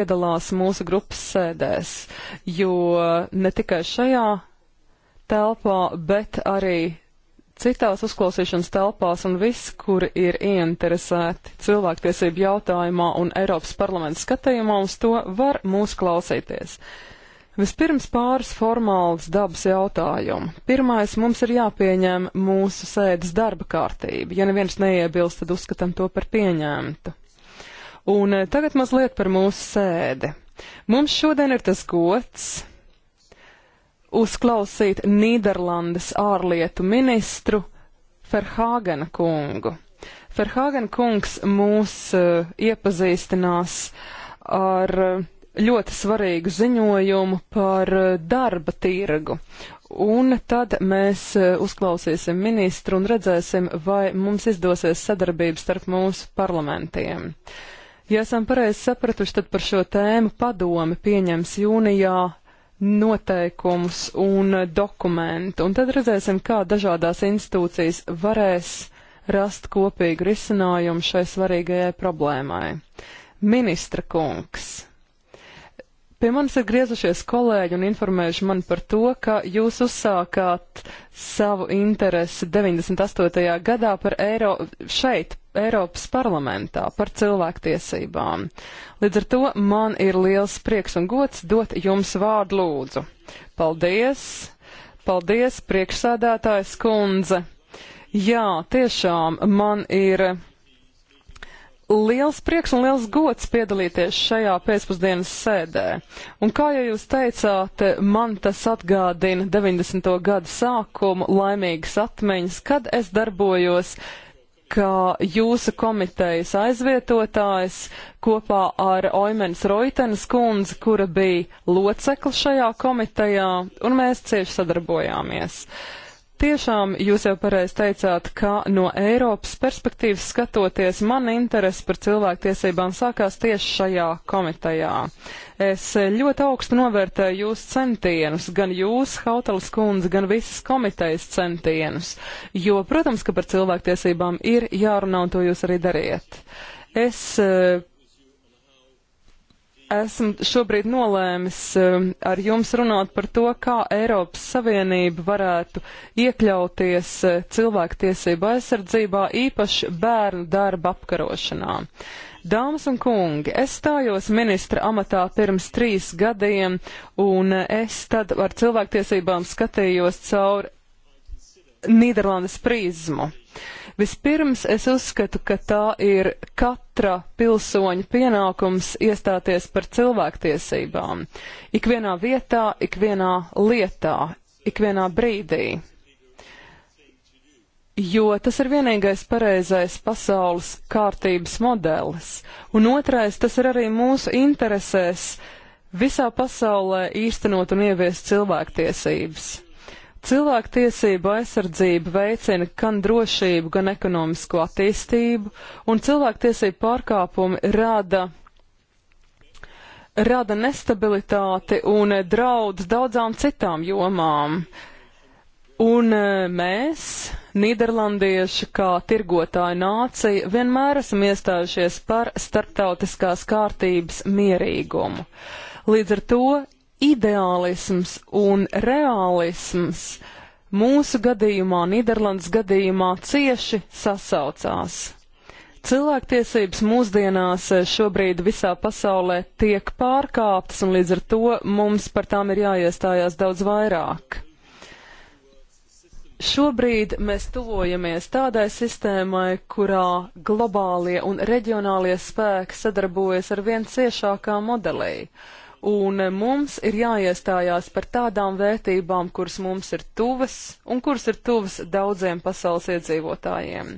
piedalās mūsu grupas sēdēs, jo ne tikai šajā telpā, bet arī citās uzklausīšanas telpās un visi, kuri ir ieinteresēti cilvēktiesību jautājumā un Eiropas parlamenta skatījumā uz to, var mūs klausīties. Vispirms pāris formāls dabas jautājumu. Pirmais, mums ir jāpieņem mūsu sēdes darba kārtība. Ja neviens neiebilst, tad uzskatām to par pieņēmtu. Un eh, tagad mazliet par mūsu sēdi. Mums šodien ir tas gods uzklausīt Nīderlandes ārlietu ministru Ferhāgena kungu. Ferhāgena kungs mūs uh, iepazīstinās ar uh, ļoti svarīgu ziņojumu par darba tirgu. Un tad mēs uzklausīsim ministru un redzēsim, vai mums izdosies sadarbības starp mūsu parlamentiem. Uh, Ja esam pareizi sapratuši, tad par šo tēmu padomi pieņems jūnijā noteikumus un dokumentu, un tad redzēsim, kā dažādās institūcijas varēs rast kopīgu risinājumu šai svarīgajai problēmai. Ministra kungs. Pie manis ir griezušies kolēģi un informējuši mani par to, ka jūs uzsākāt savu interesi 98. gadā par Eiro šeit Eiropas parlamentā par cilvēktiesībām. Līdz ar to man ir liels prieks un gods dot jums vārdu lūdzu. Paldies! Paldies, priekšsēdētājs kundze! Jā, tiešām man ir liels prieks un liels gods piedalīties šajā pēcpusdienas sēdē. Un kā jau jūs teicāt, man tas atgādina 90. gada sākumu laimīgas atmiņas, kad es darbojos kā jūsu komitejas aizvietotājs kopā ar Oimens Roitenes kundzi, kura bija locekla šajā komitejā, un mēs cieši sadarbojāmies. Uh, tiešām jūs jau pareizi teicāt, ka no Eiropas perspektīvas skatoties, man interesi par cilvēktiesībām sākās tieši šajā komitejā. Es ļoti augstu novērtēju jūsu centienus, gan jūs, Hautalas kundze, gan visas komitejas centienus, jo, protams, ka par cilvēktiesībām ir jārunā un to jūs arī dariet. Es eh, esmu šobrīd nolēmis um, ar jums runāt par to, kā Eiropas Savienība varētu iekļauties uh, cilvēktiesību aizsardzībā, īpaši bērnu darba apkarošanā. Dāmas un kungi, es stājos ministra amatā pirms trīs gadiem, un uh, es tad ar cilvēktiesībām skatījos caur Nīderlandes prizmu. Vispirms es uzskatu, ka tā ir kat katra pilsoņa pienākums iestāties par cilvēktiesībām. Ikvienā vietā, ikvienā lietā, ikvienā brīdī. Jo tas ir vienīgais pareizais pasaules kārtības modelis, un otrais, tas ir arī mūsu interesēs visā pasaulē īstenot un ieviest cilvēktiesības. Cilvēktiesība aizsardzība veicina gan drošību, gan ekonomisko attīstību, un cilvēktiesība pārkāpumi rada, rada nestabilitāti un draudz daudzām citām jomām. Un e, mēs, Nīderlandieši, kā tirgotāja nācija, vienmēr esam iestājušies par starptautiskās kārtības mierīgumu. Līdz ar to ideālisms un reālisms mūsu gadījumā, Nīderlandes gadījumā, cieši sasaucās. Cilvēktiesības mūsdienās eh, šobrīd visā pasaulē tiek pārkāptas, un līdz ar to mums par tām ir jāiestājās daudz vairāk. Šobrīd mēs tuvojamies tādai sistēmai, kurā globālie un reģionālie spēki sadarbojas ar vien ciešākā modelī. Uh, un mums ir jāiestājās par tādām vērtībām, kuras mums ir tuvas un kuras ir tuvas daudziem pasaules iedzīvotājiem.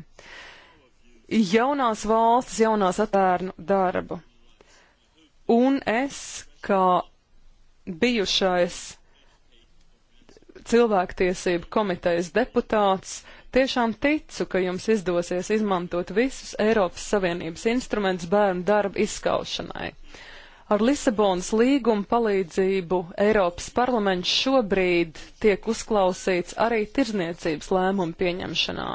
Jaunās valstis, jaunās atvērnu darbu. Un es, kā bijušais cilvēktiesību komitejas deputāts, tiešām ticu, ka jums izdosies izmantot visus Eiropas Savienības instrumentus bērnu darbu izskaušanai. Uh, Ar Lisabonas līgumu palīdzību Eiropas parlaments šobrīd tiek uzklausīts arī tirzniecības lēmumu pieņemšanā.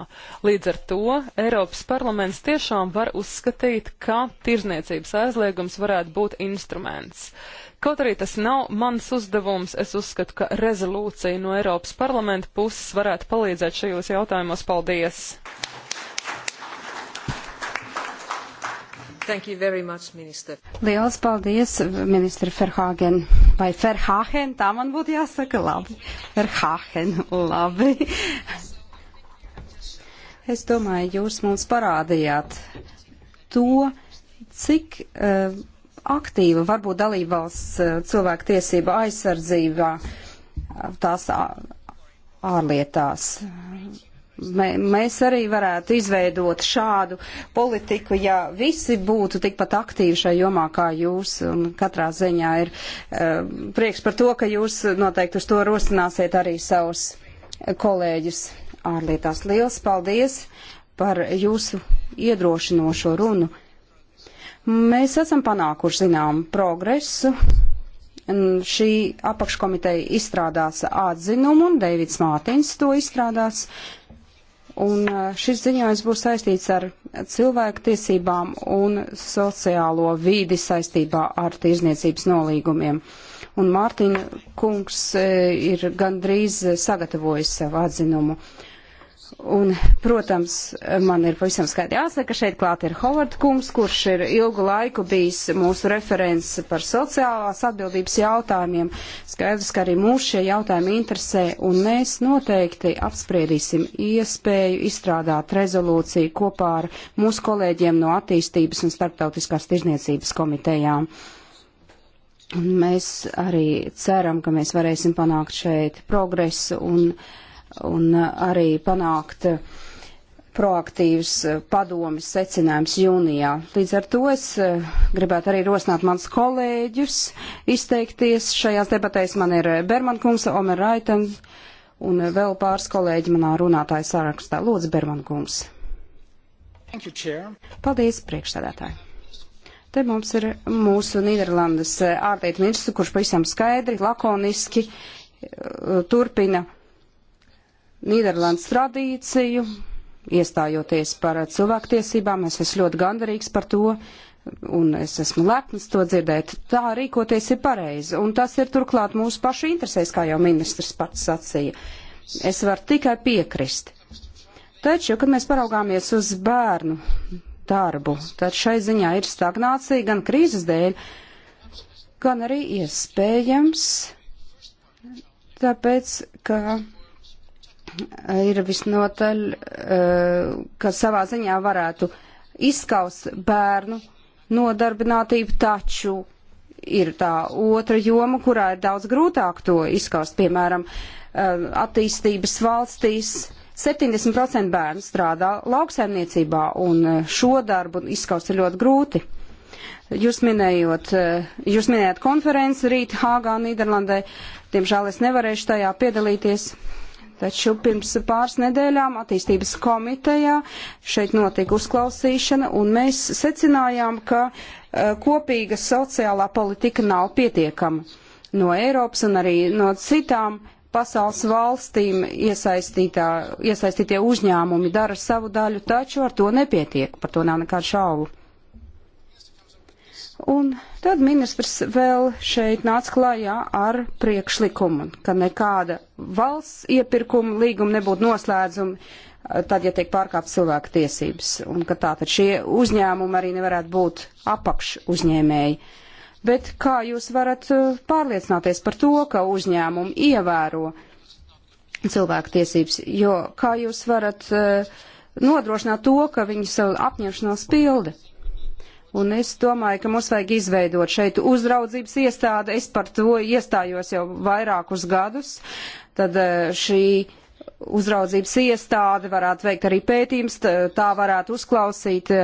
Līdz ar to Eiropas parlaments tiešām var uzskatīt, ka tirzniecības aizliegums varētu būt instruments. Kaut arī tas nav mans uzdevums, es uzskatu, ka rezolūcija no Eiropas parlamenta puses varētu palīdzēt šajos jautājumos. Paldies! Much, minister. Lielas paldies, ministri Ferhagen. Vai Ferhagen, tā man būtu jāsaka labi. Ferhagen, labi. Es domāju, jūs mums parādījāt to, cik uh, aktīva var būt dalībvalsts uh, eh, cilvēku tiesība aizsardzībā eh, tās ārlietās. Uh, mēs arī varētu izveidot šādu politiku, ja visi būtu tikpat aktīvi šajā jomā kā jūs. Un katrā ziņā ir uh, prieks par to, ka jūs noteikti uz to rosināsiet arī savus kolēģus ārlietās. Liels paldies par jūsu iedrošinošo runu. Mēs esam panākuši zinām progresu. Un šī apakškomiteja izstrādās atzinumu un Deivids Mātiņš to izstrādās. Uh, Un šis ziņojums būs saistīts ar cilvēku tiesībām un sociālo vīdi saistībā ar tirzniecības nolīgumiem. Un Mārtiņa kungs ir gandrīz sagatavojis savu atzinumu. Uh, Un, protams, man ir pavisam skaidri jāsaka, ka šeit klāt ir Hovard kungs, kurš ir ilgu laiku bijis mūsu referents par sociālās atbildības jautājumiem. Skaidrs, ka arī mūs šie jautājumi interesē, un mēs noteikti apspriedīsim iespēju izstrādāt rezolūciju kopā ar mūsu kolēģiem no attīstības un starptautiskās tirzniecības komitejām. Un mēs arī ceram, ka mēs varēsim panākt šeit progresu un un uh, arī panākt uh, proaktīvs uh, padomis secinājums jūnijā. Līdz ar to es gribētu arī rosināt mans kolēģus izteikties šajās debatēs. Man ir Bermankungs, Omer Raitan un vēl pāris kolēģi manā runātāja sarakstā. Lūdzu, Bermankungs. Paldies, priekšsēdētāji. Te mums ir mūsu Nīderlandes ārlietu ministrs, kurš pavisam skaidri, lakoniski turpina Nīderlandes tradīciju, iestājoties par cilvēktiesībām, es esmu ļoti gandarīgs par to, un es esmu lepns to dzirdēt. Tā rīkoties ir pareizi, un tas ir turklāt mūsu pašu interesēs, kā jau ministrs pats sacīja. Es varu tikai piekrist. Taču, kad mēs paraugāmies uz bērnu darbu, tad šai ziņā ir stagnācija gan krīzes dēļ, gan arī iespējams, tāpēc, ka ir visnotaļ, eh, ka savā ziņā varētu izskaust bērnu nodarbinātību, taču ir tā otra joma, kurā ir daudz grūtāk to izskaust, piemēram, eh, attīstības valstīs. 70% bērnu strādā lauksaimniecībā, un eh, šo darbu izskaust ir ļoti grūti. Jūs, minējot, jūs minējāt konferenci rīt Hāgā, Nīderlandē. Diemžēl es nevarēšu tajā piedalīties, Taču pirms pāris nedēļām attīstības komitejā šeit notika uzklausīšana, un mēs secinājām, ka uh, kopīga sociālā politika nav pietiekama. No Eiropas un arī no citām pasaules valstīm iesaistītie uzņēmumi dara savu daļu, taču ar to nepietiek, par to nav nekādu šaubu. Un tad ministrs vēl šeit nāca klajā ar priekšlikumu, ka nekāda valsts iepirkuma līguma nebūtu noslēdzuma, eh, tad, ja tiek pārkāpt cilvēku tiesības, un ka tātad šie uzņēmumi arī nevarētu būt apakš uzņēmēji. Bet kā jūs varat eh, pārliecināties par to, ka uzņēmumi ievēro cilvēku tiesības, jo kā jūs varat eh, nodrošināt to, ka viņi savu apņemšanos pilda? Un es domāju, ka mums vajag izveidot šeit uzraudzības iestādi. Es par to iestājos jau vairākus gadus. Tad e, šī uzraudzības iestāde varētu veikt arī pētījums, tā varētu uzklausīt e,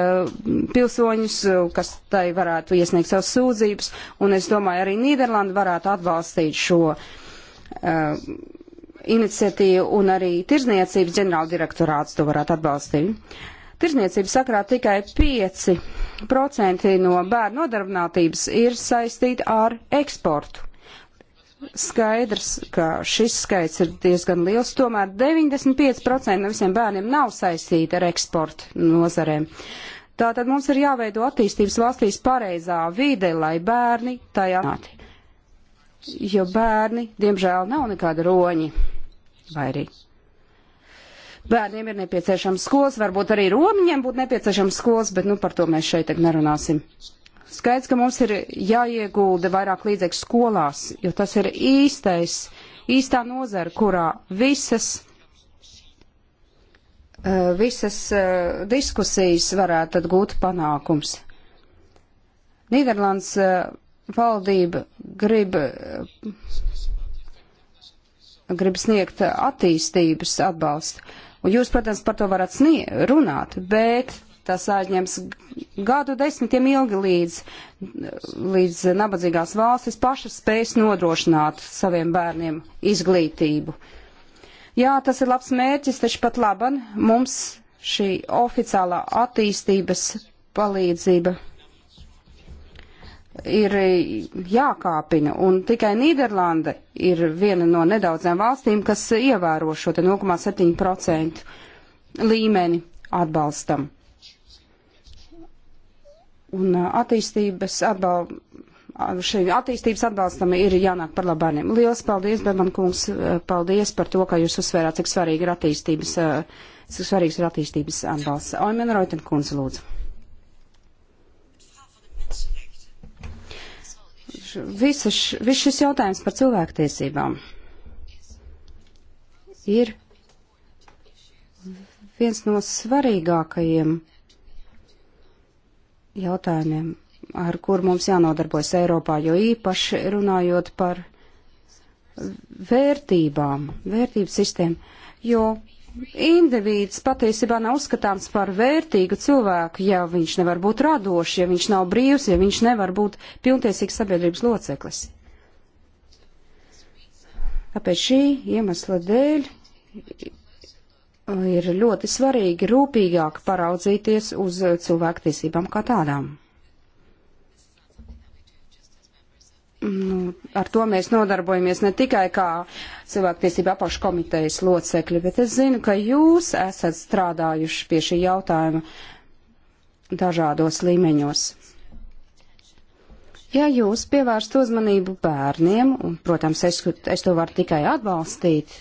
pilsoņus, e, kas tai varētu iesniegt savas sūdzības. Un es domāju, arī Nīderlanda varētu atbalstīt šo uh, iniciatīvu un arī tirzniecības ģenerāldirektorāts to varētu atbalstīt. Tirzniecības sakrā tikai 5% no bērnu nodarbinātības ir saistīti ar eksportu. Skaidrs, ka šis skaits ir diezgan liels, tomēr 95% no visiem bērniem nav saistīti ar eksportu nozarēm. Tātad mums ir jāveido attīstības valstīs pareizā vide, lai bērni tajā nāti. Jo bērni, diemžēl, nav nekāda roņi vai arī bērniem ir nepieciešams skolas, varbūt arī romiņiem būtu nepieciešams skolas, bet nu, par to mēs šeit nerunāsim. Skaidrs, ka mums ir jāiegulda vairāk līdzekļu skolās, jo tas ir īstais, īstā nozara, kurā visas, eh, visas eh, diskusijas varētu gūt panākums. Nīderlands eh, valdība grib grib sniegt attīstības atbalstu. Un jūs, protams, par to varat snie, runāt, bet tas aizņems gadu desmitiem ilgi līdz, līdz nabadzīgās valstis pašas spējas nodrošināt saviem bērniem izglītību. Jā, tas ir labs mērķis, taču pat laban mums šī oficiālā attīstības palīdzība ir e, jākāpina, un tikai Nīderlanda ir viena no nedaudzām valstīm, kas ievēro šo 0,7% līmeni atbalstam. Un e, attīstības, atbal, attīstības atbalstam ir jānāk par labāniem. Lielas paldies, Beman kungs, e, paldies par to, ka jūs uzsvērāt, cik svarīgi ir attīstības, cik svarīgs ir attīstības atbalsts. Oimen Roiten kungs, lūdzu. visa š, viss šis jautājums par cilvēktiesībām ir viens no svarīgākajiem jautājumiem, ar kur mums jānodarbojas Eiropā, jo īpaši runājot par vērtībām, vērtību sistēmu, jo Indivīds patiesībā nav uzskatāms par vērtīgu cilvēku, ja viņš nevar būt radošs, ja viņš nav brīvs, ja viņš nevar būt pilntiesīgs sabiedrības loceklis. Tāpēc šī iemesla dēļ uh, ir ļoti svarīgi rūpīgāk paraudzīties uz cilvēktiesībām kā tādām. Nu, ar to mēs nodarbojamies ne tikai kā cilvēktiesība apakškomitejas locekļi, bet es zinu, ka jūs esat strādājuši pie šī jautājuma dažādos līmeņos. Ja jūs pievērst uzmanību bērniem, un, protams, es, es to varu tikai atbalstīt,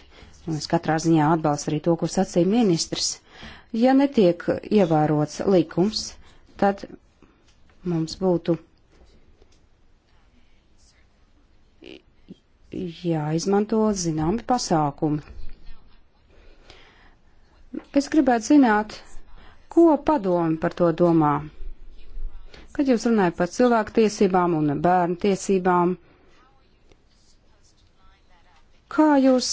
un es katrā ziņā atbalstu arī to, ko sacīja ministrs, ja netiek ievērots likums, tad mums būtu jāizmanto zināmi pasākumi. Es gribētu zināt, ko padomi par to domā. Kad jūs runājat par cilvēku tiesībām un bērnu tiesībām, kā jūs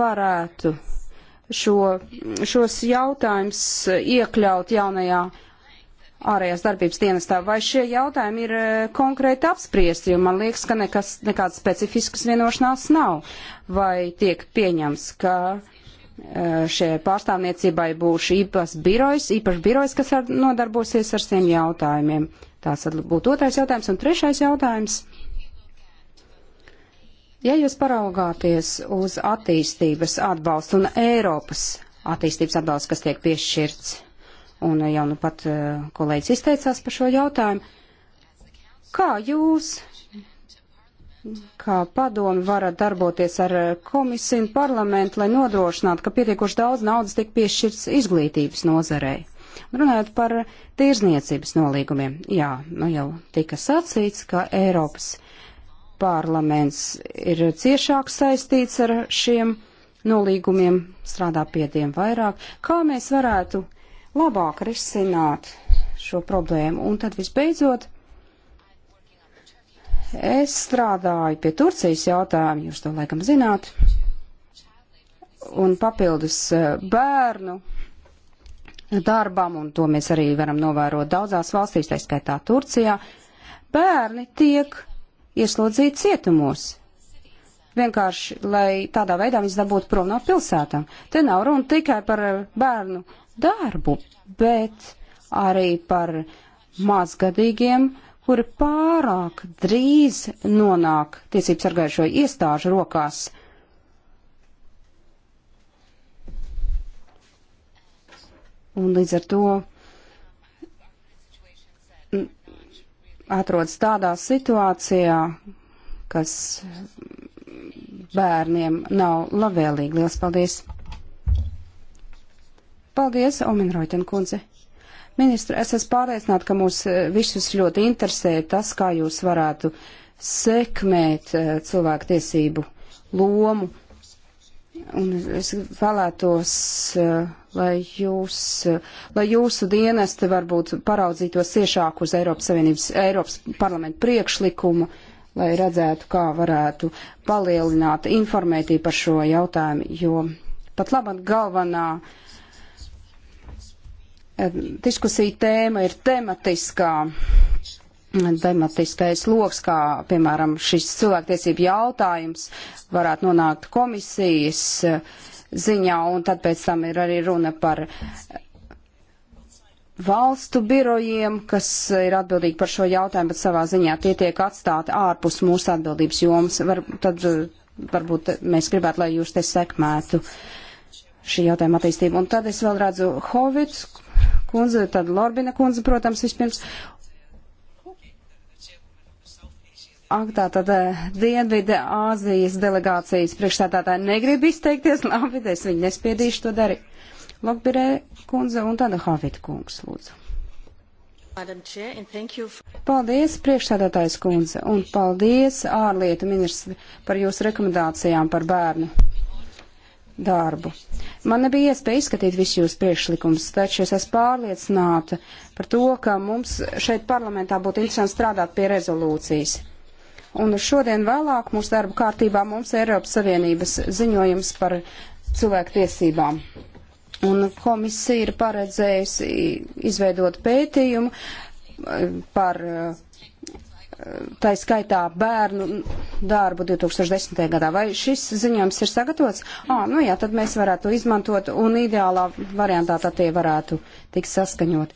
varētu šo, šos jautājumus iekļaut jaunajā ārējās darbības dienestā. Vai šie jautājumi ir eh, konkrēti apspriesti, jo man liekas, ka nekas, nekāds specifisks vienošanās nav. Vai tiek pieņems, ka eh, šie pārstāvniecībai būs īpašs birojs, īpašs birojs, kas ar, nodarbosies ar šiem jautājumiem? Tās būtu otrais jautājums un trešais jautājums. Ja jūs paraugāties uz attīstības atbalstu un Eiropas attīstības atbalstu, kas tiek piešķirts un jau nu pat eh, kolēģis izteicās par šo jautājumu. Kā jūs, kā padomi, varat darboties ar eh, komisiju un parlamentu, lai nodrošinātu, ka pietiekoši daudz naudas tik piešķirts izglītības nozarei? Runājot par tirzniecības nolīgumiem, jā, nu jau tika sacīts, ka Eiropas parlaments ir ciešāk saistīts ar šiem nolīgumiem, strādā pie tiem vairāk. Kā mēs varētu labāk risināt šo problēmu. Un tad visbeidzot, es strādāju pie Turcijas jautājuma, jūs to laikam zināt, un papildus eh, bērnu darbam, un to mēs arī varam novērot daudzās valstīs, tā skaitā Turcijā, bērni tiek ieslodzīti cietumos. Vienkārši, lai tādā veidā viņas dabūtu prom no pilsētām. Te nav runa tikai par eh, bērnu darbu, bet arī par mazgadīgiem, kuri pārāk drīz nonāk tiesību sargājušo iestāžu rokās. Un līdz ar to atrodas tādā situācijā, kas bērniem nav labvēlīgi. Lielas paldies! Paldies, Omen Roitenkundze. Ministra, es esmu pārliecināta, ka mūs eh, visus ļoti interesē tas, kā jūs varētu sekmēt eh, cilvēku tiesību lomu. Un es vēlētos, eh, lai, jūs, lai jūsu dienesti varbūt paraudzītos ciešāk uz Eiropas Savienības, Eiropas parlamenta priekšlikumu, lai redzētu, kā varētu palielināt informētību par šo jautājumu, jo pat labāk galvenā uh, diskusija tēma ir tematiskā, tematiskais loks, kā, piemēram, šis cilvēktiesību jautājums varētu nonākt komisijas eh, ziņā, un tad pēc tam ir arī runa par eh, valstu birojiem, kas ir atbildīgi par šo jautājumu, bet savā ziņā tie tiek atstāti ārpus mūsu atbildības jomas. Var, tad eh, varbūt mēs gribētu, lai jūs te sekmētu šī jautājuma attīstību. Un tad es vēl redzu Hovits kundze, tad Lorbina kundze, protams, vispirms. Ak, tā tad eh, Dienvida Āzijas delegācijas priekšstādātāji negrib izteikties, labi, es viņu nespiedīšu to darīt. Lokbirē kundze un tāda Havita kungs, lūdzu. Paldies, priekšstādātājs kundze, un paldies ārlietu ministri par jūsu rekomendācijām par bērnu darbu. Man nebija iespēja izskatīt visus jūsu priekšlikumus, taču es esmu pārliecināta par to, ka mums šeit parlamentā būtu interesanti strādāt pie rezolūcijas. Un šodien vēlāk mūsu darba kārtībā mums ir Eiropas Savienības ziņojums par cilvēku tiesībām. Un komisija ir paredzējusi izveidot pētījumu eh, par uh, tā skaitā bērnu darbu 2010. gadā. Vai šis ziņojums ir sagatavots? Ā, nu jā, tad mēs varētu izmantot un ideālā variantā tad tie varētu tikt saskaņot.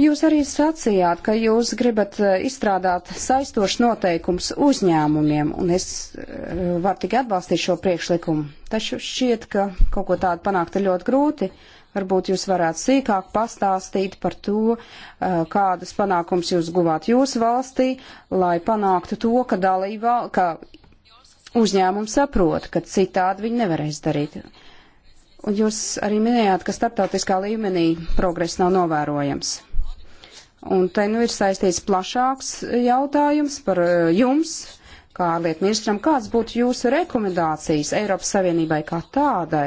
Jūs arī sacījāt, ka jūs gribat izstrādāt saistošs noteikums uzņēmumiem, un es varu tikai atbalstīt šo priekšlikumu. Taču šķiet, ka kaut ko tādu panākt ir ļoti grūti. Uh, Varbūt jūs varētu sīkāk pastāstīt par to, eh, kādas panākums jūs guvāt jūsu valstī, lai panāktu to, ka dalībā, ka uzņēmumi saprot, ka citādi viņi nevarēs darīt. Un jūs arī minējāt, ka starptautiskā līmenī progress nav novērojams. Un te nu ir saistīts plašāks jautājums par eh, jums, kā ārlietu ministram, kāds būtu jūsu rekomendācijas Eiropas Savienībai kā tādai?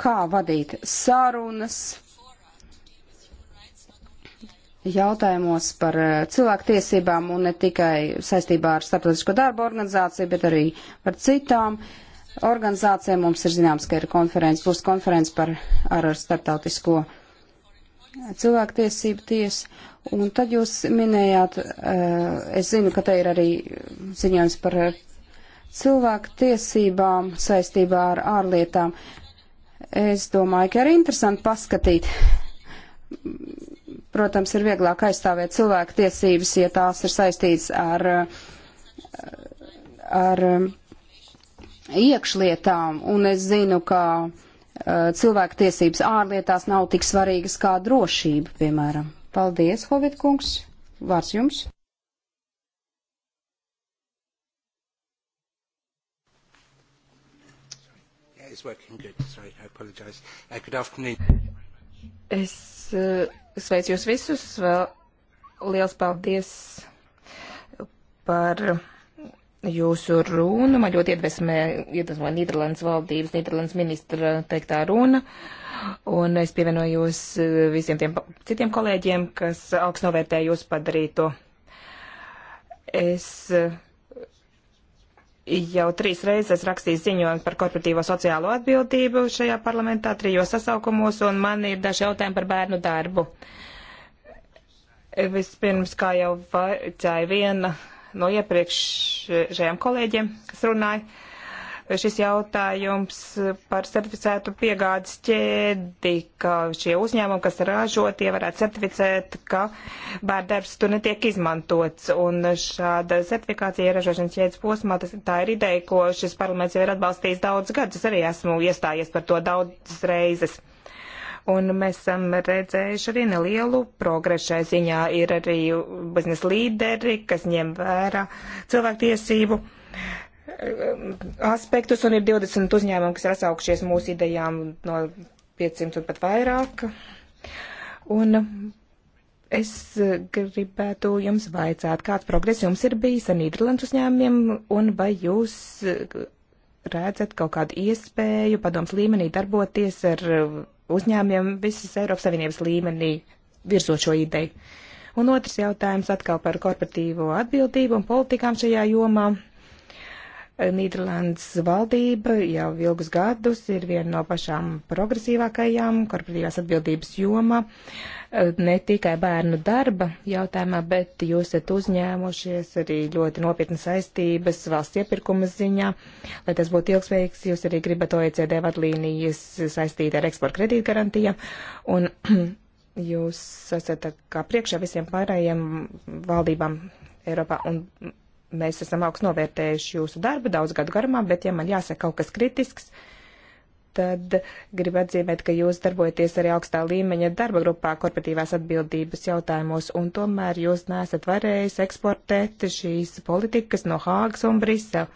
kā vadīt sarunas jautājumos par eh, cilvēktiesībām un ne tikai saistībā ar starptautisko darbu organizāciju, bet arī par citām organizācijām. Mums ir zināms, ka ir konferences, būs konferences par ar, ar starptautisko cilvēktiesību tiesu. Un tad jūs minējāt, eh, es zinu, ka te ir arī ziņojums par eh, cilvēku tiesībām saistībā ar ārlietām. Es domāju, ka arī interesanti paskatīt. Protams, ir vieglāk aizstāvēt cilvēku tiesības, ja tās ir saistītas ar, ar iekšlietām, un es zinu, ka eh, cilvēku tiesības ārlietās nav tik svarīgas kā drošība, piemēram. Paldies, Hovid kungs! Vārds jums! it's working good. Sorry, I apologize. Uh, good afternoon. Es uh, sveicu jūs visus. Vēl liels paldies par jūsu runu. Man ļoti iedvesmē, iedvesmē Nīderlandes valdības, Nīderlandes ministra teiktā runa. Un es pievienojos uh, visiem tiem citiem kolēģiem, kas augstu novērtē jūsu padarīto. Es uh, jau trīs reizes rakstījis ziņojumu par korporatīvo sociālo atbildību šajā parlamentā trijos sasaukumos, un man ir daži jautājumi par bērnu darbu. Vispirms, kā jau vaicāja viena no iepriekšējām kolēģiem, kas runāja, šis jautājums par certificētu piegādes ķēdi, ka šie uzņēmumi, kas ražo, tie varētu certificēt, ka bērdarbs tur netiek izmantots. Un šāda certifikācija ražošanas ķēdes posmā, tas, tā ir ideja, ko šis parlaments jau ir atbalstījis daudz gadus. Es arī esmu iestājies par to daudzas reizes. Un mēs esam redzējuši arī nelielu progresu šai ziņā. Ir arī biznesa līderi, kas ņem vērā cilvēktiesību aspektus, un ir 20 uzņēmumi, kas ir atsaukšies mūsu idejām no 500 un pat vairāk. Un es gribētu jums vaicāt, kāds progress jums ir bijis ar Nīderlandes uzņēmumiem, un vai jūs redzat kaut kādu iespēju padoms līmenī darboties ar uzņēmiem visas Eiropas Savienības līmenī virzot šo ideju. Un otrs jautājums atkal par korporatīvo atbildību un politikām šajā jomā. Nīderlandes valdība jau ilgus gadus ir viena no pašām progresīvākajām korporatīvās atbildības jomā, ne tikai bērnu darba jautājumā, bet jūs esat uzņēmušies arī ļoti nopietnas saistības valsts iepirkuma ziņā. Lai tas būtu ilgspējīgs, jūs arī gribat OECD vadlīnijas saistīt ar eksporta kredītgarantijām. Un jūs esat kā priekšā visiem pārējiem valdībām Eiropā. Un Mēs esam augstu novērtējuši jūsu darbu daudz gadu garumā, bet ja man jāsaka kaut kas kritisks, tad gribu atzīmēt, ka jūs darbojaties arī augstā līmeņa darba grupā korporatīvās atbildības jautājumos, un tomēr jūs nesat varējis eksportēt šīs politikas no Hāgas un Brisela.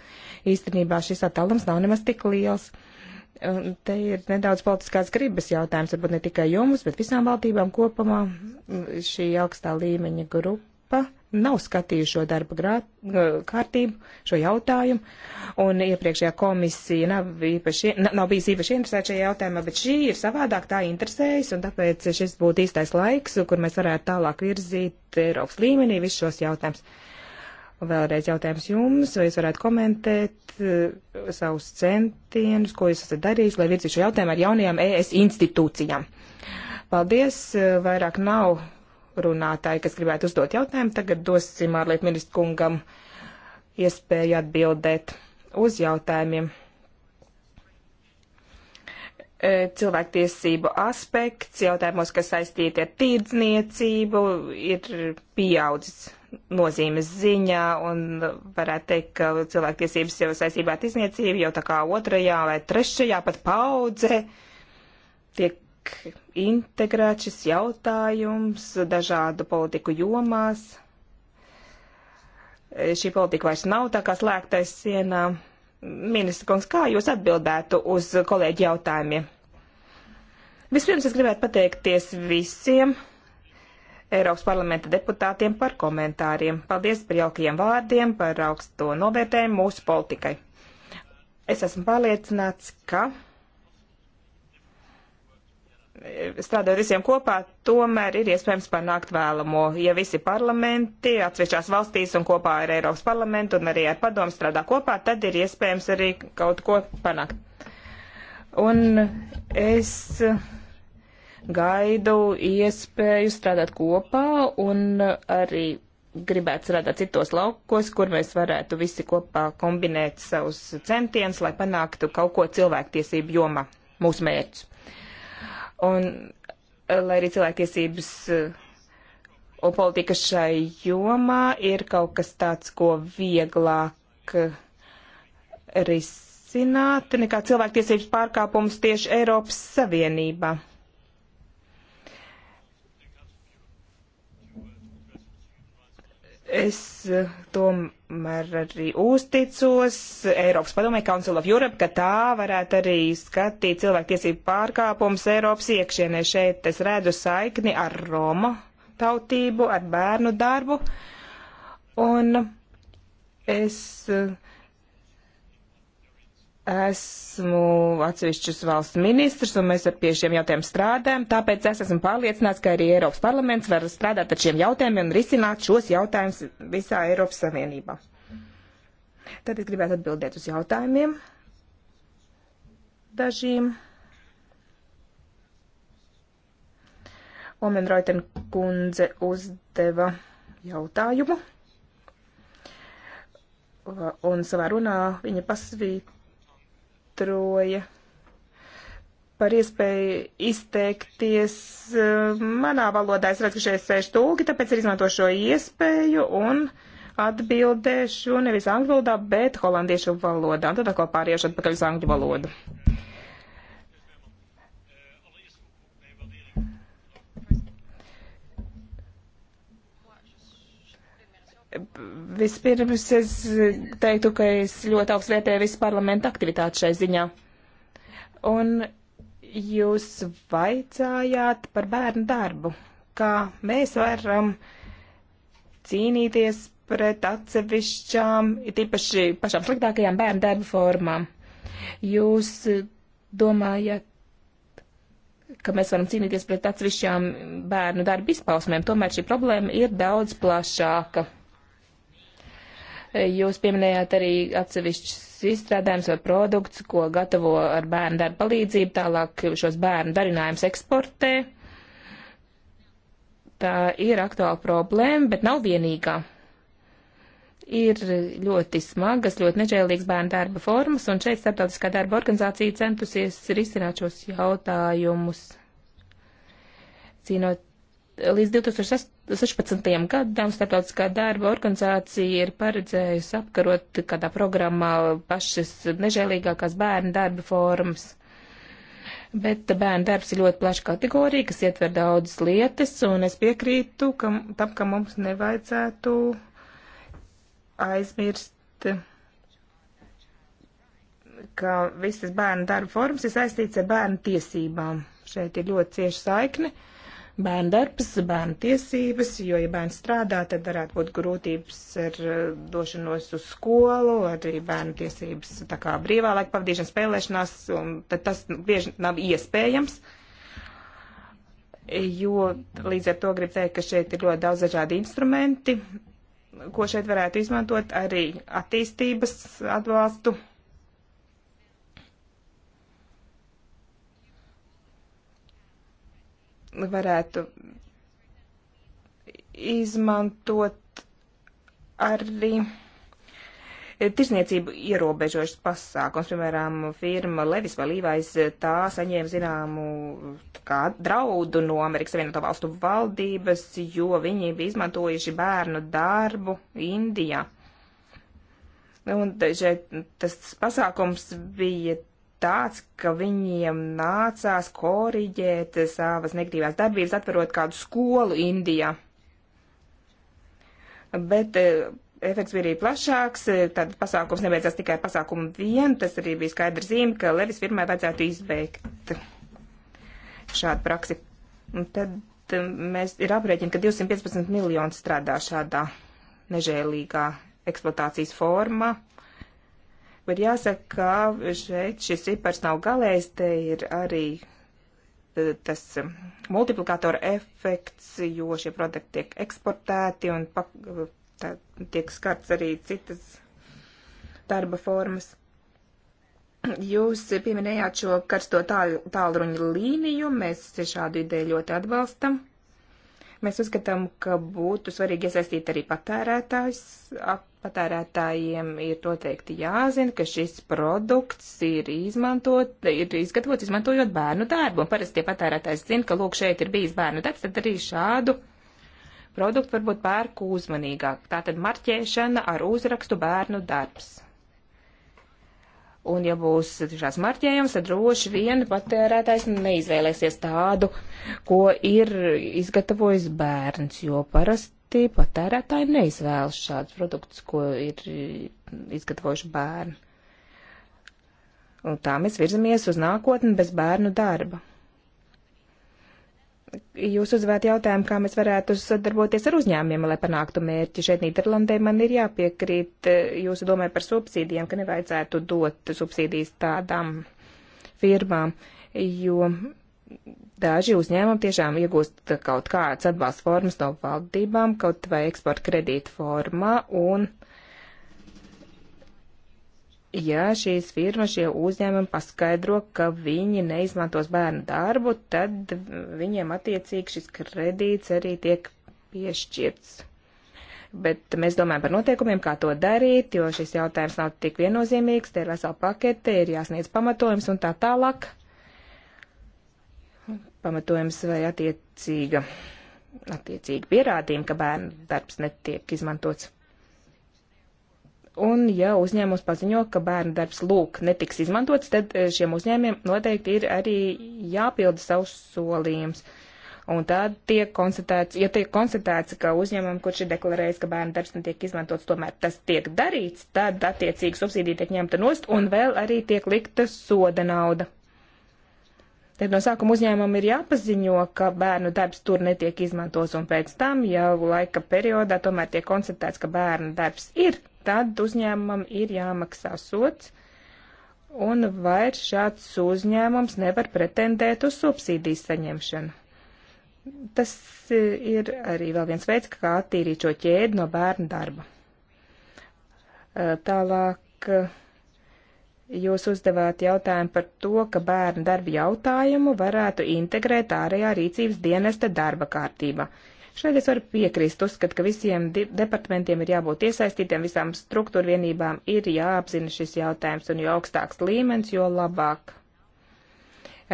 Īstenībā šis attālums nav nemaz tik liels. Un te ir nedaudz politiskās gribas jautājums, varbūt ne tikai jums, bet visām valdībām kopumā šī augstā līmeņa grupa nav skatījuši šo darba grā, kārtību, šo jautājumu, un iepriekšējā komisija nav, īpaši, nav bijis īpaši interesēta šajā jautājumā, bet šī ir savādāk tā interesējas, un tāpēc šis būtu īstais laiks, kur mēs varētu tālāk virzīt Eiropas līmenī visus šos jautājumus. Vēlreiz jautājums jums, vai jūs varētu komentēt uh, savus centienus, ko jūs esat darījis, lai virzītu šo jautājumu ar jaunajām ES institūcijām. Paldies, vairāk nav runātāji, kas gribētu uzdot jautājumu. Tagad dosim ārlietu ministru kungam iespēju atbildēt uz jautājumiem. E, cilvēktiesību aspekts jautājumos, kas saistīti ar tīrdzniecību, ir pieaudzis nozīmes ziņā, un varētu teikt, ka cilvēktiesības jau saistībā ar izniecību jau tā kā otrajā vai trešajā pat paudze tiek tiek integrēts šis jautājums dažādu politiku jomās. Šī politika vairs nav tā kā slēgtais sienā. Ministra kungs, kā jūs atbildētu uz kolēģi jautājumiem? Vispirms es gribētu pateikties visiem Eiropas parlamenta deputātiem par komentāriem. Paldies par jaukajiem vārdiem, par augsto novērtējumu mūsu politikai. Es esmu pārliecināts, ka strādājot visiem kopā, tomēr ir iespējams panākt vēlamo. Ja visi parlamenti atsevišķās valstīs un kopā ar Eiropas parlamentu un arī ar padomu strādā kopā, tad ir iespējams arī kaut ko panākt. Un es gaidu iespēju strādāt kopā un arī gribētu strādāt citos laukos, kur mēs varētu visi kopā kombinēt savus centienus, lai panāktu kaut ko cilvēktiesību jomā mūsu mērķus. Un eh, lai arī cilvēktiesības eh, un politika šai jomā ir kaut kas tāds, ko vieglāk eh, risināt nekā cilvēktiesības pārkāpums tieši Eiropas Savienībā. Es domāju tomēr arī uzticos Eiropas padomē Council of Europe, ka tā varētu arī skatīt cilvēktiesību pārkāpumus Eiropas iekšienē. Šeit es redzu saikni ar Roma tautību, ar bērnu darbu. Un es uh, esmu atsevišķas valsts ministrs, un mēs pie šiem jautājumiem strādājam, tāpēc es esmu pārliecināts, ka arī Eiropas parlaments var strādāt ar šiem jautājumiem un risināt šos jautājumus visā Eiropas Savienībā. Tad es gribētu atbildēt uz jautājumiem dažiem. Omen Reuten kundze uzdeva jautājumu, un savā runā viņa pasvīt skaidroja par iespēju izteikties eh, manā valodā. Es redzu, ka šeit sēž tūki, tāpēc arī izmantošu šo iespēju un atbildēšu nevis angļu valodā, bet holandiešu valodā. Un tad atkal pāriešu atpakaļ uz angļu valodu. Vispirms es teiktu, ka es ļoti augstu vērtēju visu parlamentu aktivitāti šai ziņā. Un jūs vaicājāt par bērnu darbu, kā mēs varam cīnīties pret atsevišķām, tīpaši pašām sliktākajām bērnu darba formām. Jūs domājat, ka mēs varam cīnīties pret atsevišķām bērnu darba izpausmēm, tomēr šī problēma ir daudz plašāka. Jūs pieminējāt arī atsevišķus izstrādājumus vai produktus, ko gatavo ar bērnu darba palīdzību, tālāk šos bērnu darinājumus eksportē. Tā ir aktuāla problēma, bet nav vienīgā. Ir ļoti smagas, ļoti nežēlīgas bērnu darba formas, un šeit starptautiskā darba organizācija centusies risināt šos jautājumus. Cīnot līdz 2008. 16. gadam starptautiskā darba organizācija ir paredzējusi apkarot kādā programmā pašas nežēlīgākās bērnu darba formas. Bet bērnu darbs ir ļoti plaša kategorija, kas ietver daudzas lietas, un es piekrītu ka, tam, ka mums nevajadzētu aizmirst, ka visas bērnu darba formas ir saistīts ar bērnu tiesībām. Šeit ir ļoti cieša saikne. Uh, bērnu darbs, bērnu tiesības, jo, ja bērns strādā, tad varētu būt grūtības ar eh, došanos uz skolu, arī bērnu tiesības tā kā brīvā laika pavadīšana spēlēšanās, un tad tas bieži nav iespējams. Jo līdz ar to grib teikt, ka šeit ir ļoti daudz dažādi instrumenti, ko šeit varētu izmantot arī attīstības atbalstu varētu izmantot arī tirsniecību ierobežošas pasākums. Piemēram, firma Levis vai Līvais tā saņēma zināmu kā, draudu no Amerikas Savienoto Valstu valdības, jo viņi bija izmantojuši bērnu darbu Indijā. Un šeit tas pasākums bija tāds, ka viņiem nācās koriģēt savas negatīvās darbības, atverot kādu skolu Indijā. Bet eh, efekts bija arī plašāks, eh, tad pasākums nebeidzās tikai pasākumu vien, tas arī bija skaidrs zīme, ka Levis firmai vajadzētu izbeigt šādu praksi. Un tad eh, mēs ir aprēķini, ka 215 miljoni strādā šādā nežēlīgā eksploatācijas formā. Bet jāsaka, ka šeit šis cipars nav galējs, te ir arī e, tas um, multiplikātora efekts, jo šie produkti tiek eksportēti un pak, e, tā, tiek skarts arī citas darba formas. Jūs pieminējāt šo karsto tālruņu līniju, mēs šādu ideju ļoti atbalstam. Mēs uzskatām, ka būtu svarīgi iesaistīt arī patērētājs. Patērētājiem ir noteikti jāzina, ka šis produkts ir, izmantot, ir izgatavots izmantojot bērnu darbu. Un parasti tie patērētājs zina, ka lūk šeit ir bijis bērnu darbs, tad arī šādu produktu varbūt pērku uzmanīgāk. Tātad marķēšana ar uzrakstu bērnu darbs. Un, ja būs šāds marķējums, tad droši vien patērētājs neizvēlēsies tādu, ko ir izgatavojis bērns, jo parasti patērētāji neizvēlas šādus produktus, ko ir izgatavojuši bērni. Un tā mēs virzamies uz nākotni bez bērnu darba. Jūs uzvēt jautājumu, kā mēs varētu sadarboties ar uzņēmumiem, lai panāktu mērķi. Šeit Nīderlandē man ir jāpiekrīt eh, jūsu domai par subsīdiem, ka nevajadzētu dot subsīdijas tādām firmām, jo daži uzņēmumi tiešām iegūst kaut kādas atbalsta formas no valdībām, kaut vai eksporta kredīta formā, un uh, ja šīs firmas, šie uzņēmumi paskaidro, ka viņi neizmantos bērnu darbu, tad viņiem attiecīgi šis kredīts arī tiek piešķirts. Bet mēs domājam par noteikumiem, kā to darīt, jo šis jautājums nav tik viennozīmīgs, te ir vesela pakete, ir jāsniedz pamatojums un tā tālāk. Pamatojums vai attiecīga, attiecīga pierādījuma, ka bērnu darbs netiek izmantots. Un, ja uzņēmums paziņo, ka bērnu darbs lūk netiks izmantots, tad eh, šiem uzņēmiem noteikti ir arī jāpilda savus solījums. Un tad tiek konstatēts, ja tiek konstatēts, ka uzņēmumam, kurš ir deklarējis, ka bērnu darbs netiek izmantots, tomēr tas tiek darīts, tad attiecīgi subsīdija tiek ņemta nost un vēl arī tiek likta soda nauda. Tad no sākuma uzņēmumam ir jāpaziņo, ka bērnu darbs tur netiek izmantos, un pēc tam jau laika periodā tomēr tiek konstatēts, ka bērnu darbs ir tad uzņēmumam ir jāmaksā sots, un vairs šāds uzņēmums nevar pretendēt uz subsīdijas saņemšanu. Tas e, ir arī vēl viens veids, kā attīrīt šo ķēdi no bērna darba. E, tālāk e, jūs uzdevāt jautājumu par to, ka bērnu darba jautājumu varētu integrēt ārējā rīcības dienesta darba kārtībā. Uh, Šeit es varu piekrist, uzskat, ka visiem departamentiem ir jābūt iesaistītiem, visām struktūrvienībām ir jāapzina šis jautājums, un jo augstāks līmenis, jo labāk.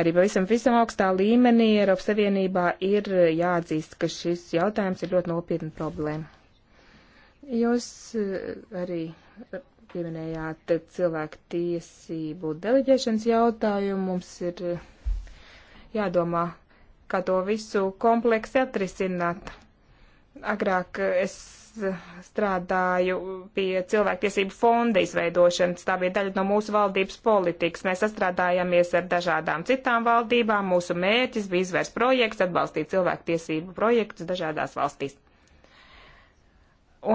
Arī pavisam visam augstā līmenī Eiropas Savienībā ir jāatzīst, ka šis jautājums ir ļoti nopietna problēma. Jūs eh, arī pieminējāt cilvēku tiesību deleģēšanas jautājumu. Mums ir eh, jādomā kā to visu kompleksi atrisināt. Agrāk es strādāju pie cilvēktiesību fonda izveidošanas. Tā bija daļa no mūsu valdības politikas. Mēs sastrādājāmies ar dažādām citām valdībām. Mūsu mērķis bija izvērst projekts, atbalstīt cilvēktiesību projektus dažādās valstīs.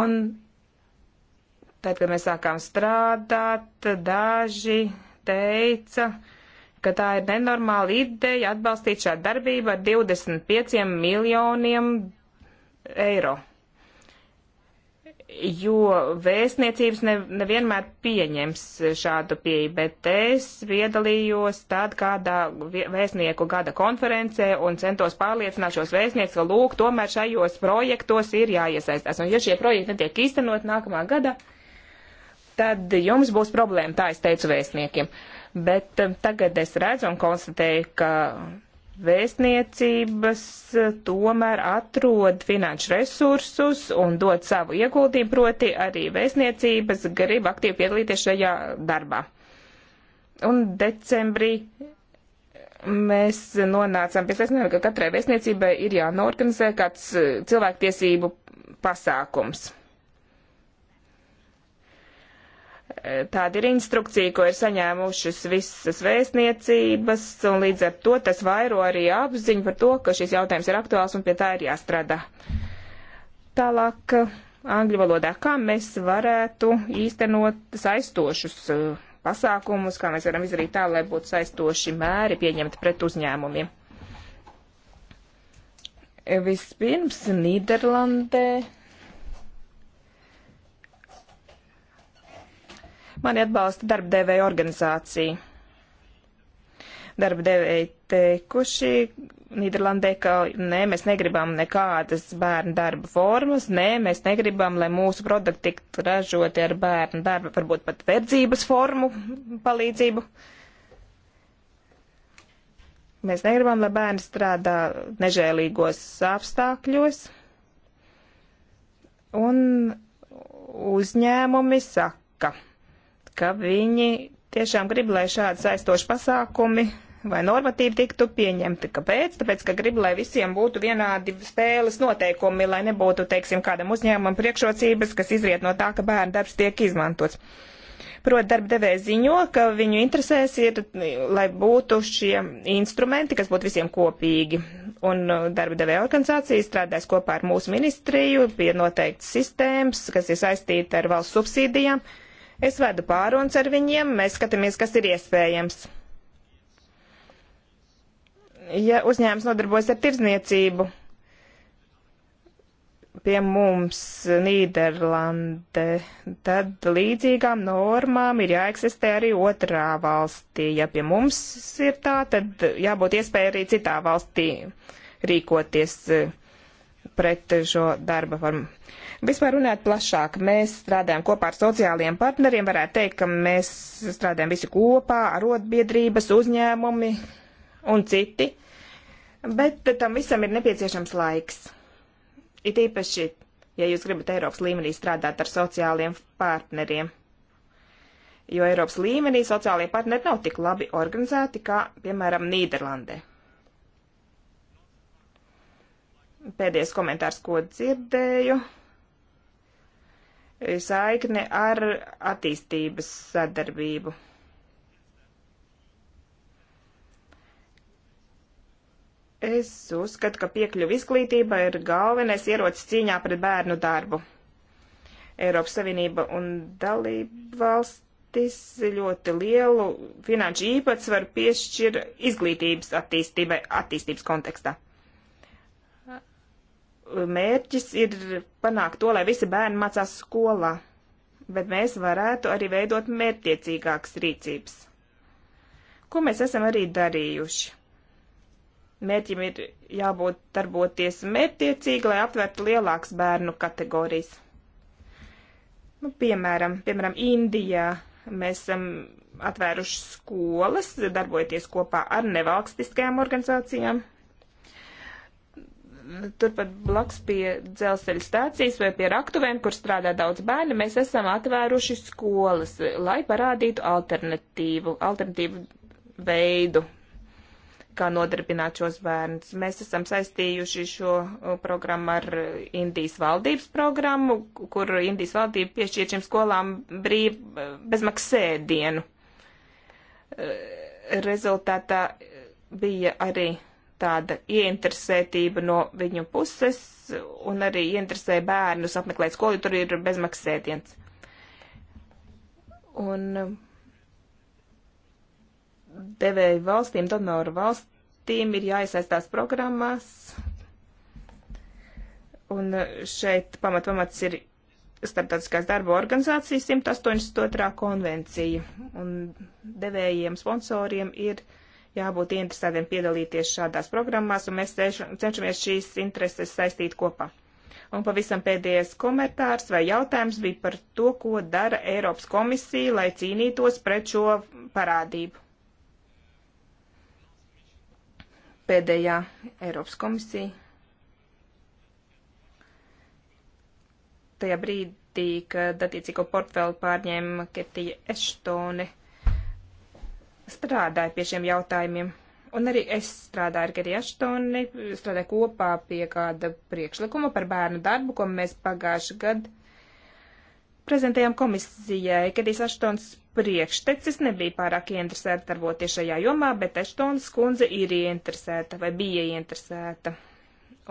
Un tad, kad mēs sākām strādāt, daži teica, uh, ka tā ir nenormāla ideja atbalstīt šādu darbību ar 25 miljoniem eiro. Jo vēstniecības ne, nevienmēr pieņems šādu pieeju, bet es piedalījos tad kādā vēstnieku gada konferencē un centos pārliecināt šos vēstniekus, ka lūk, tomēr šajos projektos ir jāiesaistās. Un ja šie projekti netiek īstenot nākamā gada, tad jums būs problēma, tā es teicu vēstniekiem. Uh, bet um, tagad es redzu un konstatēju, ka vēstniecības uh, tomēr atrod finanšu resursus un dod savu ieguldījumu, proti arī vēstniecības grib aktīvi piedalīties šajā darbā. Un decembrī mēs nonācām pie secinājuma, ka katrai vēstniecībai ir jānorganizē kāds uh, cilvēktiesību pasākums. Tāda ir instrukcija, ko ir saņēmušas visas vēstniecības, un līdz ar to tas vairo arī apziņu par to, ka šis jautājums ir aktuāls un pie tā ir jāstrādā. Tālāk, angļu valodā, kā mēs varētu īstenot saistošus uh, pasākumus, kā mēs varam izdarīt tā, lai būtu saistoši mēri pieņemti pret uzņēmumiem. Vispirms Nīderlandē Mani atbalsta darba devēja organizācija. Darba devēji teikuši Nīderlandē, ka nē, mēs negribam nekādas bērnu darba formas, nē, mēs negribam, lai mūsu produkti tiktu ražoti ar bērnu darba, varbūt pat verdzības formu palīdzību. Mēs negribam, lai bērni strādā nežēlīgos apstākļos. Un uzņēmumi saka, ka viņi tiešām grib, lai šādi saistoši pasākumi vai normatīvi tiktu pieņemti. Kāpēc? Tāpēc, ka grib, lai visiem būtu vienādi spēles noteikumi, lai nebūtu, teiksim, kādam uzņēmumam priekšrocības, kas izriet no tā, ka bērnu darbs tiek izmantots. Proti, darba devējs ziņo, ka viņu interesēs ir, lai būtu šie instrumenti, kas būtu visiem kopīgi. Un uh, darba devēja organizācija strādās kopā ar mūsu ministriju pie noteikts sistēmas, kas ir saistīta ar valsts subsīdijām. Uh, Es vedu pārunas ar viņiem, mēs skatāmies, kas ir iespējams. Ja uzņēmums nodarbojas ar tirzniecību, pie mums Nīderlande, tad līdzīgām normām ir jāeksistē arī otrā valstī. Ja pie mums ir tā, tad jābūt iespēja arī citā valstī rīkoties pret šo darba formu. Vispār runāt plašāk, mēs strādājam kopā ar sociālajiem partneriem, varētu teikt, ka mēs strādājam visi kopā, arotbiedrības, uzņēmumi un citi, bet tam visam ir nepieciešams laiks. It īpaši, ja jūs gribat Eiropas līmenī strādāt ar sociālajiem partneriem, jo Eiropas līmenī sociālajie partneri nav tik labi organizēti kā, piemēram, Nīderlandē. Pēdējais komentārs, ko dzirdēju saikne ar attīstības sadarbību. Es uzskatu, ka piekļuva izglītība ir galvenais ierocis cīņā pret bērnu darbu. Eiropas Savienība un dalība valstis ļoti lielu finanšu īpatsvaru piešķir izglītības attīstībai, attīstības kontekstā mērķis ir panākt to, lai visi bērni mācās skolā, bet mēs varētu arī veidot mērķtiecīgākas rīcības. Ko mēs esam arī darījuši? Mērķim ir jābūt darboties mērķtiecīgi, lai aptvertu lielākas bērnu kategorijas. Nu, piemēram, piemēram, Indijā mēs esam atvēruši skolas, darbojoties kopā ar nevalstiskajām organizācijām, turpat blakus pie dzelzceļa stācijas vai pie raktuvēm, kur strādā daudz bērnu, mēs esam atvēruši skolas, lai parādītu alternatīvu, alternatīvu veidu, kā nodarbināt šos bērnus. Mēs esam saistījuši šo uh, programmu ar Indijas valdības programmu, kur Indijas valdība piešķir šīm skolām brīv uh, bezmaksēdienu. Uh, rezultātā bija arī tāda ieinteresētība no viņu puses un arī interesē bērnus apmeklēt skolu, tur ir bezmaksētiens. Un um, devēju valstīm, donoru valstīm ir jāiesaistās programmās. Un uh, šeit pamat pamats ir Startautiskās darba organizācijas 182. konvencija. Un devējiem sponsoriem ir jāiesaistās jābūt interesētiem piedalīties šādās programmās, un mēs cenšamies šīs intereses saistīt kopā. Un pavisam pēdējais komentārs vai jautājums bija par to, ko dara Eiropas komisija, lai cīnītos pret šo parādību. Pēdējā Eiropas komisija. Tajā brīdī, kad attiecīgo portfeli pārņēma Ketija Eštone strādāja pie šiem jautājumiem. Un arī es strādāju ar Geriju Aštoni, strādāju kopā pie kāda priekšlikuma par bērnu darbu, ko mēs pagājuši gadu prezentējām komisijai. Gerijas Aštons priekštecis nebija pārāk ieinteresēta darboties šajā jomā, bet Aštons kundze ir ieinteresēta vai bija ieinteresēta.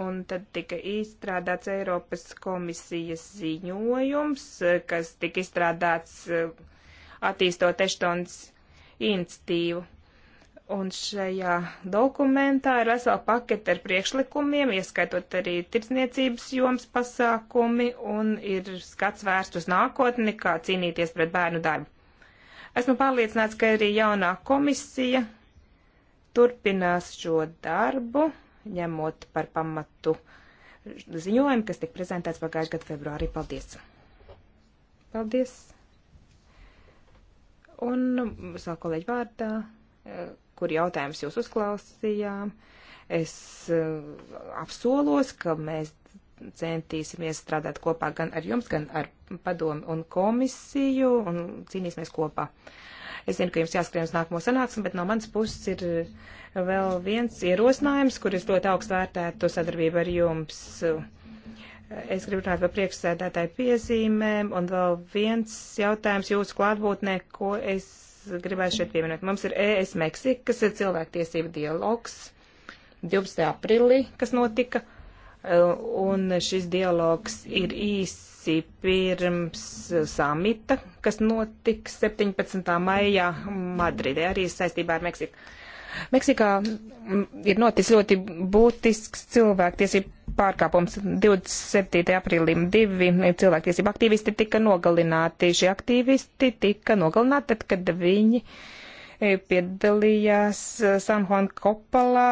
Un tad tika izstrādāts Eiropas komisijas ziņojums, kas tika izstrādāts eh, attīstot Aštons iniciatīvu. Un šajā dokumentā ir vesela pakete ar priekšlikumiem, ieskaitot arī tirdzniecības joms pasākumi, un ir skats vērst uz nākotni, kā cīnīties pret bērnu darbu. Esmu pārliecināts, ka arī jaunā komisija turpinās šo darbu, ņemot par pamatu ziņojumu, kas tika prezentēts pagājušajā gadu februārī. Paldies! Paldies! Un savu kolēģi vārdā, eh, kur jautājums jūs uzklausījām, es eh, apsolos, ka mēs centīsimies strādāt kopā gan ar jums, gan ar padomu un komisiju un cīnīsimies kopā. Es zinu, ka jums jāskrien uz nākamo sanāksmi, bet no manas puses ir eh, vēl viens ierosinājums, kur es ļoti augstu vērtētu sadarbību ar jums. Uh, Es gribu runāt par priekšsēdētāju piezīmēm, un vēl viens jautājums jūsu klātbūtnē, ko es gribētu šeit pieminēt. Mums ir ES Meksika, kas ir cilvēktiesība dialogs 12. aprīlī, kas notika, un šis dialogs ir īsi pirms samita, kas notiks 17. maijā Madridē, arī saistībā ar Meksiku. Meksikā ir noticis ļoti būtisks cilvēktiesību pārkāpums. 27. aprīlī divi cilvēktiesību aktīvisti tika nogalināti. Šie aktīvisti tika nogalināti tad, kad viņi e, piedalījās e, San Juan Kopalā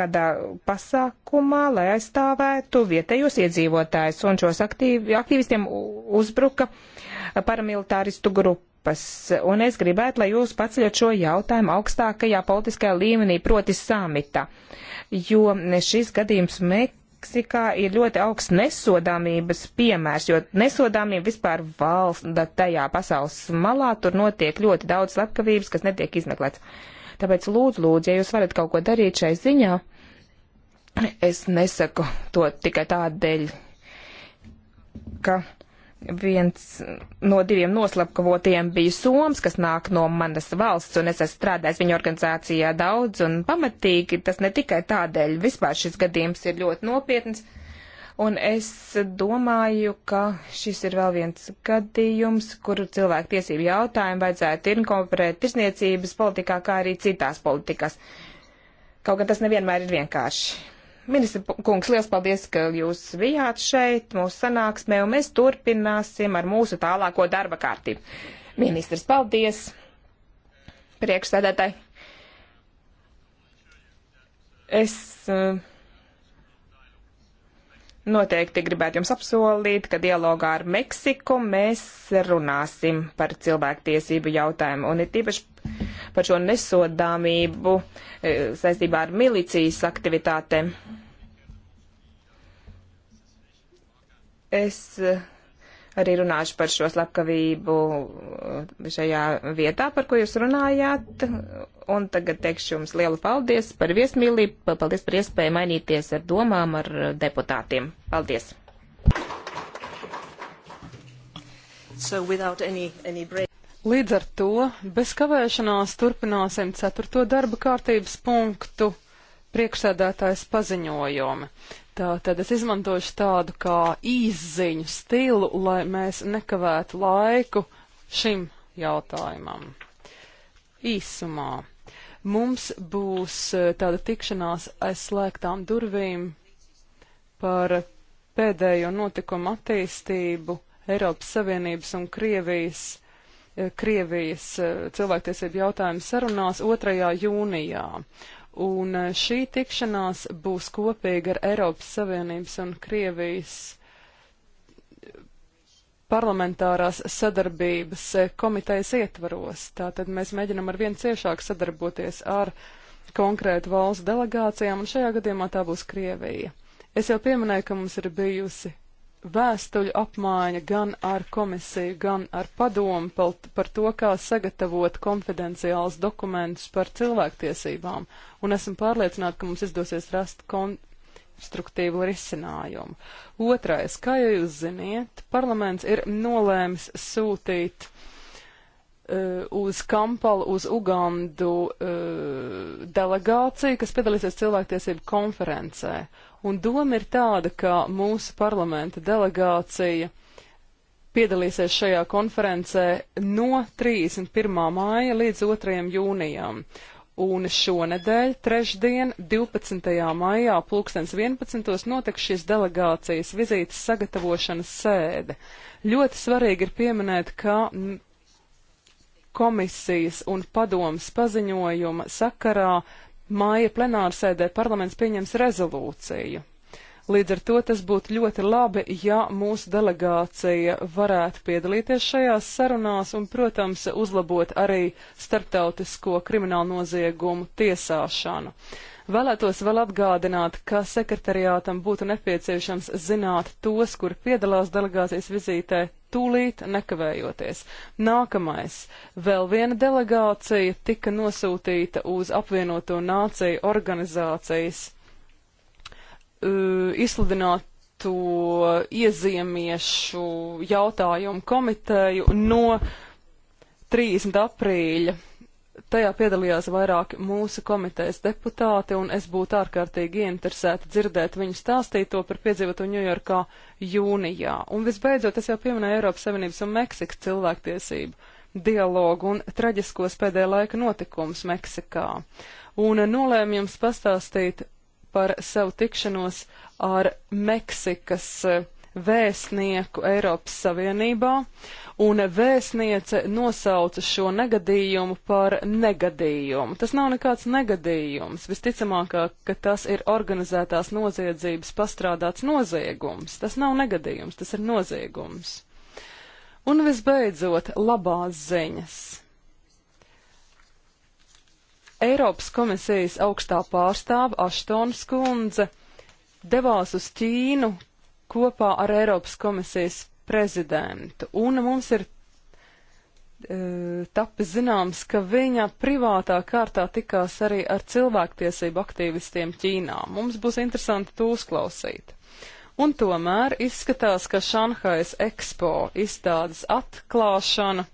kādā pasākumā, lai aizstāvētu vietējos iedzīvotājus. Un šos aktīvi, aktīvistiem uzbruka paramilitāristu grupu Eiropas, un es gribētu, lai jūs paceļat šo jautājumu augstākajā politiskajā līmenī, proti samita, jo šis gadījums Mek Meksikā ir ļoti augsts nesodāmības piemērs, jo nesodāmība vispār valda tajā pasaules malā, tur notiek ļoti daudz slepkavības, kas netiek izmeklēts. Tāpēc lūdzu, lūdzu, ja jūs varat kaut ko darīt šai ziņā, es nesaku to tikai tādēļ, ka viens no diviem noslapkavotiem bija Soms, kas nāk no manas valsts, un es esmu strādājis viņa organizācijā daudz un pamatīgi. Tas ne tikai tādēļ, vispār šis gadījums ir ļoti nopietns, un es domāju, ka šis ir vēl viens gadījums, kur cilvēku tiesību jautājumu vajadzētu inkorporēt tirsniecības politikā, kā arī citās politikās. Kaut gan tas nevienmēr ir vienkārši. Ministra kungs, liels paldies, ka jūs bijāt šeit mūsu sanāksmē, un mēs turpināsim ar mūsu tālāko darba kārtību. Ministrs, paldies! Priekšsēdētāji! Es eh, noteikti gribētu jums apsolīt, ka dialogā ar Meksiku mēs runāsim par cilvēktiesību jautājumu, un ir tīpaši par šo nesodāmību e, saistībā ar milicijas aktivitātēm. Es e, arī runāšu par šo slepkavību e, šajā vietā, par ko jūs runājāt. Un tagad teikšu jums lielu paldies par viesmīlību, paldies par iespēju mainīties ar domām ar deputātiem. Paldies! So without any, any break. Līdz ar to bez kavēšanās turpināsim ceturto darba kārtības punktu priekšsēdētājs paziņojumi. Tātad es izmantošu tādu kā īziņu stilu, lai mēs nekavētu laiku šim jautājumam. Īsumā. Mums būs e, tāda tikšanās aizslēgtām durvīm par pēdējo notikumu attīstību Eiropas Savienības un Krievijas Krievijas eh, cilvēktiesību jautājumu sarunās 2. jūnijā. Un eh, šī tikšanās būs kopīga ar Eiropas Savienības un Krievijas eh, parlamentārās sadarbības komitejas ietvaros. Tātad mēs mēģinam ar vien ciešāk sadarboties ar konkrētu valstu delegācijām, un šajā gadījumā tā būs Krievija. Es jau pieminēju, ka mums ir bijusi vēstuļu apmaiņa gan ar komisiju, gan ar padomu par, par to, kā sagatavot konfidenciāls dokumentus par cilvēktiesībām, un esmu pārliecināta, ka mums izdosies rast konstruktīvu risinājumu. Otrais, kā jūs ziniet, parlaments ir nolēmis sūtīt eh, uz Kampalu, uz Ugandu uh, delegāciju, kas piedalīsies cilvēktiesību konferencē. Un doma ir tāda, ka mūsu parlamenta delegācija piedalīsies šajā konferencē no 31. māja līdz 2. jūnijam. Un šonedēļ, trešdien, 12. maijā, pulkstens 11. notiks šīs delegācijas vizītes sagatavošanas sēde. Ļoti svarīgi ir pieminēt, ka komisijas un padomas paziņojuma sakarā uh, Māja plenārsēdē parlaments pieņems rezolūciju. Līdz ar to tas būtu ļoti labi, ja mūsu delegācija varētu piedalīties šajās sarunās un, protams, uzlabot arī starptautisko kriminālu noziegumu tiesāšanu. Vēlētos vēl atgādināt, ka sekretariātam būtu nepieciešams zināt tos, kur piedalās delegācijas vizītē, tūlīt nekavējoties. Nākamais. Vēl viena delegācija tika nosūtīta uz apvienoto nāciju organizācijas uh, izsludināt to iezīmiešu jautājumu komiteju no 30. aprīļa Tajā piedalījās vairāki mūsu komitejas deputāti, un es būtu ārkārtīgi interesēta dzirdēt viņu stāstīto par piedzīvotu Ņujorkā jūnijā. Un visbeidzot, es jau pieminēju Eiropas Savienības un Meksikas cilvēktiesību dialogu un traģiskos pēdējā laika notikumus Meksikā. Un nolēmu jums pastāstīt par savu tikšanos ar Meksikas vēstnieku Eiropas Savienībā, un vēstniece nosauca šo negadījumu par negadījumu. Tas nav nekāds negadījums. Visticamākāk, ka tas ir organizētās noziedzības pastrādāts noziegums. Tas nav negadījums, tas ir noziegums. Un visbeidzot, labās ziņas. Eiropas komisijas augstā pārstāva Aštons kundze devās uz Ķīnu kopā ar Eiropas komisijas prezidentu. Un mums ir e, tapis zināms, ka viņa privātā kārtā tikās arī ar cilvēktiesību aktīvistiem Ķīnā. Mums būs interesanti to uzklausīt. Un tomēr izskatās, ka Šanhais Expo izstādes atklāšana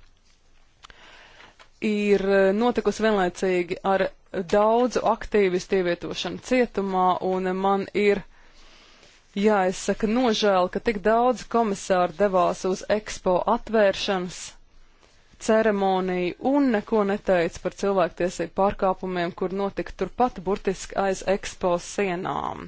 ir e, notikusi vienlaicīgi ar daudzu aktīvistu ievietošanu cietumā, un man ir Jā, es saku nožēlu, ka tik daudz komisāru devās uz ekspo atvēršanas ceremoniju un neko neteica par cilvēktiesību pārkāpumiem, kur notika turpat burtiski aiz ekspo sienām.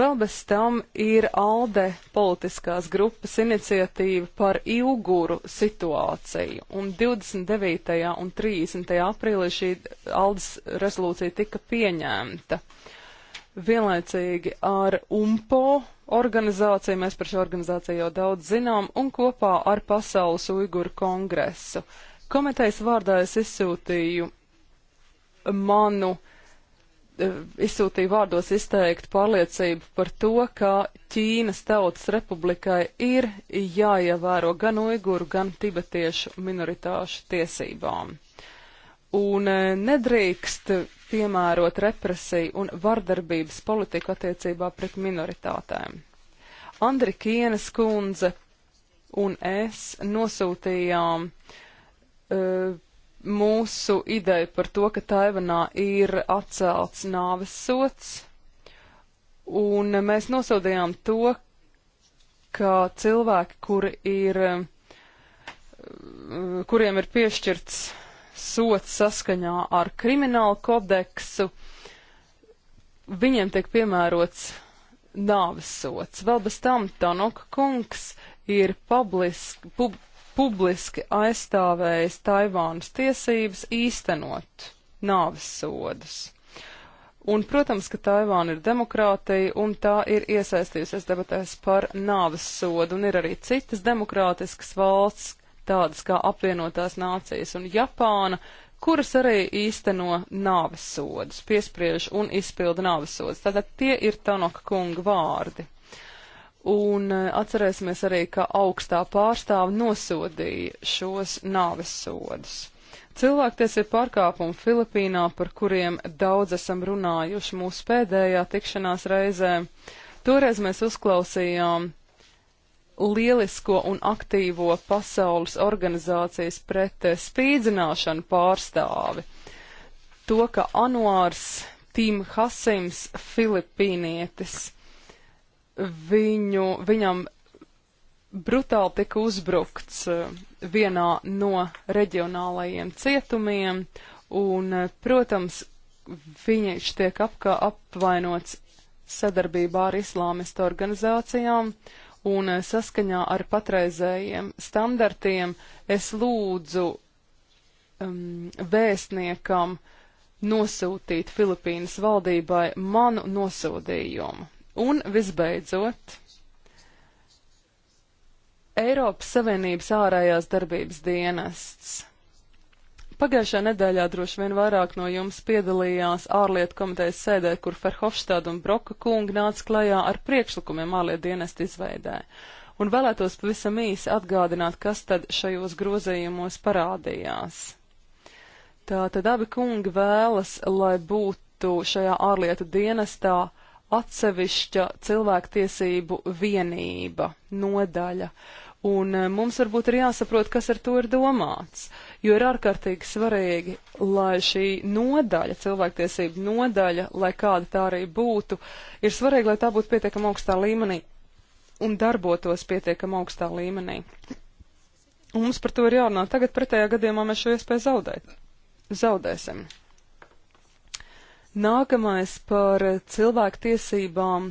Vēl bez tam ir ALDE politiskās grupas iniciatīva par ilguru situāciju, un 29. un 30. aprīlī šī ALDES rezolūcija tika pieņemta. Uh, Vienlaicīgi ar UMPO organizāciju, mēs par šo organizāciju jau daudz zinām, un kopā ar Pasaules Uiguru kongresu. Komitejas vārdā es izsūtīju manu eh, izsūtīja vārdos izteikt pārliecību par to, ka Ķīnas Tautas Republikai ir jāievēro gan uiguru, gan tibetiešu minoritāšu tiesībām un eh, nedrīkst piemērot represiju un vardarbības politiku attiecībā pret minoritātēm. Andri Kienes kundze un es nosūtījām uh, mūsu ideju par to, ka Taivanā ir atcelts nāves sots, un eh, mēs nosūtījām to, ka cilvēki, kuri ir, uh, kuriem ir piešķirts sots saskaņā ar kriminālu kodeksu, viņiem tiek piemērots nāves sots. Vēl bez tam Tanok kungs ir publiski, pub, publiski aizstāvējis Taivānas tiesības īstenot nāves sodus. Un, protams, ka Taivāna ir demokrātija, un tā ir iesaistījusies debatēs par nāves sodu, un ir arī citas demokrātiskas valsts, tādas kā apvienotās nācijas un Japāna, kuras arī īsteno nāvesodus, piespriež un izpilda nāvesodus. Tātad tie ir Tanoka kunga vārdi. Un e, atcerēsimies arī, ka augstā pārstāva nosodīja šos nāvesodus. Cilvēktiesību pārkāpumu Filipīnā, par kuriem daudz esam runājuši mūsu pēdējā tikšanās reizē, toreiz mēs uzklausījām lielisko un aktīvo pasaules organizācijas pret eh, spīdzināšanu pārstāvi. To, ka Anuārs Tim Hasims, filipīnietis, viņu, viņam brutāli tika uzbrukts eh, vienā no reģionālajiem cietumiem, un, eh, protams, viņš tiek apkā apvainots sadarbībā ar islāmistu organizācijām, uh, un eh, saskaņā ar patreizējiem standartiem es lūdzu um, vēstniekam nosūtīt Filipīnas valdībai manu nosūdījumu. Un visbeidzot, Eiropas Savienības ārējās darbības dienests. Pagājušajā nedēļā droši vien vairāk no jums piedalījās ārlietu komitejas sēdē, kur Ferhofstāda un Broka kungi nāca klajā ar priekšlikumiem ārlietu dienestu izveidē. Un vēlētos pavisam īsi atgādināt, kas tad šajos grozījumos parādījās. Tā tad abi kungi vēlas, lai būtu šajā ārlietu dienestā atsevišķa cilvēktiesību vienība, nodaļa. Un eh, mums varbūt ir jāsaprot, kas ar to ir domāts jo ir ārkārtīgi svarīgi, lai šī nodaļa, cilvēktiesība nodaļa, lai kāda tā arī būtu, ir svarīgi, lai tā būtu pietiekam augstā līmenī un darbotos pietiekam augstā līmenī. Un mums par to ir jārunā. Tagad pretējā gadījumā mēs šo iespēju zaudēt. zaudēsim. Nākamais par cilvēktiesībām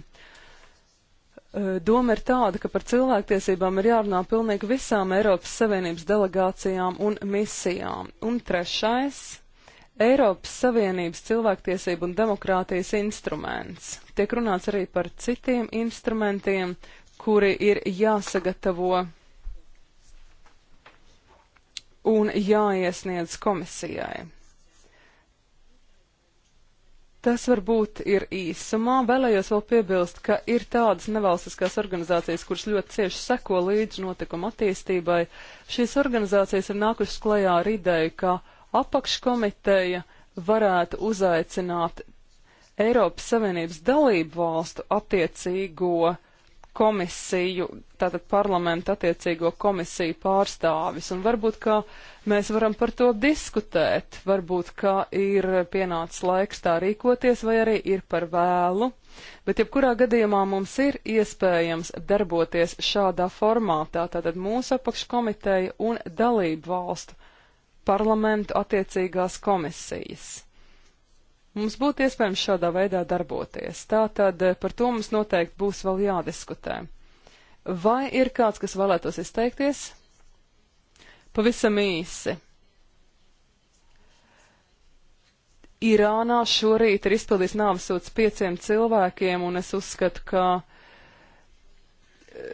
Eh, doma ir tāda, ka par cilvēktiesībām ir jārunā pilnīgi visām Eiropas Savienības delegācijām un misijām. Un trešais - Eiropas Savienības cilvēktiesību un demokrātijas instruments. Tiek runāts arī par citiem instrumentiem, kuri ir jāsagatavo un jāiesniedz komisijai. Tas varbūt ir īsumā. Vēlējos vēl piebilst, ka ir tādas nevalstiskās organizācijas, kuras ļoti cieši seko līdzi notikuma attīstībai. Šīs organizācijas ir nākušas klajā ar ideju, ka apakškomiteja varētu uzaicināt Eiropas Savienības dalību valstu attiecīgo uh, komisiju, tātad parlamentu attiecīgo komisiju pārstāvis, un varbūt, ka mēs varam par to diskutēt, varbūt, ka ir pienācis laiks tā rīkoties, vai arī ir par vēlu, bet jebkurā gadījumā mums ir iespējams darboties šādā formātā, tātad mūsu apakškomiteja un dalību valstu parlamentu attiecīgās komisijas. Mums būtu iespējams šādā veidā darboties. Tātad eh, par to mums noteikti būs vēl jādiskutē. Vai ir kāds, kas vēlētos izteikties? Pavisam īsi. Irānā šorīt ir izpildījis nāvesots pieciem cilvēkiem, un es uzskatu, ka eh,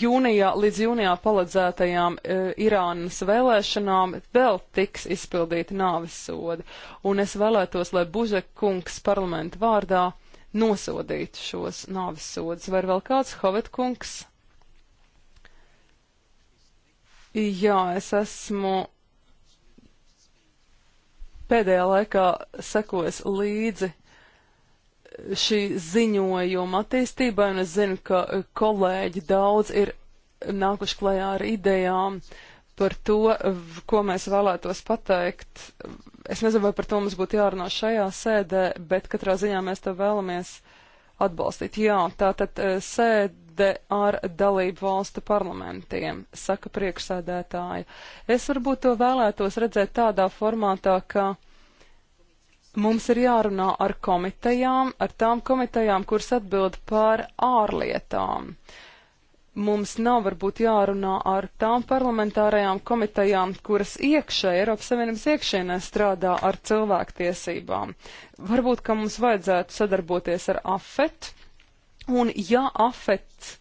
jūnijā līdz jūnijā paredzētajām e, Irānas vēlēšanām vēl tiks izpildīti nāves sodi, un es vēlētos, lai Bužek kungs parlamenta vārdā nosodītu šos nāves sodus. Vai ir vēl kāds Hovet kungs? Jā, es esmu pēdējā laikā sekojis līdzi šī ziņojuma attīstībai, un es zinu, ka e, kolēģi daudz ir nākuši klajā ar idejām par to, ko mēs vēlētos pateikt. Es nezinu, vai par to mums būtu jārunā šajā sēdē, bet katrā ziņā mēs to vēlamies atbalstīt. Jā, tātad e, sēde ar dalību valstu parlamentiem, saka priekšsēdētāja. Es varbūt to vēlētos redzēt tādā formātā, ka mums ir jārunā ar komitejām, ar tām komitejām, kuras atbild par ārlietām. Mums nav varbūt jārunā ar tām parlamentārajām komitejām, kuras iekšē, Eiropas Savienības iekšēnē strādā ar cilvēktiesībām. Varbūt, ka mums vajadzētu sadarboties ar AFET, un ja AFET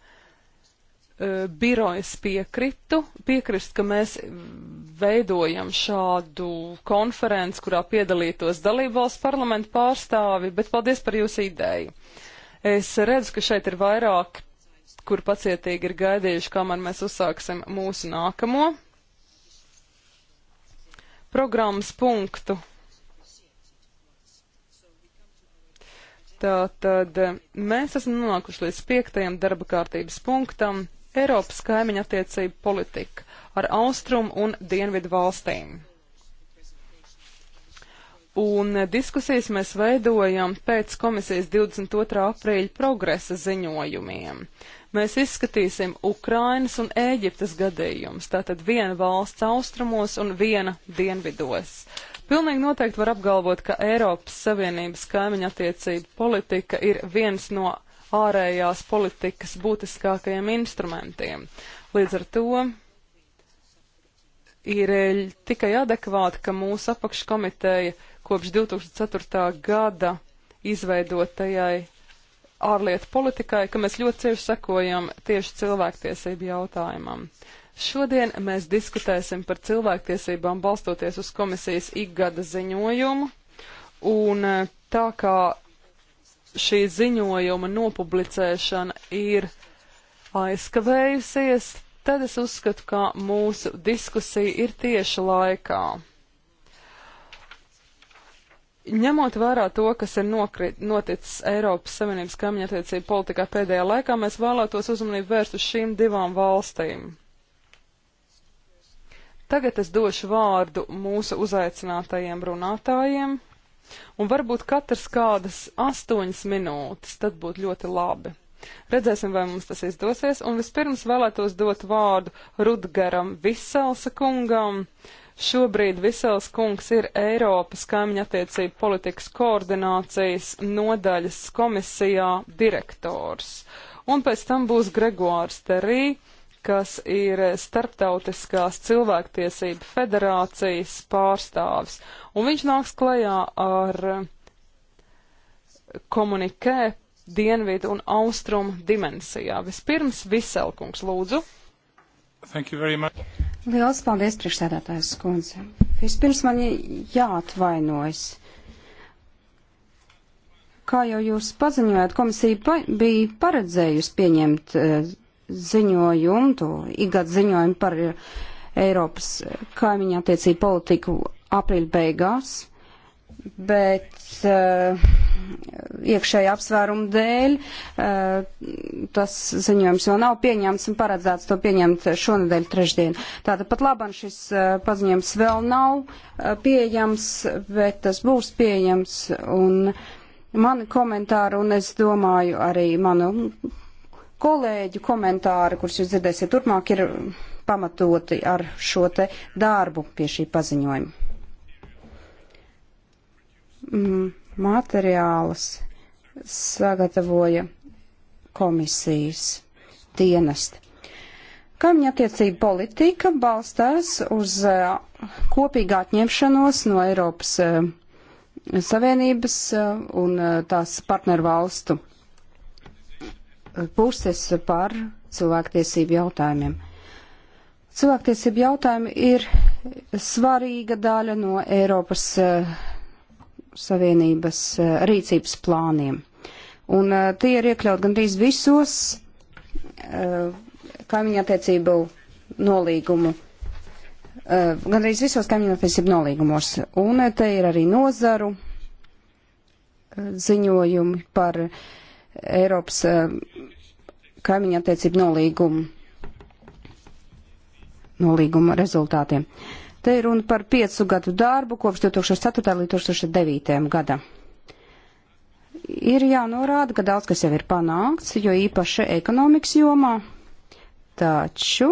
E, birojas piekritu, piekrist, ka mēs veidojam šādu konferenci, kurā piedalītos dalībvalsts parlamentu pārstāvi, bet paldies par jūsu ideju. Es redzu, ka šeit ir vairāk, kur pacietīgi ir gaidījuši, kamēr mēs uzsāksim mūsu nākamo programmas punktu. Tātad e, mēs esam nonākuši līdz piektajam darba kārtības punktam. Eiropas kaimiņa attiecību politika ar austrumu un dienvidu valstīm. Un diskusijas mēs veidojam pēc komisijas 22. aprīļa progresa ziņojumiem. Mēs izskatīsim Ukrainas un Ēģiptes gadījumus, tātad viena valsts austrumos un viena dienvidos. Pilnīgi noteikti var apgalvot, ka Eiropas Savienības kaimiņa attiecība politika ir viens no ārējās politikas būtiskākajiem instrumentiem. Līdz ar to ir e, tikai adekvāti, ka mūsu apakškomiteja kopš 2004. gada izveidotajai ārlietu politikai, ka mēs ļoti cieši sekojam tieši cilvēktiesību jautājumam. Šodien mēs diskutēsim par cilvēktiesībām balstoties uz komisijas ikgada ziņojumu, un e, tā kā šī ziņojuma nopublicēšana ir aizkavējusies, tad es uzskatu, ka mūsu diskusija ir tieši laikā. Ņemot vērā to, kas ir nokrit, noticis Eiropas Savienības kaimiņattiecību politikā pēdējā laikā, mēs vēlētos uzmanību vērst uz šīm divām valstīm. Tagad es došu vārdu mūsu uzaicinātajiem runātājiem. Un varbūt katrs kādas astoņas minūtes, tad būtu ļoti labi. Redzēsim, vai mums tas izdosies, un vispirms vēlētos dot vārdu Rudgaram Viselsa kungam. Šobrīd Visels kungs ir Eiropas kaimiņa attiecību politikas koordinācijas nodaļas komisijā direktors. Un pēc tam būs Gregoārs Terī, kas ir Starptautiskās cilvēktiesība federācijas pārstāvis, un viņš nāks klajā ar komunikē dienvidu un austrumu dimensijā. Vispirms Viselkungs, lūdzu. Lielas paldies, priekšsēdētājs skundze. Vispirms man jāatvainojas. Kā jau jūs paziņojāt, komisija pa bija paredzējusi pieņemt uh, ziņojumu, to igad ziņojumu par eh, Eiropas eh, kaimiņu attiecību politiku aprīļa beigās, bet uh, iekšēja apsvērumu dēļ uh, tas ziņojums vēl nav pieņemts un paredzēts to pieņemt šonadēļ trešdien. Tātad pat labam šis uh, paziņojums vēl nav uh, pieejams, bet tas būs pieejams un mani komentāri un es domāju arī manu kolēģu komentāri, kurus jūs dzirdēsiet turpmāk, ir pamatoti ar šo te darbu pie šī paziņojuma. Mm, Materiālus sagatavoja komisijas dienesti. Kaimiņa attiecība politika balstās uz eh, kopīgu atņemšanos no Eiropas eh, Savienības eh, un tās partneru valstu puses par cilvēktiesību jautājumiem. Cilvēktiesību jautājumi ir svarīga daļa no Eiropas eh, Savienības eh, rīcības plāniem. Un eh, tie ir iekļaut gandrīz visos kaimiņa attiecību nolīgumu Uh, gandrīz visos kaimiņotiesību nolīgumos. Un te ir arī nozaru uh, ziņojumi par uh, Eiropas eh, kaimiņa attiecību nolīgumu, nolīgumu rezultātiem. Te ir runa par piecu gadu darbu kopš 2004. līdz 2009. gada. Ir jānorāda, ka daudz kas jau ir panākts, jo īpaši ekonomikas jomā, taču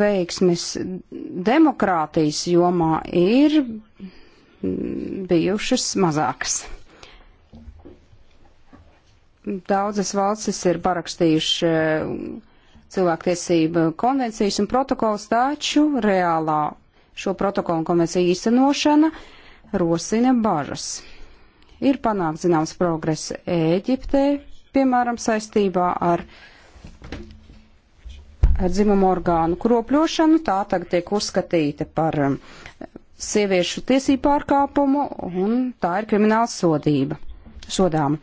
veiksmes demokrātijas jomā ir bijušas mazākas daudzas valstis ir parakstījuši eh, cilvēktiesību konvencijas un protokols, taču reālā šo protokolu un konvenciju īstenošana rosina bažas. Ir panākt zināms progress Ēģiptē, piemēram, saistībā ar, ar dzimumu orgānu kropļošanu. Tā tagad tiek uzskatīta par um, sieviešu tiesību pārkāpumu un tā ir krimināla sodība. Sodāma.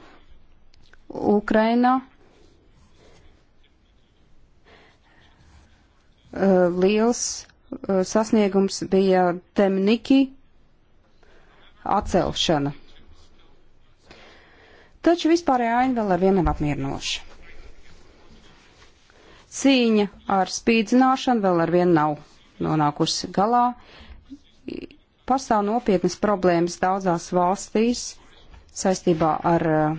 Ukraina eh, liels eh, sasniegums bija Temniki atcelšana. Taču vispārējā aina vēl ar vienu nav apmierinoša. Cīņa ar spīdzināšanu vēl ar vienu nav nonākusi galā. Pastāv nopietnas problēmas daudzās valstīs saistībā ar uh,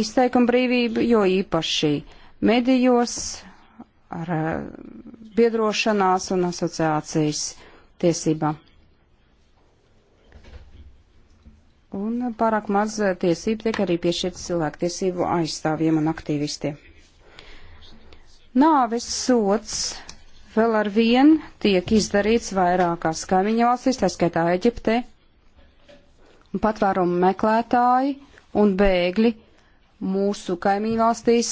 izteikuma brīvību, jo īpaši medijos ar eh, biedrošanās un asociācijas tiesībām. Un pārāk maz tiesību tiek arī piešķirtas cilvēktiesību aizstāvjiem un aktīvistiem. Nāves sots vēl ar vien tiek izdarīts vairākās kaimiņu valstīs, tā skaitā Eģipte. Un patvērumu meklētāji un bēgļi mūsu kaimiņu valstīs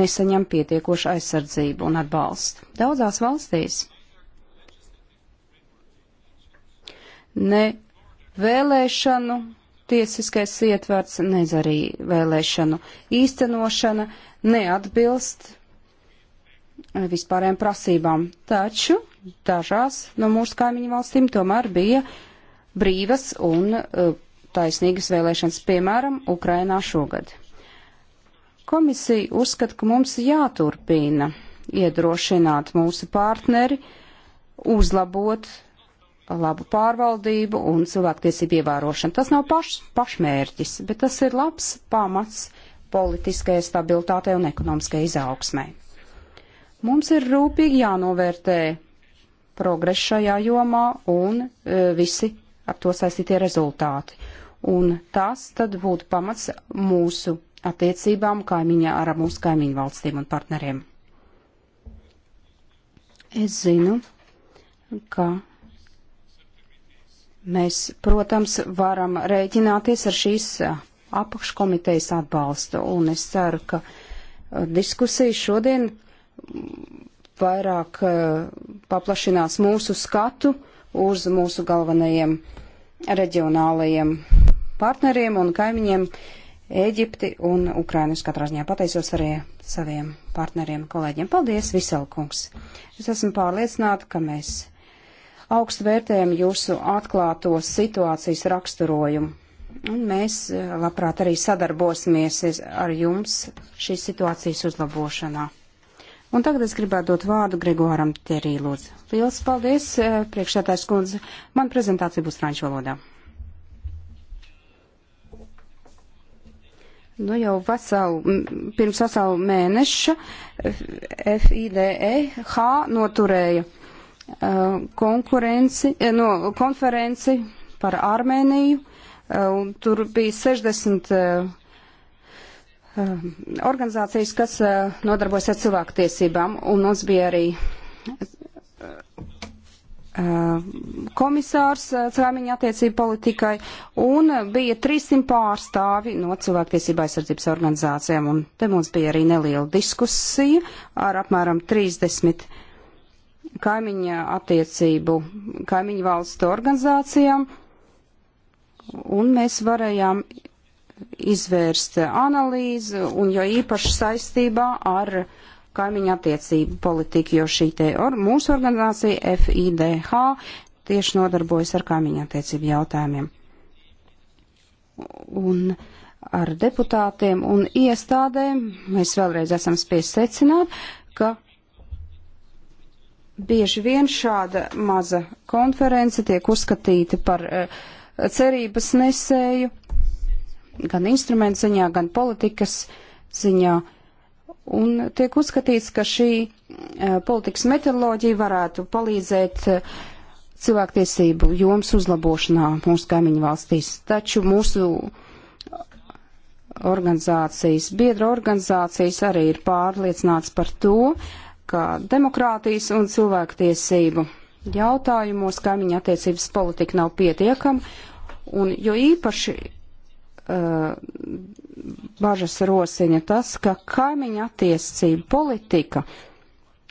nesaņem pietiekošu aizsardzību un atbalstu. Daudzās valstīs ne vēlēšanu tiesiskais ietvarts, ne arī vēlēšanu īstenošana neatbilst vispārējām prasībām. Taču dažās no mūsu kaimiņu valstīm tomēr bija brīvas un eh, taisnīgas vēlēšanas, piemēram, Ukrainā šogad. Komisija uzskata, ka mums jāturpina iedrošināt mūsu partneri, uzlabot labu pārvaldību un cilvēktiesību ievērošanu. Tas nav paš, pašmērķis, bet tas ir labs pamats politiskajai stabilitātei un ekonomiskajai izaugsmai. Mums ir rūpīgi jānovērtē progress šajā jomā un e, visi ar to saistītie rezultāti. Un tas tad būtu pamats mūsu attiecībām kaimiņā ar mūsu kaimiņu valstīm un partneriem. Es zinu, ka mēs, protams, varam rēķināties ar šīs apakškomitejas atbalstu, un es ceru, ka uh, diskusijas šodien mm, vairāk uh, paplašinās mūsu skatu uz mūsu galvenajiem reģionālajiem partneriem un kaimiņiem. Uh, Ēģipti un Ukrainu. Es katrā ziņā pateicos arī saviem partneriem, kolēģiem. Paldies, Viselkungs! Es esmu pārliecināta, ka mēs augstu vērtējam jūsu atklāto situācijas raksturojumu. Un mēs eh, labprāt arī sadarbosimies ar jums šīs situācijas uzlabošanā. Un tagad es gribētu dot vārdu Gregoram Terī, lūdzu. Liels paldies, eh, priekšētājs kundze. Man prezentācija būs franču valodā. Nu jau veselu, pirms veselu mēneša FIDEH e noturēja uh, konkurenci, eh, no, konferenci par Armēniju. Uh, tur bija 60 uh, organizācijas, kas nodarbojas ar cilvēku tiesībām, un mums bija arī Eh, komisārs eh, cēmiņa attiecību politikai un bija 300 pārstāvi no cilvēktiesība aizsardzības organizācijām. Un te mums bija arī neliela diskusija ar apmēram 30 kaimiņa attiecību, kaimiņu valstu organizācijām. Un mēs varējām izvērst analīzi un jo īpaši saistībā ar uh, kaimiņa attiecību politiku, jo šī te or, mūsu organizācija FIDH tieši nodarbojas ar kaimiņa attiecību jautājumiem. Un ar deputātiem un iestādēm mēs vēlreiz esam spiest secināt, ka bieži vien šāda maza konference tiek uzskatīta par uh, cerības nesēju gan instrumentu ziņā, gan politikas ziņā. Uh, Un tiek uzskatīts, ka šī e, politikas metodoloģija varētu palīdzēt e, cilvēktiesību joms uzlabošanā mūsu kaimiņu valstīs. Taču mūsu organizācijas, biedra organizācijas arī ir pārliecināts par to, ka demokrātijas un cilvēktiesību jautājumos kaimiņu attiecības politika nav pietiekama, un jo īpaši Uh, bažas rosiņa tas, ka kaimiņa attiecība politika,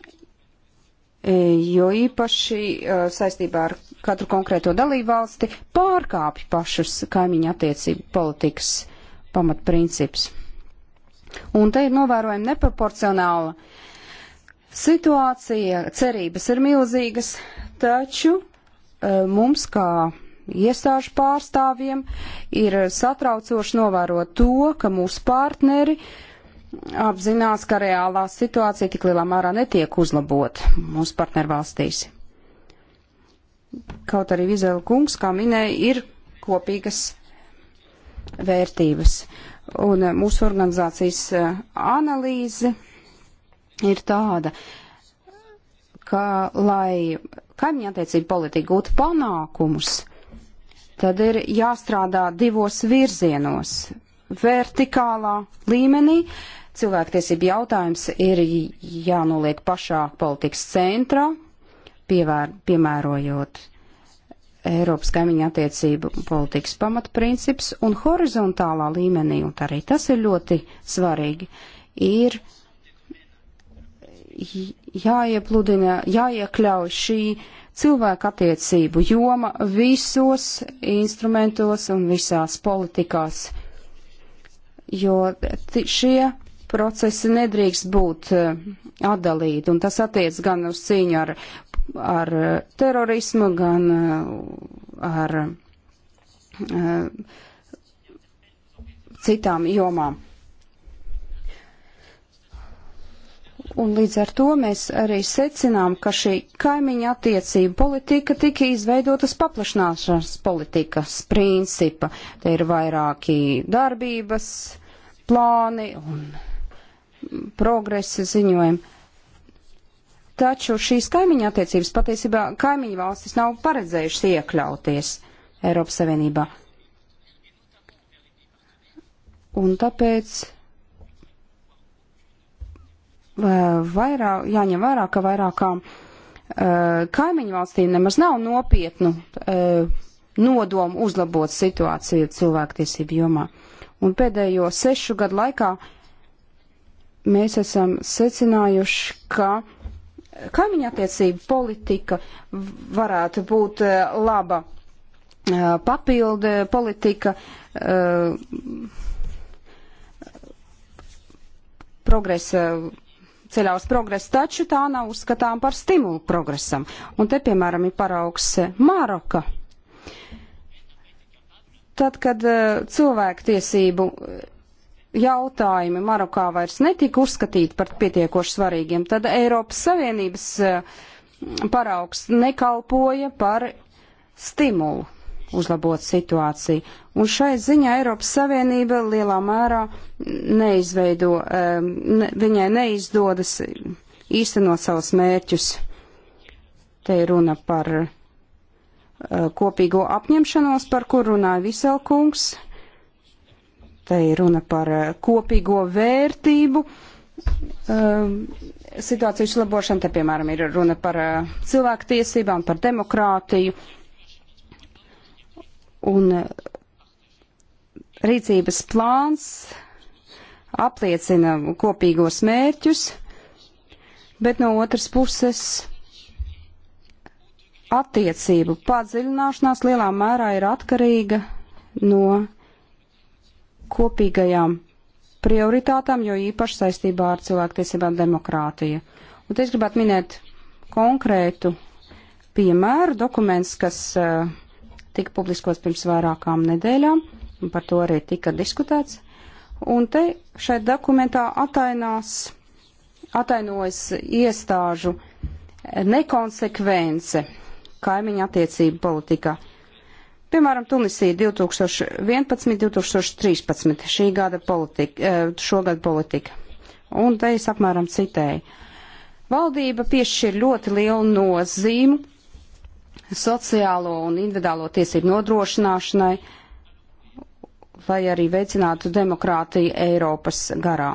e, jo īpaši uh, saistībā ar katru konkrēto dalību valsti, pārkāpj pašus kaimiņa attiecību politikas pamatprincips. Un te ir novērojama neproporcionāla situācija, cerības ir milzīgas, taču e, mums kā iestāžu pārstāvjiem, ir satraucoši novērot to, ka mūsu partneri apzinās, ka reālā situācija tik lielā mērā netiek uzlabot mūsu partneru valstīs. Kaut arī Vizela kungs, kā minēja, ir kopīgas vērtības. Un eh, mūsu organizācijas eh, analīze ir tāda, ka, lai kaimiņattiecību politika gūtu panākumus, tad ir jāstrādā divos virzienos. Vertikālā līmenī cilvēktiesība jautājums ir jānoliek pašā politikas centrā, pievēr, piemērojot Eiropas kaimiņa attiecību politikas pamatprincips, un horizontālā līmenī, un arī tas ir ļoti svarīgi, ir jāiepludina, jāiekļauj šī cilvēka attiecību joma visos instrumentos un visās politikās, jo šie procesi nedrīkst būt e, atdalīti, un tas attiec gan uz cīņu ar, ar terorismu, gan e, ar, ar e, citām jomām. Un līdz ar to mēs arī secinām, ka šī kaimiņa attiecība politika tika izveidotas paplašināšanas politikas principa. Te ir vairāki darbības plāni un progresa ziņojumi. Taču šīs kaimiņa attiecības patiesībā kaimiņu valstis nav paredzējušas iekļauties Eiropas Savienībā. Un tāpēc Eh, vairāk, jāņem vērā, ka vairākām eh, kaimiņu valstīm nemaz nav nopietnu eh, nodomu uzlabot situāciju cilvēktiesību jomā. Un pēdējo sešu gadu laikā mēs esam secinājuši, ka kaimiņu attiecību politika varētu būt laba papildu politika progresa ceļā uz progresu, taču tā nav uzskatām par stimulu progresam. Un te, piemēram, ir paraugs Maroka. Tad, kad eh, cilvēktiesību eh, jautājumi Marokā vairs netika uzskatīti par pietiekoši svarīgiem, tad Eiropas Savienības eh, paraugs nekalpoja par stimulu uzlabot situāciju. Un šai ziņā Eiropas Savienība lielā mērā neizveido, ne, viņai neizdodas īstenot savus mērķus. Te ir runa par eh, kopīgo apņemšanos, par kur runāja Viselkungs. Te ir runa par eh, kopīgo vērtību situāciju uzlabošanu. Te, piemēram, ir runa par eh, cilvēku tiesībām, par demokrātiju Un e, rīcības plāns apliecina kopīgos mērķus, bet no otras puses attiecību padziļināšanās lielā mērā ir atkarīga no kopīgajām prioritātām, jo īpaši saistībā ar cilvēktiesībām demokrātiju. Un te es gribētu minēt konkrētu piemēru, dokuments, kas uh, tika publiskots pirms vairākām nedēļām, un par to arī tika diskutēts. Un te šai dokumentā atainās, atainojas iestāžu nekonsekvence kaimiņa attiecību politikā. Piemēram, Tunisija 2011-2013 šī gada politika, eh, šogad politika. Un te es apmēram citēju. Valdība piešķir ļoti lielu nozīmu sociālo un individuālo tiesību nodrošināšanai, lai arī veicinātu demokrātiju Eiropas garā.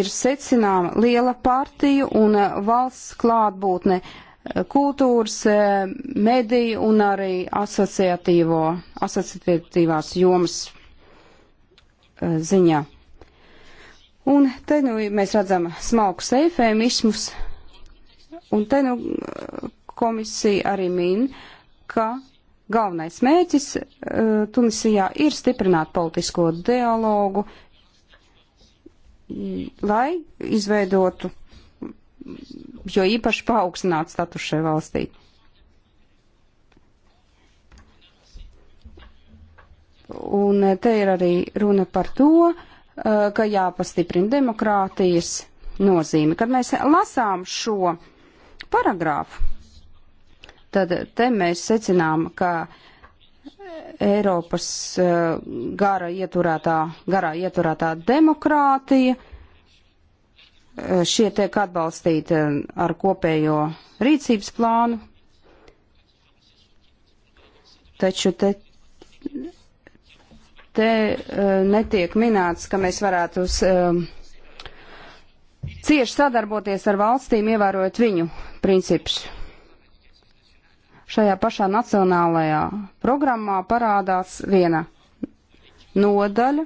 Ir secināma liela partija un eh, valsts klātbūtne eh, kultūras, eh, mediju un arī asociatīvās jomas ziņā. Un te nu mēs redzam smalku seifēmismus, un te nu uh, komisija arī min, ka galvenais mērķis uh, Tunisijā ir stiprināt politisko dialogu, lai izveidotu, jo īpaši paaugstināt status šai valstī. Un te ir arī runa par to, Eh, ka jāpastiprina demokrātijas nozīme. Kad mēs lasām šo paragrāfu, tad te mēs secinām, ka Eiropas eh, gara ieturētā, garā ieturētā demokrātija eh, šie tiek atbalstīti ar kopējo rīcības plānu, taču te te eh, netiek minēts, ka mēs varētu uz, eh, cieši sadarboties ar valstīm, ievērojot viņu principus šajā pašā nacionālajā programmā parādās viena nodaļa,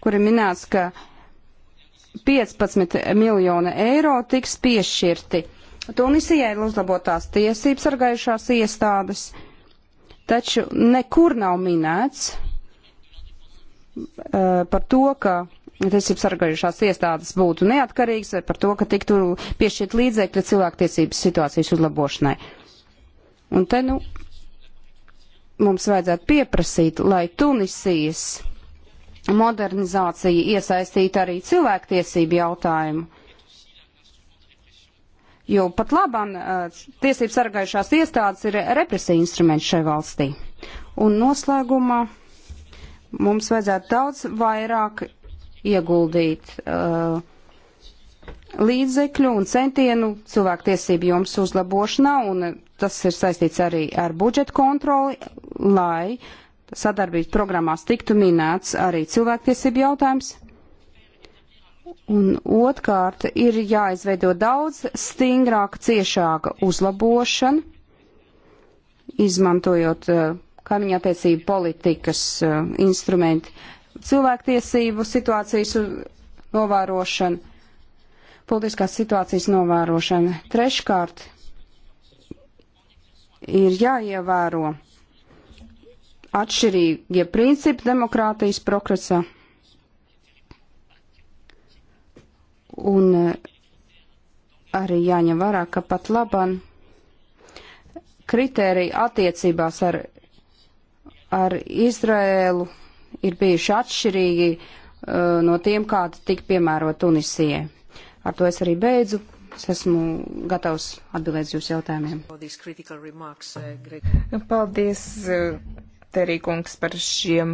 kur ir minēts, ka 15 miljoni eiro tiks piešķirti. Tunisijai ir uzlabotās tiesības sargājušās iestādes, taču nekur nav minēts, Eh, par to, ka tiesību sargājušās iestādes būtu neatkarīgas, vai par to, ka tiktu piešķirt līdzekļi cilvēktiesības situācijas uzlabošanai. Un te, nu, mums vajadzētu pieprasīt, lai Tunisijas modernizācija iesaistītu arī cilvēktiesību jautājumu. Jo pat labam eh, tiesību sargājušās iestādes ir represija instruments šai valstī. Un noslēgumā mums vajadzētu daudz vairāk ieguldīt uh, līdzekļu un centienu cilvēktiesību jums uzlabošanā, un tas ir saistīts arī ar budžetu kontroli, lai sadarbības programmās tiktu minēts arī cilvēktiesību jautājums. Un otrkārt ir jāizveido daudz stingrāka, ciešāka uzlabošana, izmantojot uh, kaimiņa attiecību politikas eh, instrumenti, cilvēktiesību situācijas novērošana, politiskās situācijas novērošana. Treškārt ir jāievēro atšķirīgie principi demokrātijas progresā. Un eh, arī jāņem vērā, ka pat laban kritērija attiecībās ar ar Izraēlu ir bijuši atšķirīgi uh, no tiem, kādi tika piemērot Tunisijai. Ar to es arī beidzu. Es esmu gatavs atbildēt jūsu jautājumiem. Paldies, uh, Terīkungs, par šiem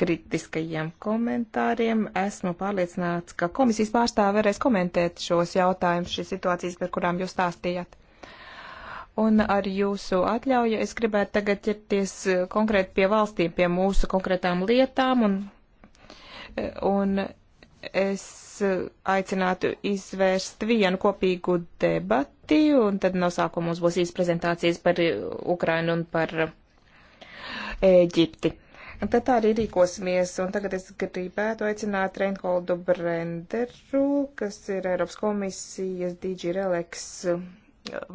kritiskajiem komentāriem. Esmu pārliecināts, ka komisijas pārstāve varēs komentēt šos jautājumus, šīs situācijas, par kurām jūs stāstījāt. Un ar jūsu atļauju es gribētu tagad ķerties eh, konkrēti pie valstīm, pie mūsu konkrētām lietām, un, eh, un es eh, aicinātu izvērst vienu kopīgu debati, un tad no sākuma mums būs īsts prezentācijas par Ukrainu un par Ēģipti. Un tad tā arī rīkosimies, un tagad es gribētu aicināt Reinholdu Brenderu, kas ir Eiropas komisijas DG Relex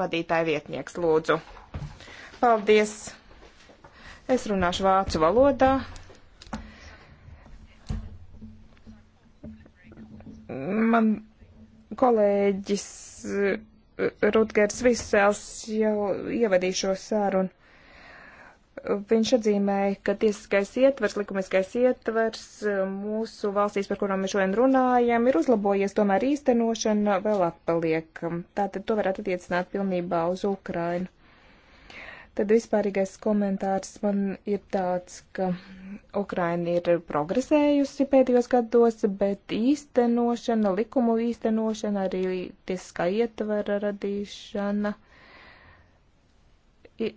vadītāja vietnieks, lūdzu. Paldies! Es runāšu vācu valodā. Man kolēģis eh, Rutgers Visels jau ievadīšo sārunu Viņš atzīmēja, ka tiesiskais ietvers, likumiskais ietvers mūsu valstīs, par kurām mēs šodien runājam, ir uzlabojies, tomēr īstenošana vēl atpaliek. Tātad to varētu attiecināt pilnībā uz Ukrainu. Tad vispārīgais komentārs man ir tāds, ka Ukraina ir progresējusi pēdējos gados, bet īstenošana, likumu īstenošana, arī tiesiskā ietvara radīšana. Uh,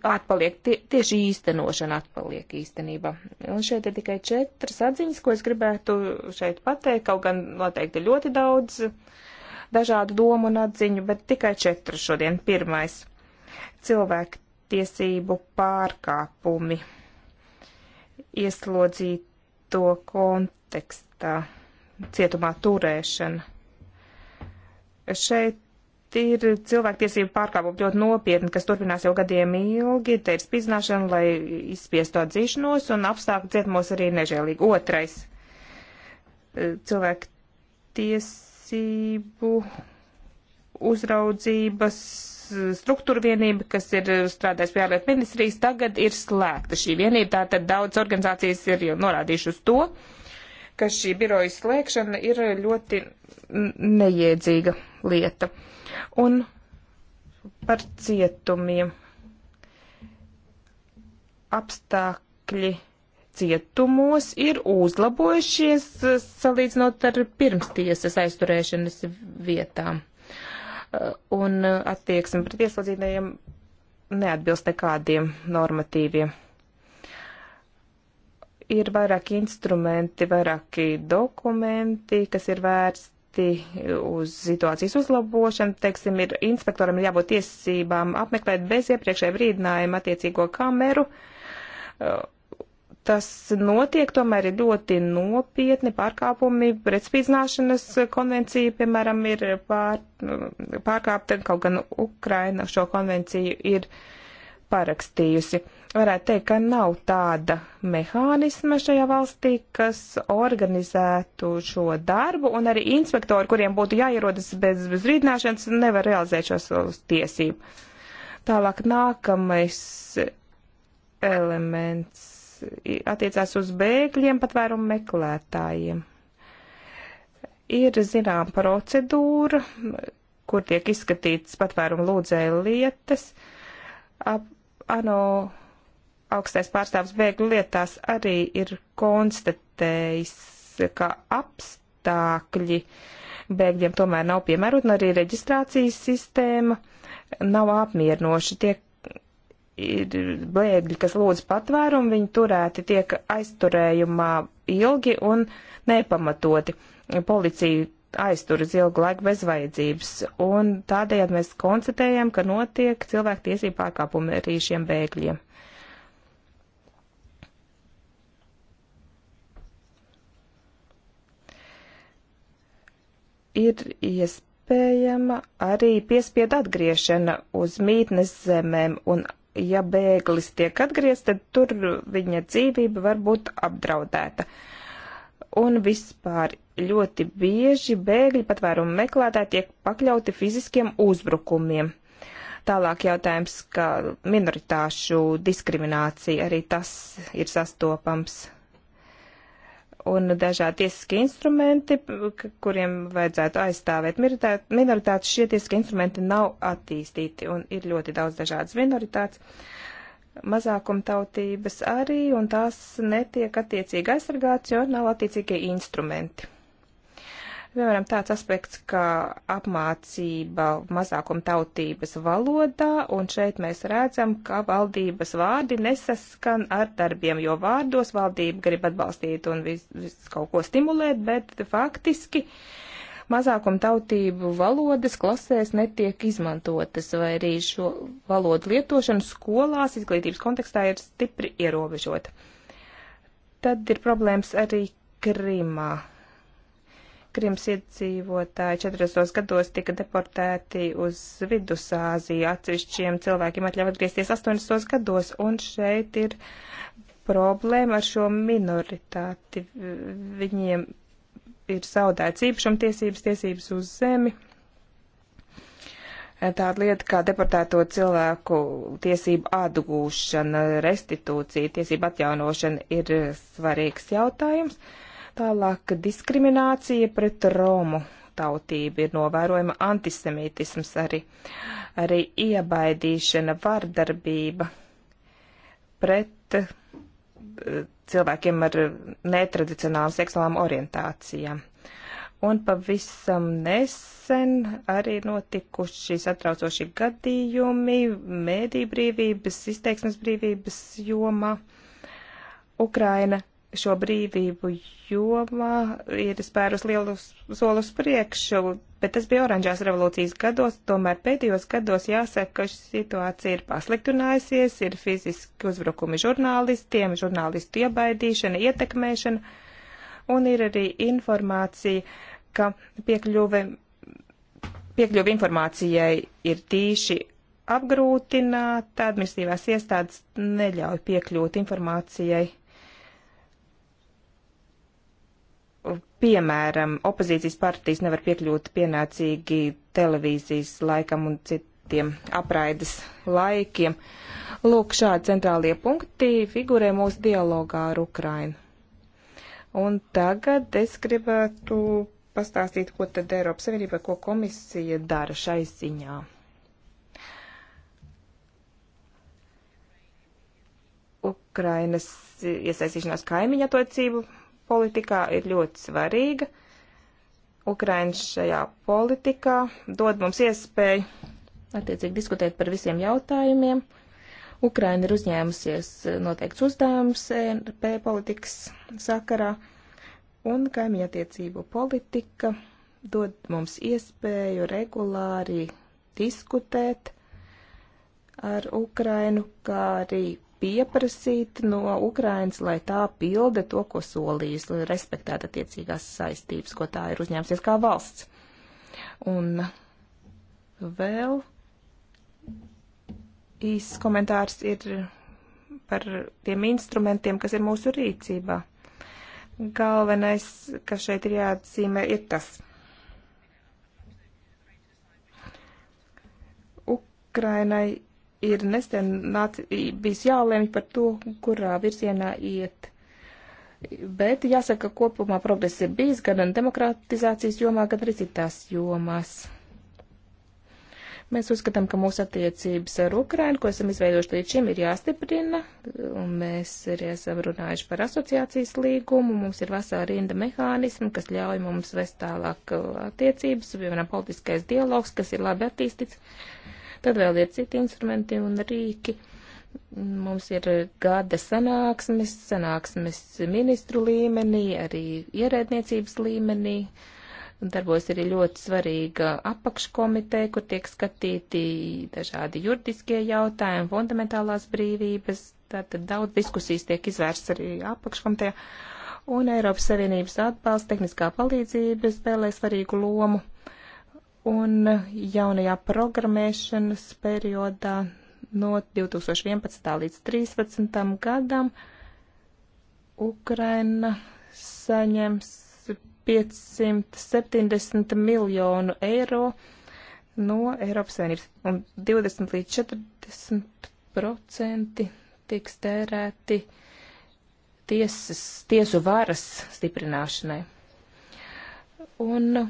atpaliek, tie, tieši īstenošana atpaliek īstenībā. Un šeit ir tikai četras atziņas, ko es gribētu šeit pateikt, kaut gan noteikti ļoti daudz dažādu domu un atziņu, bet tikai četras šodien. Pirmais - cilvēku tiesību pārkāpumi ieslodzīto kontekstā, cietumā turēšana. Šeit ir cilvēktiesību pārkāpumi ļoti nopietni, kas turpinās jau gadiem ilgi. Te ir spīdzināšana, lai izspiestu atzīšanos, un apstākļi cietumos arī nežēlīgi. Otrais e, - cilvēktiesību uzraudzības struktūra vienība, kas ir strādājis pie ārlietu ministrijas, tagad ir slēgta šī vienība. Tātad daudz organizācijas ir jau norādījuši uz to, ka šī biroja slēgšana ir ļoti neiedzīga lieta. Uh, Un par cietumiem. Apstākļi cietumos ir uzlabojušies eh, salīdzinot ar pirmstiesas aizturēšanas vietām. Eh, un eh, attieksme pret ieslodzītajiem neatbilst nekādiem normatīviem. Ir vairāki instrumenti, vairāki dokumenti, kas ir vērsti vērsti uz situācijas uzlabošanu. Teiksim, ir, inspektoram ir jābūt tiesībām apmeklēt bez iepriekšēja brīdinājuma attiecīgo kameru. Tas notiek, tomēr ir ļoti nopietni pārkāpumi. Pretspīdzināšanas konvencija, piemēram, ir pār, pārkāpta, kaut gan Ukraina šo konvenciju ir parakstījusi varētu teikt, ka nav tāda mehānisma šajā valstī, kas organizētu šo darbu, un arī inspektori, kuriem būtu jāierodas bez, bez rīdināšanas, nevar realizēt šo savu tiesību. Tālāk nākamais elements attiecās uz bēgļiem, patvērumu meklētājiem. Ir zinām procedūra, kur tiek izskatīts patvērumu lūdzēju lietas. Ap, ano augstais pārstāvs bēgļu lietās arī ir konstatējis, ka apstākļi bēgļiem tomēr nav piemērot, un arī reģistrācijas sistēma nav apmierinoša. Tiek ir bēgļi, kas lūdz patvērumu, viņi turēti tiek aizturējumā ilgi un nepamatoti. Policija aiztur uz ilgu laiku bez vajadzības, un tādējādi mēs konstatējam, ka notiek cilvēku tiesību pārkāpumi arī šiem bēgļiem. ir iespējama arī piespiedu atgriešana uz mītnes zemēm, un ja bēglis tiek atgriezts, tad tur viņa dzīvība var būt apdraudēta. Un vispār ļoti bieži bēgļi patvērumu meklētāji tiek pakļauti fiziskiem uzbrukumiem. Tālāk jautājums, ka minoritāšu diskriminācija arī tas ir sastopams un dažādi tiesiski instrumenti, kuriem vajadzētu aizstāvēt minoritātes, šie tiesiski instrumenti nav attīstīti un ir ļoti daudz dažādas minoritātes, mazākumtautības arī, un tās netiek attiecīgi aizsargāts, jo nav attiecīgie instrumenti. Piemēram, tāds aspekts, kā apmācība mazākuma tautības valodā, un šeit mēs redzam, ka valdības vārdi nesaskan ar darbiem, jo vārdos valdība grib atbalstīt un vis, vis kaut ko stimulēt, bet faktiski mazākuma tautību valodas klasēs netiek izmantotas, vai arī šo valodu lietošana skolās izglītības kontekstā ir stipri ierobežota. Tad ir problēmas arī Krimā Krimas iedzīvotāji 40. gados tika deportēti uz Vidusāziju. Atsevišķiem cilvēkiem atļauj atgriezties 80. gados, un šeit ir problēma ar šo minoritāti. Viņiem ir zaudēts īpašumtiesības, tiesības uz zemi. Tāda lieta kā deportēto cilvēku tiesību atgūšana, restitūcija, tiesību atjaunošana ir svarīgs jautājums. Uh, Tālāk diskriminācija pret Romu tautību ir novērojama antisemītisms arī, arī iebaidīšana, vardarbība pret eh, cilvēkiem ar netradicionālām seksuālām orientācijām. Un pavisam nesen arī notikuši satraucoši gadījumi mēdī brīvības, izteiksmes brīvības jomā. Ukraina šo brīvību jomā ir spērus lielu solus priekšu, bet tas bija oranžās revolūcijas gados, tomēr pēdējos gados jāsaka, ka situācija ir pasliktinājusies, ir fiziski uzbrukumi žurnālistiem, žurnālistu iebaidīšana, ietekmēšana, un ir arī informācija, ka piekļuve, piekļuve informācijai ir tīši apgrūtināta, administrīvās iestādes neļauj piekļūt informācijai piemēram, opozīcijas partijas nevar piekļūt pienācīgi televīzijas laikam un citiem apraides laikiem. Lūk, šādi centrālie punkti figurē mūsu dialogā ar Ukrainu. Un tagad es gribētu pastāstīt, ko tad Eiropas Savienība, ko komisija dara šai ziņā. Ukrainas iesaistīšanās kaimiņu attiecību politikā ir ļoti svarīga. Ukraina šajā politikā dod mums iespēju attiecīgi diskutēt par visiem jautājumiem. Ukraina ir uzņēmusies noteikts uzdevums ENP politikas sakarā, un kaimiņattiecību politika dod mums iespēju regulāri diskutēt ar Ukrainu, kā arī pieprasīt no Ukrainas, lai tā pilda to, ko solījis, lai respektētu attiecīgās saistības, ko tā ir uzņēmusies kā valsts. Un vēl īsts komentārs ir par tiem instrumentiem, kas ir mūsu rīcībā. Galvenais, kas šeit ir jāatzīmē, ir tas. Ukrainai ir nesen nāc, bijis jālēmj par to, kurā virzienā iet. Bet jāsaka, kopumā progress ir bijis gan demokratizācijas jomā, gan arī citās jomās. Mēs uzskatām, ka mūsu attiecības ar Ukrainu, ko esam izveidojuši līdz šim, ir jāstiprina, un mēs arī esam runājuši par asociācijas līgumu. Mums ir vasā rinda mehānismi, kas ļauj mums vest tālāk attiecības, piemēram, politiskais dialogs, kas ir labi attīstīts. Uh, Tad vēl ir citi instrumenti un rīki. Mums ir gada sanāksmes, sanāksmes ministru līmenī, arī ierēdniecības līmenī. Darbos ir ļoti svarīga apakškomiteja, kur tiek skatīti dažādi juridiskie jautājumi, fundamentālās brīvības. Tātad daudz diskusijas tiek izvērsts arī apakškomitejā. Un Eiropas Savienības atbalsts tehniskā palīdzība spēlē svarīgu lomu Un jaunajā programmēšanas periodā no 2011. līdz 2013. gadam Ukraina saņems 570 miljonu eiro no Eiropas Savienības, un 20 līdz 40 procenti tiks tērēti tiesas, tiesu varas stiprināšanai. Un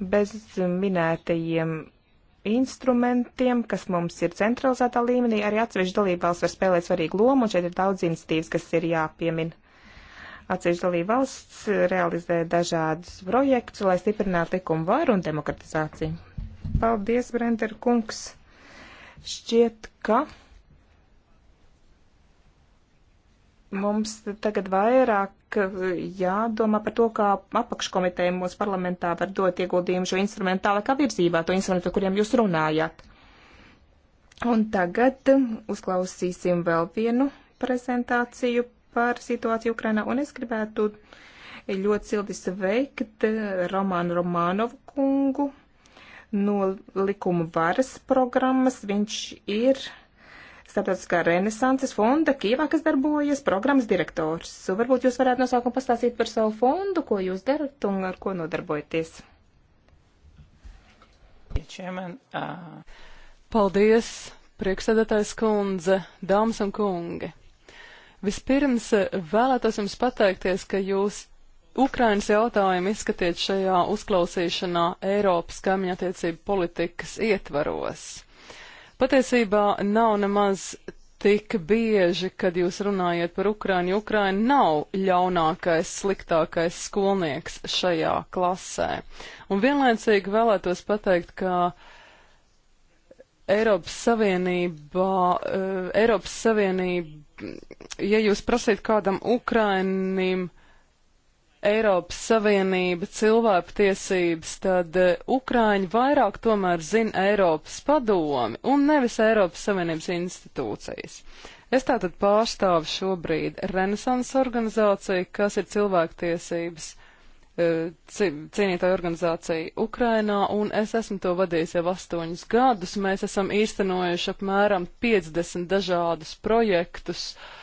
bez minētajiem instrumentiem, kas mums ir centralizētā līmenī, arī atsevišķi dalībvalsts var spēlēt svarīgu lomu, un šeit ir daudz institīvas, kas ir jāpiemin. Atsevišķi dalībvalsts realizē dažādus projektus, lai stiprinātu likumu varu un demokratizāciju. Paldies, Brender kungs! Šķiet, ka mums tagad vairāk Eh, jādomā par to, kā apakškomiteja mūsu parlamentā var dot ieguldījumu šo instrumentu tālākā virzībā, to instrumentu, par kuriem jūs runājāt. Un tagad eh, uzklausīsim vēl vienu prezentāciju par situāciju Ukrainā, un es gribētu ļoti silti sveikt eh, Romānu Romānovu kungu no likuma varas programmas. Viņš ir Starptautiskā renesanses fonda Kīvā, kas darbojas programmas direktors. Varbūt jūs varētu nosaukumu pastāstīt par savu fondu, ko jūs darat un ar ko nodarbojaties. Uh, Paldies, priekšsēdētājs kundze, dāmas un kungi. Vispirms eh, vēlētos jums pateikties, ka jūs Ukrainas jautājumu izskatiet šajā uzklausīšanā Eiropas kaimiņattiecību politikas ietvaros. Patiesībā nav nemaz tik bieži, kad jūs runājat par Ukrainu, jo Ukraina nav ļaunākais, sliktākais skolnieks šajā klasē. Un vienlaicīgi vēlētos pateikt, ka Eiropas Savienībā, eh, Eiropas Savienība, ja jūs prasīt kādam Ukrainim, Eiropas Savienība, cilvēktiesības, tad eh, Ukrāņi vairāk tomēr zina Eiropas padomi un nevis Eiropas Savienības institūcijas. Es tātad pārstāvu šobrīd Renesans organizāciju, kas ir cilvēktiesības eh, cīnītāja organizācija Ukrainā, un es esmu to vadījis jau astoņus gadus. Mēs esam īstenojuši apmēram 50 dažādus projektus. Uh,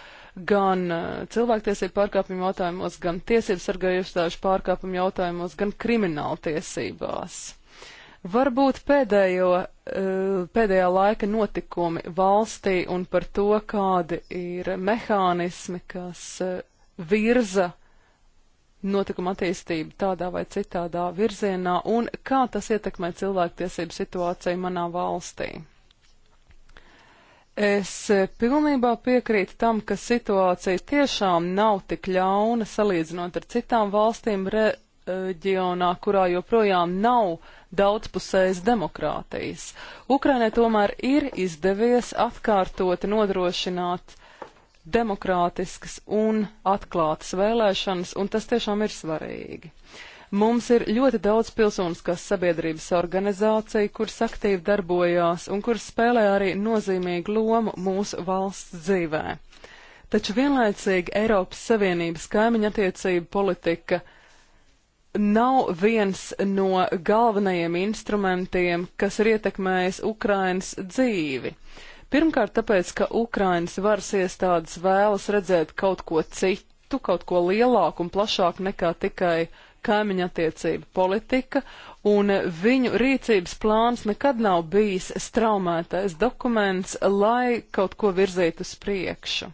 gan uh, cilvēktiesību pārkāpumu jautājumos, gan tiesību sargājušstāžu pārkāpumu jautājumos, gan krimināla tiesībās. Varbūt pēdējo, uh, pēdējā laika notikumi valstī un par to, kādi ir mehānismi, kas uh, virza notikuma attīstību tādā vai citādā virzienā un kā tas ietekmē cilvēktiesību situāciju manā valstī. Es eh, pilnībā piekrītu tam, ka situācija tiešām nav tik ļauna salīdzinot ar citām valstīm reģionā, kurā joprojām nav daudzpusējas demokrātijas. Ukrainai tomēr ir izdevies atkārtoti nodrošināt demokrātiskas un atklātas vēlēšanas, un tas tiešām ir svarīgi. Uh, Mums ir ļoti daudz pilsoniskās sabiedrības organizāciju, kuras aktīvi darbojās un kuras spēlē arī nozīmīgu lomu mūsu valsts dzīvē. Taču vienlaicīgi Eiropas Savienības kaimiņa attiecība politika nav viens no galvenajiem instrumentiem, kas ir ietekmējis Ukrainas dzīvi. Pirmkārt, tāpēc, ka Ukrainas varas iestādes vēlas redzēt kaut ko citu, kaut ko lielāku un plašāku nekā tikai kaimiņa attiecība politika, un viņu rīcības plāns nekad nav bijis straumētais dokuments, lai kaut ko virzītu uz priekšu.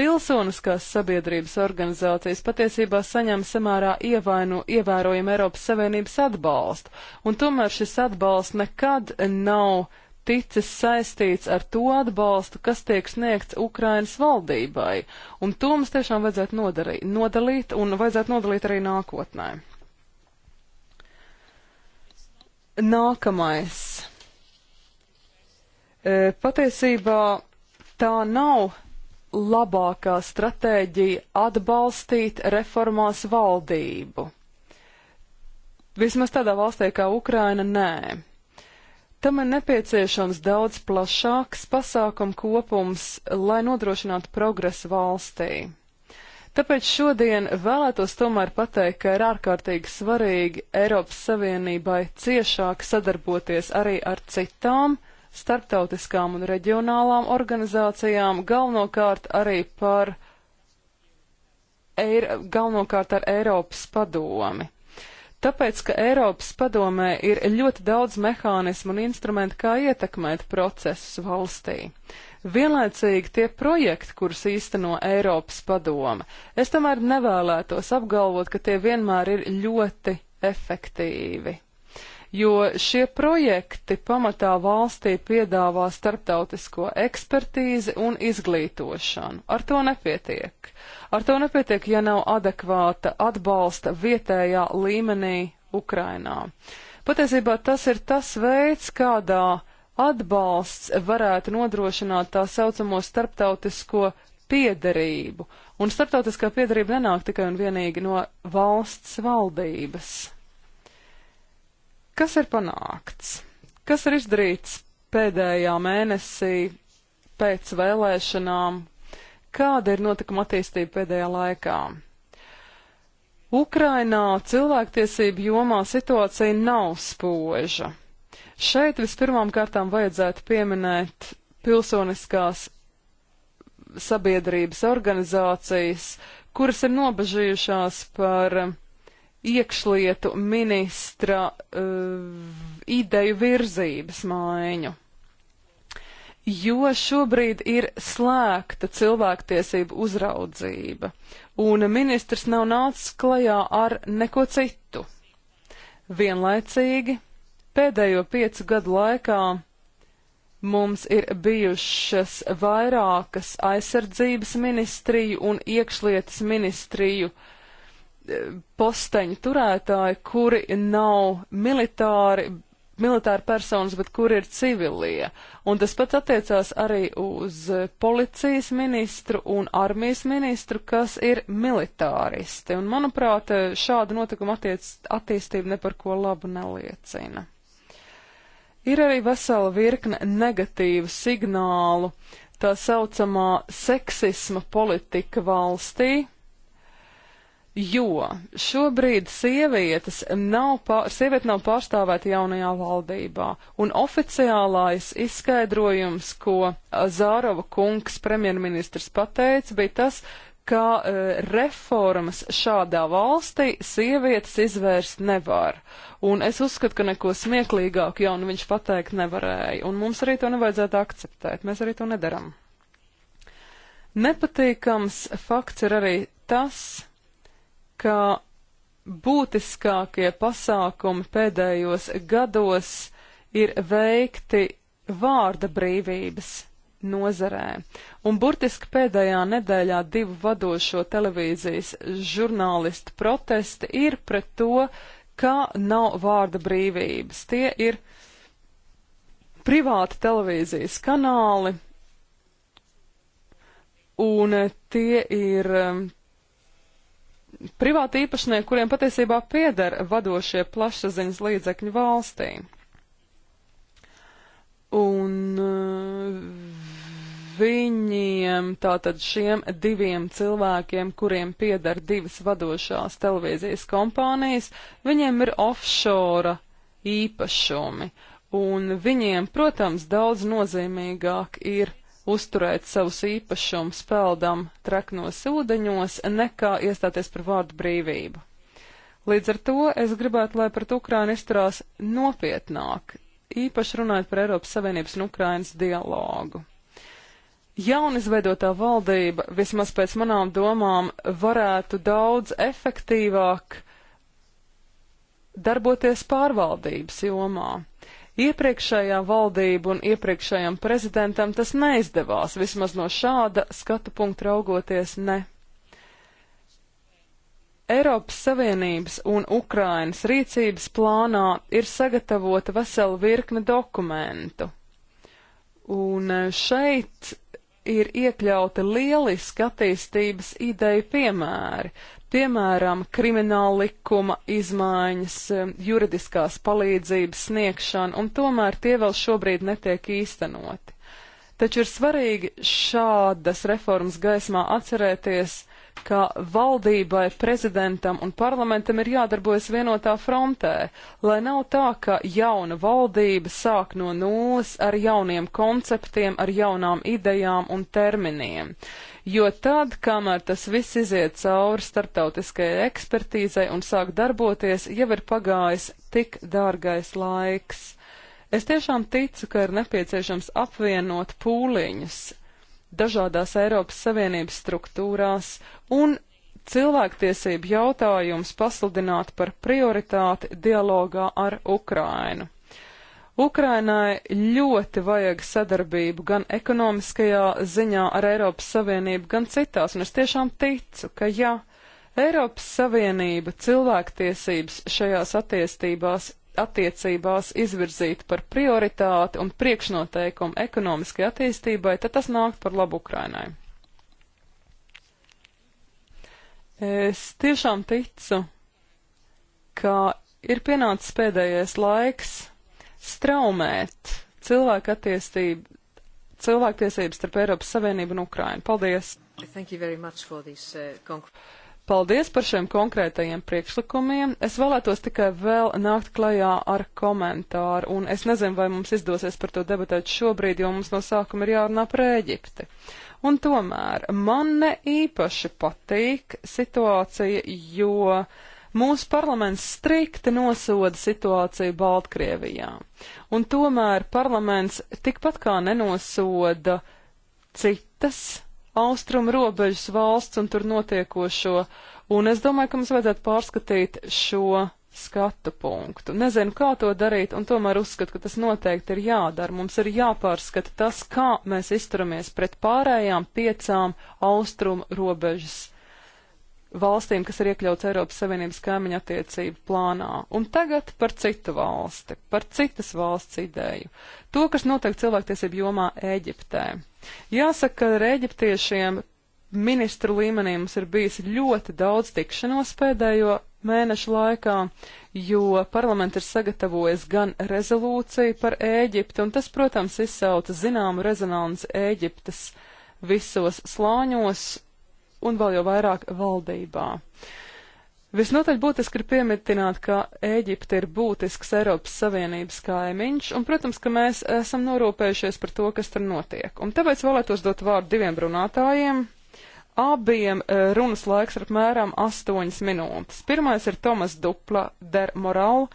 Pilsoniskās sabiedrības organizācijas patiesībā saņem samērā ievainu, ievērojumu Eiropas Savienības atbalstu, un tomēr šis atbalsts nekad nav ticis saistīts ar to atbalstu, kas tiek sniegts Ukrainas valdībai. Un to mums tiešām vajadzētu nodarīt, nodalīt un vajadzētu nodalīt arī nākotnē. Nākamais. E, patiesībā tā nav labākā stratēģija atbalstīt reformās valdību. Vismaz tādā valstī kā Ukraina, nē. Tam ir nepieciešams daudz plašāks pasākumu kopums, lai nodrošinātu progresu valstī. Tāpēc šodien vēlētos tomēr pateikt, ka ir ārkārtīgi svarīgi Eiropas Savienībai ciešāk sadarboties arī ar citām starptautiskām un reģionālām organizācijām, galvenokārt arī par, Eir galvenokārt ar Eiropas padomi. Tāpēc, ka Eiropas padomē ir ļoti daudz mehānismu un instrumentu, kā ietekmēt procesus valstī. Vienlaicīgi tie projekti, kurus īsteno Eiropas padome, es tomēr nevēlētos apgalvot, ka tie vienmēr ir ļoti efektīvi jo šie projekti pamatā valstī piedāvā starptautisko ekspertīzi un izglītošanu. Ar to nepietiek. Ar to nepietiek, ja nav adekvāta atbalsta vietējā līmenī Ukrainā. Patiesībā tas ir tas veids, kādā atbalsts varētu nodrošināt tā saucamo starptautisko piederību, un starptautiskā piederība nenāk tikai un vienīgi no valsts valdības. Kas ir panākts? Kas ir izdarīts pēdējā mēnesī pēc vēlēšanām? Kāda ir notikuma attīstība pēdējā laikā? Ukrainā cilvēktiesību jomā situācija nav spoža. Šeit vispirmām kārtām vajadzētu pieminēt pilsoniskās sabiedrības organizācijas, kuras ir nobežījušās par iekšlietu ministra uh, ideju virzības maiņu. Jo šobrīd ir slēgta cilvēktiesību uzraudzība, un ministrs nav nācis klajā ar neko citu. Vienlaicīgi pēdējo piecu gadu laikā mums ir bijušas vairākas aizsardzības ministriju un iekšlietas ministriju uh, posteņu turētāji, kuri nav militāri, militāri personas, bet kuri ir civilie. Un tas pats attiecās arī uz policijas ministru un armijas ministru, kas ir militāristi. Un, manuprāt, šāda notikuma attiec, attīstība ne par ko labu neliecina. Ir arī vesela virkne negatīvu signālu tā saucamā seksisma politika valstī, jo šobrīd sievietes nav, pār, sievieti nav pārstāvēti jaunajā valdībā, un oficiālais izskaidrojums, ko Zārova kungs premjerministrs pateica, bija tas, ka e, reformas šādā valstī sievietes izvērst nevar. Un es uzskatu, ka neko smieklīgāku jau nu viņš pateikt nevarēja, un mums arī to nevajadzētu akceptēt, mēs arī to nedaram. Nepatīkams fakts ir arī tas, ka būtiskākie pasākumi pēdējos gados ir veikti vārda brīvības nozarē. Un burtiski pēdējā nedēļā divu vadošo televīzijas žurnālistu protesti ir pret to, ka nav vārda brīvības. Tie ir privāti televīzijas kanāli, un tie ir um, privāti īpašnieki, kuriem patiesībā pieder vadošie plašsaziņas līdzekļi valstī. Un eh, viņiem, tātad šiem diviem cilvēkiem, kuriem pieder divas vadošās televīzijas kompānijas, viņiem ir offshore īpašumi. Un viņiem, protams, daudz nozīmīgāk ir uzturēt savus īpašumus peldam traknos ūdeņos, nekā iestāties par vārdu brīvību. Līdz ar to es gribētu, lai pret Ukrainu izturās nopietnāk, īpaši runājot par Eiropas Savienības un Ukrainas dialogu. Jaunizveidotā valdība, vismaz pēc manām domām, varētu daudz efektīvāk darboties pārvaldības jomā. Iepriekšējā valdība un iepriekšējam prezidentam tas neizdevās, vismaz no šāda skatu punkta raugoties ne. Eiropas Savienības un Ukrainas rīcības plānā ir sagatavota vesela virkne dokumentu. Un šeit ir iekļauti lieliski attīstības ideju piemēri. Piemēram, krimināla likuma izmaiņas, juridiskās palīdzības sniegšana, un tomēr tie vēl šobrīd netiek īstenoti. Taču ir svarīgi šādas reformas gaismā atcerēties, ka valdībai, prezidentam un parlamentam ir jādarbojas vienotā frontē, lai nav tā, ka jauna valdība sāk no nulles ar jauniem konceptiem, ar jaunām idejām un terminiem. Jo tad, kamēr tas viss iziet cauri starptautiskajai ekspertīzai un sāk darboties, jau ir pagājis tik dārgais laiks. Es tiešām ticu, ka ir nepieciešams apvienot pūliņus dažādās Eiropas Savienības struktūrās un cilvēktiesību jautājums pasludināt par prioritāti dialogā ar Ukrainu. Ukrainai ļoti vajag sadarbību gan ekonomiskajā ziņā ar Eiropas Savienību, gan citās, un es tiešām ticu, ka ja Eiropas Savienība cilvēktiesības šajās attiestībās attiecībās izvirzīt par prioritāti un priekšnoteikumu ekonomiskai attīstībai, tad tas nāk par labu Ukrainai. Es tiešām ticu, ka ir pienācis pēdējais laiks straumēt cilvēku attiestību, cilvēktiesības starp Eiropas Savienību un Ukrainu. Paldies! Thank you very much for this uh, concrete. Paldies par šiem konkrētajiem priekšlikumiem. Es vēlētos tikai vēl nākt klajā ar komentāru, un es nezinu, vai mums izdosies par to debatēt šobrīd, jo mums no sākuma ir jārunā par Ēģipti. Un tomēr man ne īpaši patīk situācija, jo mūsu parlaments strikti nosoda situāciju Baltkrievijā. Un tomēr parlaments tikpat kā nenosoda citas austrumu robežas valsts un tur notiekošo. Un es domāju, ka mums vajadzētu pārskatīt šo skatu punktu. Nezinu, kā to darīt, un tomēr uzskatu, ka tas noteikti ir jādara. Mums ir jāpārskata tas, kā mēs izturamies pret pārējām piecām austrumu robežas valstīm, kas ir iekļauts Eiropas Savienības kaimiņa attiecību plānā. Un tagad par citu valsti, par citas valsts ideju. To, kas notiek cilvēktiesību jomā Ēģiptē. Jāsaka, ka ar eģiptiešiem ministru līmenī mums ir bijis ļoti daudz tikšanos pēdējo mēnešu laikā, jo parlaments ir sagatavojis gan rezolūciju par Ēģipti, un tas, protams, izsauca zināmu rezonanci Ēģiptes visos slāņos, un vēl jau vairāk valdībā. Visnotaļ būtiski ir piemitināt, ka Ēģipte ir būtisks Eiropas Savienības kaimiņš, un, protams, ka mēs esam norūpējušies par to, kas tur notiek. Un tāpēc vēlētos dot vārdu diviem runātājiem. Abiem eh, runas laiks ir apmēram astoņas minūtes. Pirmais ir Tomas Dupla der Moral,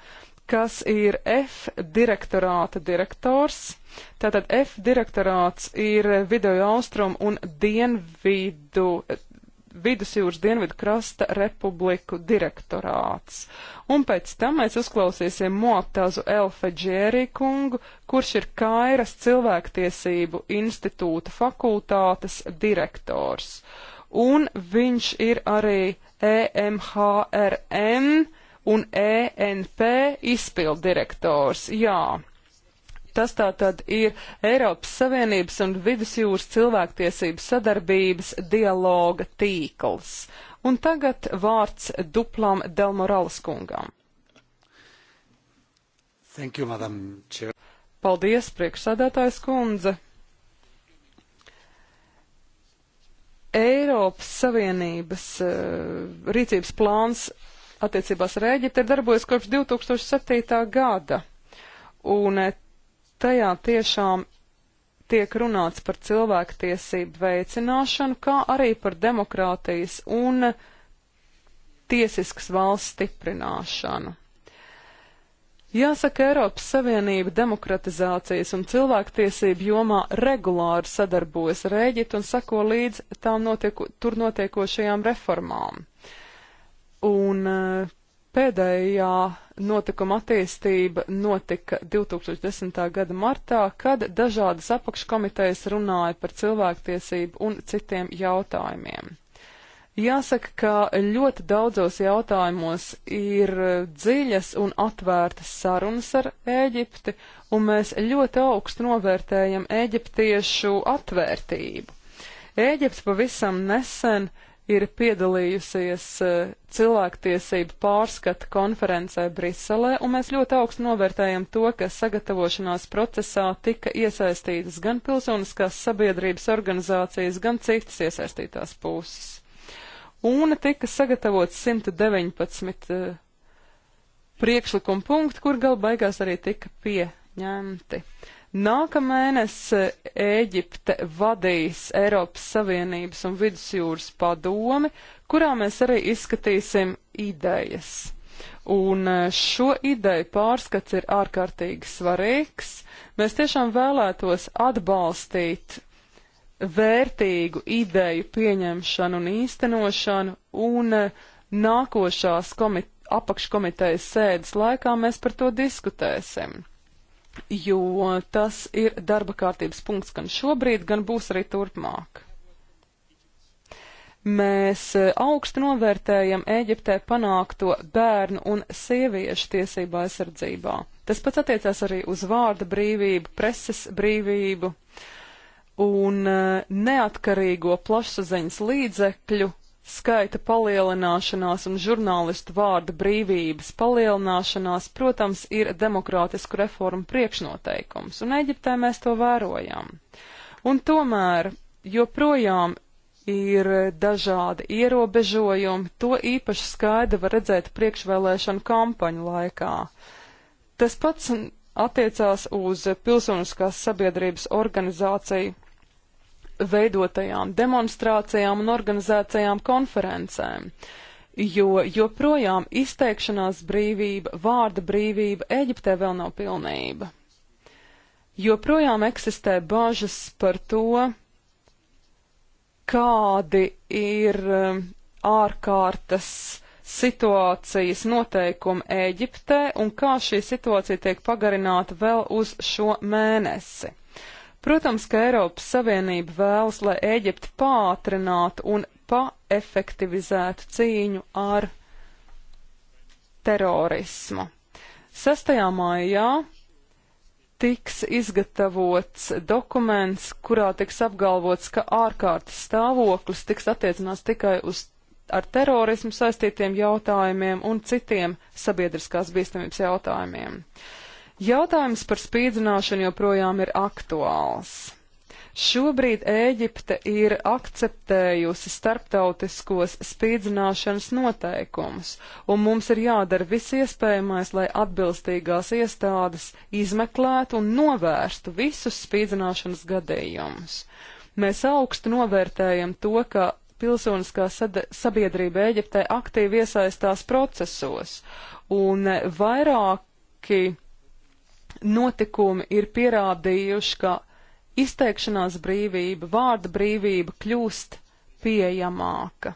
kas ir F direktorāta direktors. Tātad F direktorāts ir Video Austrum un Dienvidu Vidusjūras Dienvidu krasta republiku direktorāts. Un pēc tam mēs uzklausīsim Muaptazu Elfeģēri kungu, kurš ir Kairas cilvēktiesību institūta fakultātes direktors. Un viņš ir arī EMHRN un ENP izpildirektors. Jā, Tas tātad ir Eiropas Savienības un Vidusjūras cilvēktiesības sadarbības dialoga tīkls. Un tagad vārds duplam Delmoralas kungam. Thank you, Madam Chair. Paldies, priekšsādātājs kundze. Eiropas Savienības uh, rīcības plāns attiecībās ar Ēģipti ir darbojies kopš 2007. gada. Un eh, tajā tiešām tiek runāts par cilvēktiesību veicināšanu, kā arī par demokrātijas un tiesiskas valsts stiprināšanu. Jāsaka, Eiropas Savienība demokratizācijas un cilvēktiesību jomā regulāri sadarbojas ar Ēģitu un seko līdz tām notieko, tur notiekošajām reformām. Uh, Pēdējā notikuma attīstība notika 2010. gada martā, kad dažādas apakškomitejas runāja par cilvēktiesību un citiem jautājumiem. Jāsaka, ka ļoti daudzos jautājumos ir dziļas un atvērtas sarunas ar Ēģipti, un mēs ļoti augstu novērtējam eģiptiešu atvērtību. Ēģipts pavisam nesen uh, ir piedalījusies eh, cilvēktiesību pārskata konferencē Briselē, un mēs ļoti augstu novērtējam to, ka sagatavošanās procesā tika iesaistītas gan pilsoniskās sabiedrības organizācijas, gan citas iesaistītās puses. Un tika sagatavots 119 eh, priekšlikumu punktu, kur gal beigās arī tika pieņemti. Nākamēnes eh, Ēģipte vadīs Eiropas Savienības un Vidusjūras padomi, kurā mēs arī izskatīsim idejas. Un eh, šo ideju pārskats ir ārkārtīgi svarīgs. Mēs tiešām vēlētos atbalstīt vērtīgu ideju pieņemšanu un īstenošanu, un eh, nākošās komit apakškomitejas sēdes laikā mēs par to diskutēsim jo tas ir darba kārtības punkts gan šobrīd, gan būs arī turpmāk. Mēs e, augstu novērtējam Ēģiptē panākto bērnu un sieviešu tiesību aizsardzībā. Tas pats attiecās arī uz vārda brīvību, preses brīvību un e, neatkarīgo plašsaziņas līdzekļu skaita palielināšanās un žurnālistu vārda brīvības palielināšanās, protams, ir demokrātisku reformu priekšnoteikums, un Eģiptē mēs to vērojam. Un tomēr joprojām ir dažādi ierobežojumi, to īpaši skaidri var redzēt priekšvēlēšanu kampaņu laikā. Tas pats attiecās uz pilsoniskās sabiedrības organizāciju veidotajām demonstrācijām un organizētajām konferencēm, jo joprojām izteikšanās brīvība, vārda brīvība Eģiptē vēl nav pilnība. Joprojām eksistē bažas par to, kādi ir um, ārkārtas situācijas noteikumi Ēģiptē un kā šī situācija tiek pagarināta vēl uz šo mēnesi. Protams, ka Eiropas Savienība vēlas, lai Eģipte pātrinātu un paefektivizētu cīņu ar terorismu. 6. maijā tiks izgatavots dokuments, kurā tiks apgalvots, ka ārkārtas stāvoklis tiks attiecināts tikai uz ar terorismu saistītiem jautājumiem un citiem sabiedriskās bīstamības jautājumiem. Uh, Jautājums par spīdzināšanu joprojām ir aktuāls. Šobrīd Ēģipte ir akceptējusi starptautiskos spīdzināšanas noteikumus, un mums ir jādara viss iespējamais, lai atbilstīgās iestādes izmeklētu un novērstu visus spīdzināšanas gadījumus. Mēs augstu novērtējam to, ka pilsoniskā sabiedrība Ēģiptē aktīvi iesaistās procesos, un vairāki notikumi ir pierādījuši, ka izteikšanās brīvība, vārda brīvība kļūst pieejamāka.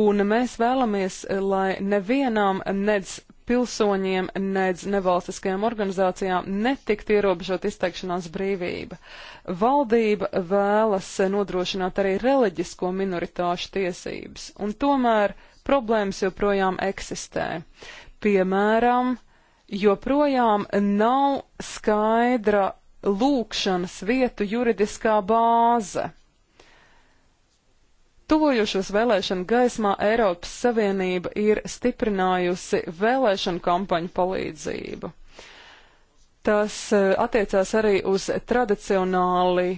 Un mēs vēlamies, lai nevienam nedz pilsoņiem, nedz nevalstiskajām organizācijām netikt ierobežot izteikšanās brīvība. Valdība vēlas nodrošināt arī reliģisko minoritāšu tiesības, un tomēr problēmas joprojām eksistē. Piemēram, joprojām nav skaidra lūkšanas vietu juridiskā bāze. Tuvojošos vēlēšanu gaismā Eiropas Savienība ir stiprinājusi vēlēšanu kampaņu palīdzību. Tas e, attiecās arī uz tradicionāli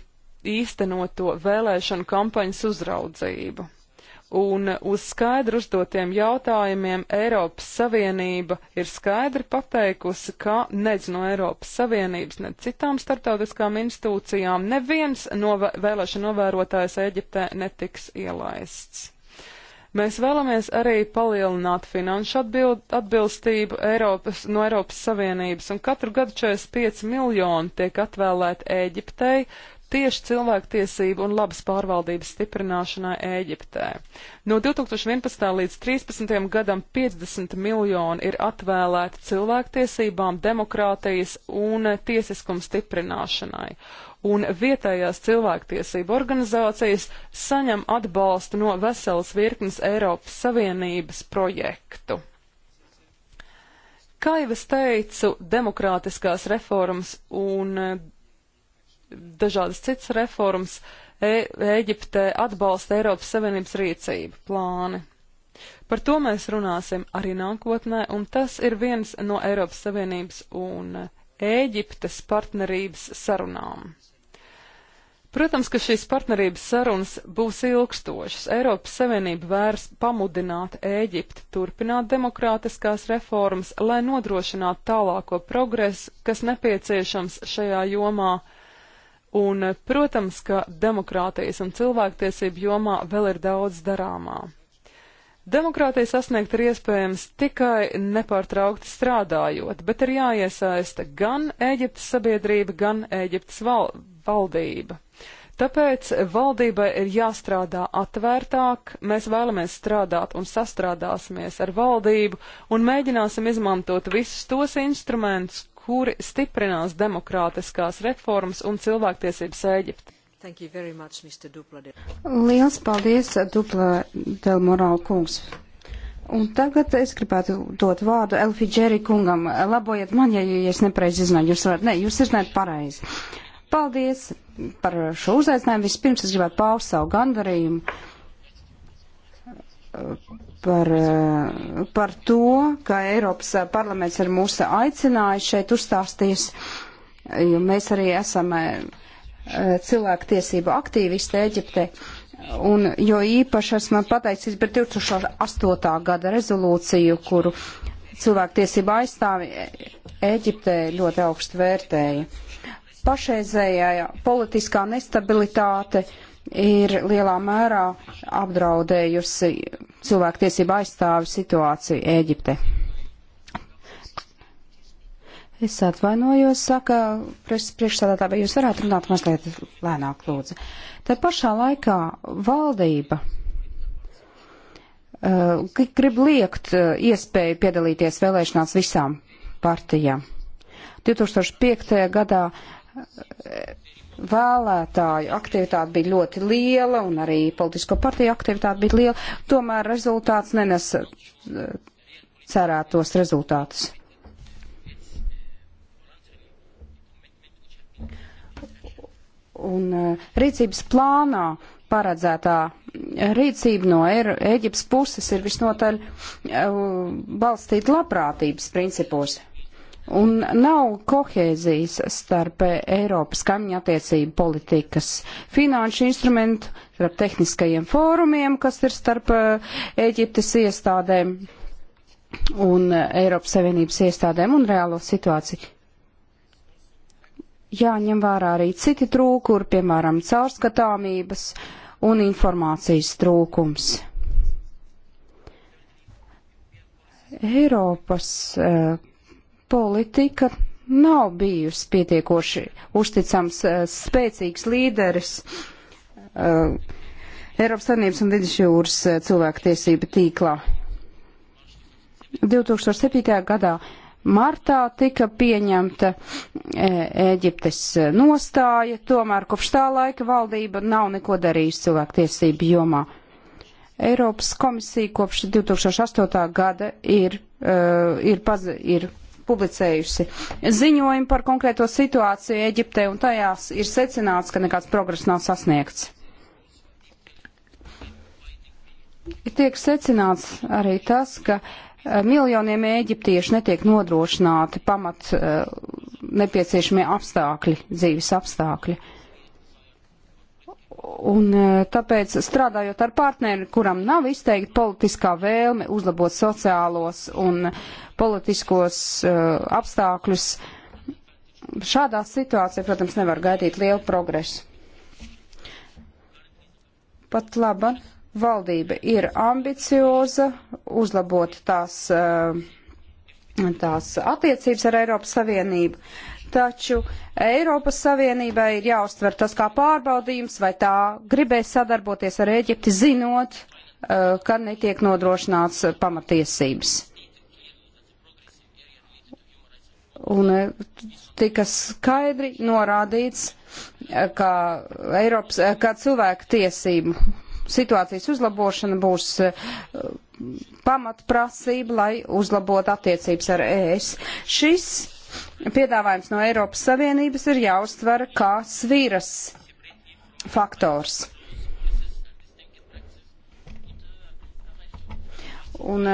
īstenoto vēlēšanu kampaņas uzraudzību un uz skaidru uzdotiem jautājumiem Eiropas Savienība ir skaidri pateikusi, ka nedz no Eiropas Savienības, ne citām starptautiskām institūcijām neviens no vēlēšana novērotājs Eģiptē netiks ielaists. Mēs vēlamies arī palielināt finanšu atbild, atbilstību Eiropas, no Eiropas Savienības, un katru gadu 45 miljoni tiek atvēlēti Ēģiptei, tieši cilvēktiesību un labas pārvaldības stiprināšanai Ēģiptē. No 2011. līdz 2013. gadam 50 miljoni ir atvēlēti cilvēktiesībām, demokrātijas un tiesiskuma stiprināšanai. Un vietējās cilvēktiesību organizācijas saņem atbalstu no veselas virknes Eiropas Savienības projektu. Kā jau es teicu, demokrātiskās reformas un dažādas citas reformas, e, Ēģiptē e atbalsta Eiropas Savienības rīcību plāni. Par to mēs runāsim arī nākotnē, un tas ir viens no Eiropas Savienības un Ēģiptes partnerības sarunām. Protams, ka šīs partnerības sarunas būs ilgstošas. Eiropas Savienība vērs pamudināt Ēģipti turpināt demokrātiskās reformas, lai nodrošinātu tālāko progresu, kas nepieciešams šajā jomā Un, eh, protams, ka demokrātijas un cilvēktiesību jomā vēl ir daudz darāmā. Demokrātija sasniegt ir iespējams tikai nepārtraukti strādājot, bet ir jāiesaista gan Ēģiptes sabiedrība, gan Ēģiptes val valdība. Tāpēc valdībai ir jāstrādā atvērtāk, mēs vēlamies strādāt un sastrādāsimies ar valdību un mēģināsim izmantot visus tos instrumentus, kuri stiprinās demokrātiskās reformas un cilvēktiesības Ēģipte. Liels paldies, Dupla Delmorāla kungs. Un tagad es gribētu dot vārdu Elfidžeri kungam. Labojiet man, ja, ja es nepareizi izrunāju. Jūs varat, ne, jūs izrunājat pareizi. Paldies par šo uzaicinājumu. Vispirms es gribētu paust savu gandarījumu par, par to, ka Eiropas parlaments ir mūs aicinājis šeit uzstāsties, jo mēs arī esam eh, cilvēku tiesību aktīvisti Eģipte. Un, jo īpaši esmu pateicis par 2008. gada rezolūciju, kuru cilvēktiesība aizstāvi Eģiptē ļoti augstu vērtēja. Pašreizējā politiskā nestabilitāte uh, ir lielā mērā apdraudējusi cilvēktiesību aizstāvi situāciju Ēģipte. Es atvainojos, saka priekšsādātā, bet jūs varētu runāt mazliet lēnāk, lūdzu. Tad pašā laikā valdība uh, grib liekt uh, iespēju piedalīties vēlēšanās visām partijām. 2005. gadā uh, vēlētāju aktivitāte bija ļoti liela un arī politisko partiju aktivitāte bija liela, tomēr rezultāts nenes eh, cerētos rezultātus. Un eh, rīcības plānā paredzētā rīcība no Eģiptes puses ir visnotaļ eh, balstīta labprātības principos un nav kohēzijas starp Eiropas kaimiņu attiecību politikas finanšu instrumentu, starp tehniskajiem fórumiem, kas ir starp eh, Eģiptes iestādēm un eh, Eiropas Savienības iestādēm un reālo situāciju. Jāņem vērā arī citi trūkuri, piemēram, caurskatāmības un informācijas trūkums. Eiropas uh, politika nav bijusi pietiekoši uzticams eh, spēcīgs līderis uh, Eiropas Savienības un Vidusjūras eh, cilvēktiesība tīklā. 2007. gadā martā tika pieņemta Ēģiptes nostāja, tomēr kopš tā laika valdība nav neko darījusi cilvēktiesību jomā. Eiropas komisija kopš 2008. gada ir, uh, ir, paz, ir publicējusi ziņojumu par konkrēto situāciju Eģiptē, un tajās ir secināts, ka nekāds progress nav sasniegts. Tiek secināts arī tas, ka eh, miljoniem eģiptiešu netiek nodrošināti pamat eh, nepieciešamie apstākļi, dzīves apstākļi. Un eh, tāpēc strādājot ar partneri, kuram nav izteikti politiskā vēlme uzlabot sociālos un politiskos uh, apstākļus. Šādā situācijā, protams, nevar gaidīt lielu progresu. Pat laba valdība ir ambicioza uzlabot tās, uh, tās attiecības ar Eiropas Savienību, taču Eiropas Savienībai ir jāuztver tas kā pārbaudījums, vai tā gribēs sadarboties ar Eģipti, zinot, uh, ka netiek nodrošināts pamatiesības. Un e, tika skaidri norādīts, e, ka, Eiropas, e, ka cilvēku tiesību situācijas uzlabošana būs pamatprasība, lai uzlabotu attiecības ar ES. Šis piedāvājums no Eiropas Savienības ir jāuztver kā svīras faktors. Un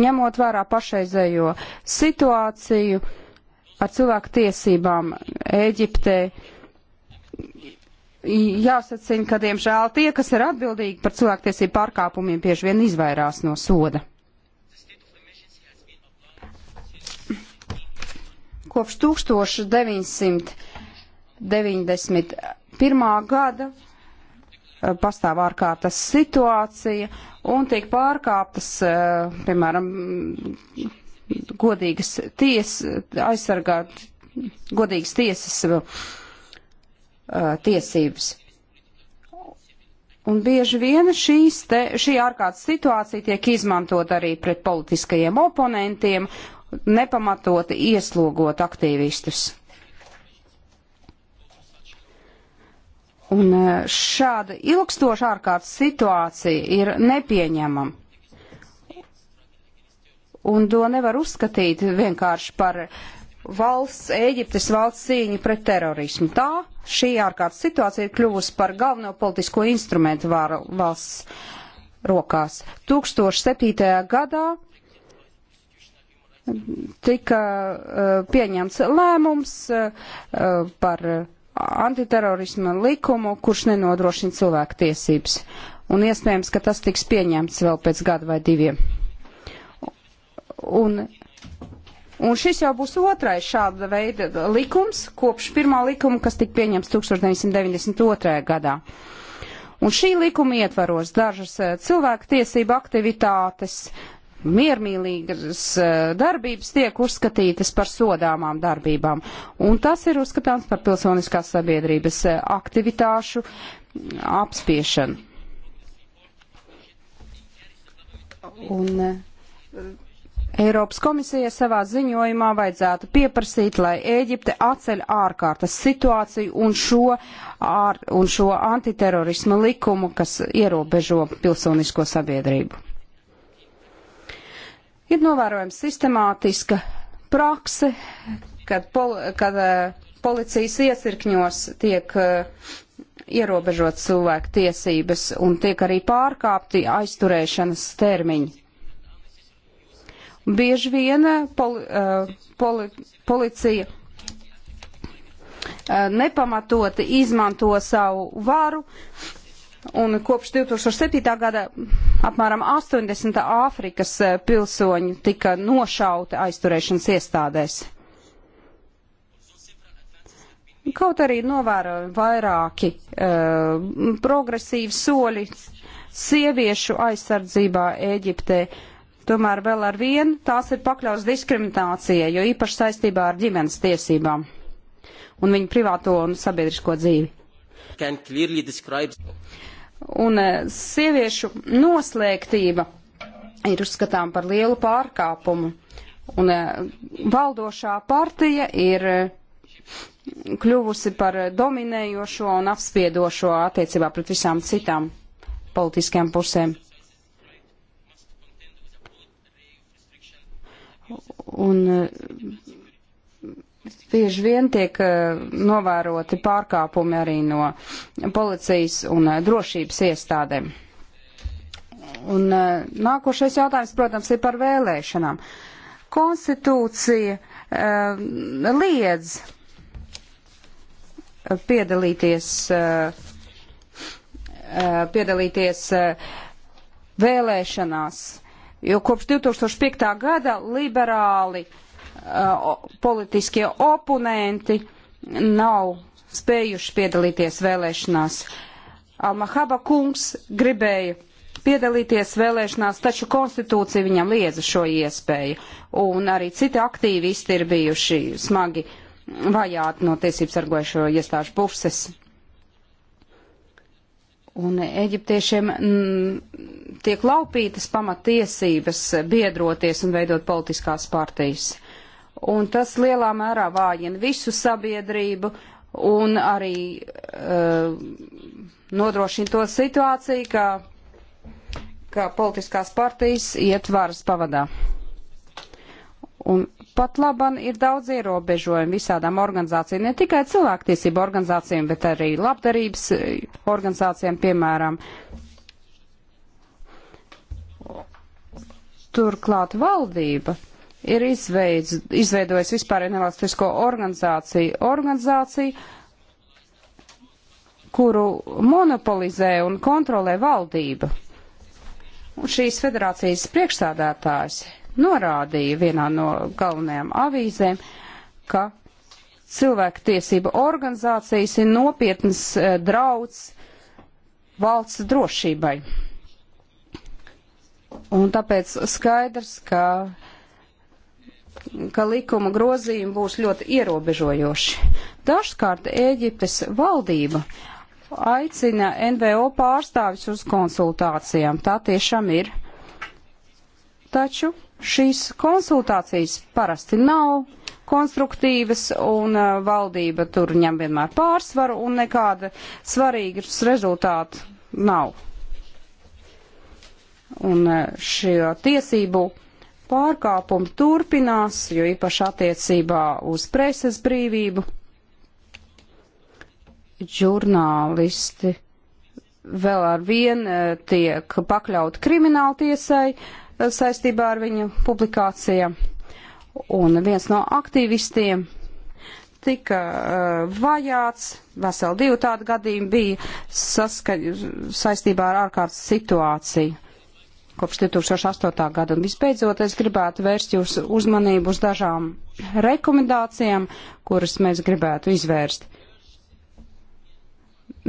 ņemot vērā pašreizējo situāciju, uh, par cilvēku tiesībām Ēģiptē. Jāsacina, ka diemžēl tie, kas ir atbildīgi par cilvēktiesību pārkāpumiem, bieži vien izvairās no soda. Kopš 1991. gada eh, pastāv ārkārtas situācija un tiek pārkāptas, eh, piemēram, godīgas ties, aizsargāt godīgas tiesas uh, tiesības. Un bieži vien šīs te, šī ārkārtas situācija tiek izmantot arī pret politiskajiem oponentiem, nepamatoti ieslogot aktīvistus. Un uh, šāda ilgstoša ārkārtas situācija ir nepieņemama un to nevar uzskatīt vienkārši par valsts, Ēģiptes valsts cīņu pret terorismu. Tā šī ārkārtas situācija ir kļuvusi par galveno politisko instrumentu var, valsts rokās. 2007. gadā tika uh, pieņemts lēmums uh, par antiterorisma likumu, kurš nenodrošina cilvēku tiesības. Un iespējams, ka tas tiks pieņemts vēl pēc gada vai diviem. Un, un šis jau būs otrais šāda veida likums kopš pirmā likuma, kas tika pieņemts 1992. gadā. Un šī likuma ietvaros dažas eh, cilvēku tiesību aktivitātes, miermīlīgas eh, darbības tiek uzskatītas par sodāmām darbībām. Un tas ir uzskatāms par pilsoniskās sabiedrības eh, aktivitāšu mm, apspiešanu. Un, Eiropas komisija savā ziņojumā vajadzētu pieprasīt, lai Ēģipte atceļ ārkārtas situāciju un šo, ār, un šo antiterorisma likumu, kas ierobežo pilsonisko sabiedrību. Ir novērojama sistemātiska prakse, kad, pol, kad eh, policijas iesirkņos tiek eh, ierobežot cilvēku tiesības un tiek arī pārkāpti aizturēšanas termiņi Bieži vien uh, poli, uh, poli, policija uh, nepamatoti izmanto savu varu, Un kopš 2007. gada apmēram 80 Āfrikas pilsoņi tika nošauti aizturēšanas iestādēs. Kaut arī novērojami vairāki uh, progresīvi soļi sieviešu aizsardzībā Ēģiptē. Uh, Tomēr vēl ar vienu tās ir pakļauts diskriminācijai, jo īpaši saistībā ar ģimenes tiesībām un viņu privāto un sabiedrisko dzīvi. Un e, sieviešu noslēgtība ir uzskatām par lielu pārkāpumu. Un e, valdošā partija ir e, kļuvusi par dominējošo un apspiedošo attiecībā pret visām citām politiskajām pusēm. Un eh, bieži vien tiek eh, novēroti pārkāpumi arī no policijas un eh, drošības iestādēm. Un nākošais jautājums, protams, ir par vēlēšanām. Konstitūcija uh, liedz piedalīties, uh, piedalīties uh, vēlēšanās. Uh, jo kopš 2005. gada liberāli uh, politiskie oponenti nav spējuši piedalīties vēlēšanās. Almahaba kungs gribēja piedalīties vēlēšanās, taču konstitūcija viņam liedza šo iespēju, un arī citi aktīvisti ir bijuši smagi vajāti no tiesības sargojušo iestāžu puses. Un eģiptiešiem tiek laupītas pamatiesības biedroties un veidot politiskās partijas. Un tas lielā mērā vājina visu sabiedrību un arī uh, nodrošina to situāciju, ka, ka politiskās partijas iet varas pavadā. Un pat laban ir daudz ierobežojumu visādām organizācijām, ne tikai cilvēktiesību organizācijām, bet arī labdarības organizācijām, piemēram, Turklāt valdība ir izveidz, izveidojusi vispārēju nevalstisko organizāciju, organizāciju, kuru monopolizē un kontrolē valdība. Un šīs federācijas priekšstādātājs norādīja vienā no galvenajām avīzēm, ka cilvēku tiesība organizācijas ir nopietnas eh, drauds valsts drošībai. Un tāpēc skaidrs, ka, ka likuma grozījumi būs ļoti ierobežojoši. Dažkārt Ēģiptes valdība aicina NVO pārstāvis uz konsultācijām. Tā tiešām ir. Taču šīs konsultācijas parasti nav konstruktīvas, un uh, valdība tur ņem vienmēr pārsvaru, un nekāda svarīgas rezultātu nav. Un e, šo tiesību pārkāpumi turpinās, jo īpaši attiecībā uz preses brīvību žurnālisti vēl ar vienu e, tiek pakļauti krimināla tiesai e, saistībā ar viņu publikācijām. Un viens no aktīvistiem tika uh, vajāts, veseli divi tādi gadījumi bija saskaņ, saistībā ar ārkārtas situāciju kopš 2008. gada. Un visbeidzot, es gribētu vērst jūsu uzmanību uz dažām rekomendācijām, kuras mēs gribētu izvērst.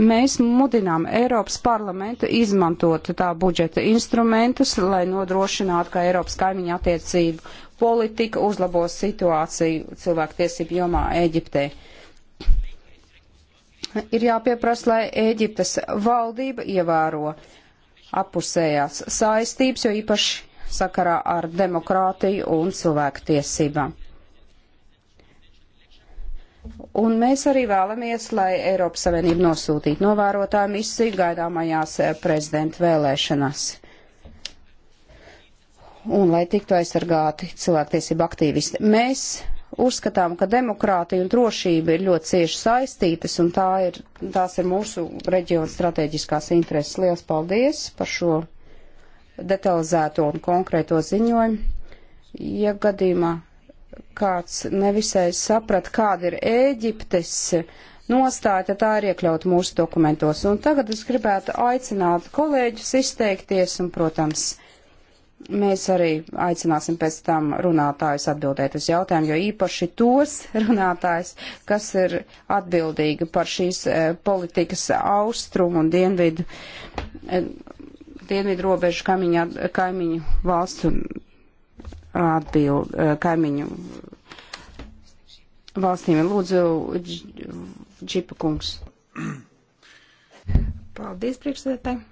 Mēs mudinām Eiropas parlamentu izmantot tā budžeta instrumentus, lai nodrošinātu, ka Eiropas kaimiņa attiecību politika uzlabos situāciju cilvēktiesību jomā Eģiptē ir jāpieprasa, lai Ēģiptes valdība ievēro apusējās saistības, jo īpaši sakarā ar demokrātiju un cilvēku tiesībām. Un mēs arī vēlamies, lai Eiropas Savienība nosūtītu novērotāju misiju gaidāmajās eh, prezidenta vēlēšanās. Un lai tiktu aizsargāti cilvēktiesību aktīvisti. Mēs uzskatām, ka demokrātija un drošība ir ļoti cieši saistītas, un tā ir, tās ir mūsu reģiona strateģiskās intereses. Lielas paldies par šo detalizēto un konkrēto ziņojumu. Ja gadījumā kāds nevisai saprat, kāda ir Ēģiptes nostāja, tad tā ir iekļauta mūsu dokumentos. Un tagad es gribētu aicināt kolēģus izteikties un, protams, Mēs arī aicināsim pēc tam runātājus atbildēt uz jautājumu, jo īpaši tos runātājus, kas ir atbildīgi par šīs e, politikas austrumu un dienvidu, e, dienvidu robežu kaimiņu, kaimiņu valstu atbild, e, kaimiņu valstīm. Lūdzu, Džipa kungs. Paldies, priekšsēdētāji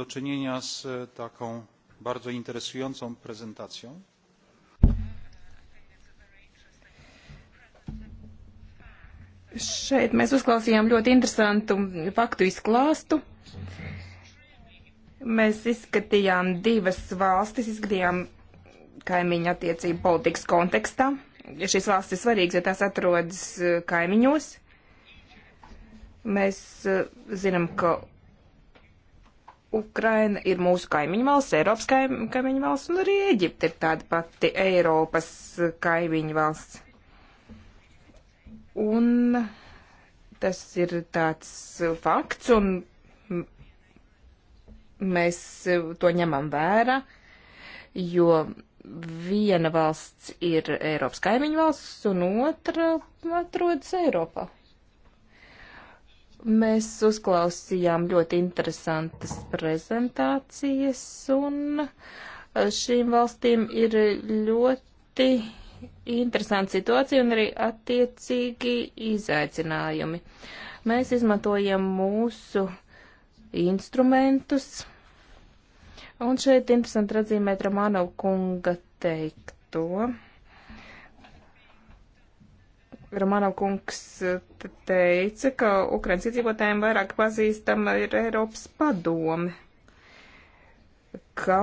do czynienia z e, taką bardzo interesującą prezentacją. Šeit mēs uzklausījām ļoti interesantu faktu izklāstu. Mēs izskatījām divas valstis, izskatījām kaimiņu attiecību politikas kontekstā. Šīs valstis ir svarīgas, jo tās atrodas e, kaimiņos. Mēs e, zinām, ka Ukraina ir mūsu kaimiņu valsts, Eiropas kaim, kaimiņu valsts, un arī Eģipte ir tāda pati Eiropas kaimiņu valsts. Un tas ir tāds fakts, un mēs to ņemam vērā, jo viena valsts ir Eiropas kaimiņu valsts, un otra atrodas Eiropā. Mēs uzklausījām ļoti interesantas prezentācijas, un uh, šīm valstīm ir ļoti interesanta situācija un arī attiecīgi izaicinājumi. Mēs izmantojam mūsu instrumentus, un šeit interesanti redzīmēt Romanov kunga teikto. Romanov kungs eh, teica, ka Ukraiņas iedzīvotājiem vairāk pazīstama ir Eiropas padome, ka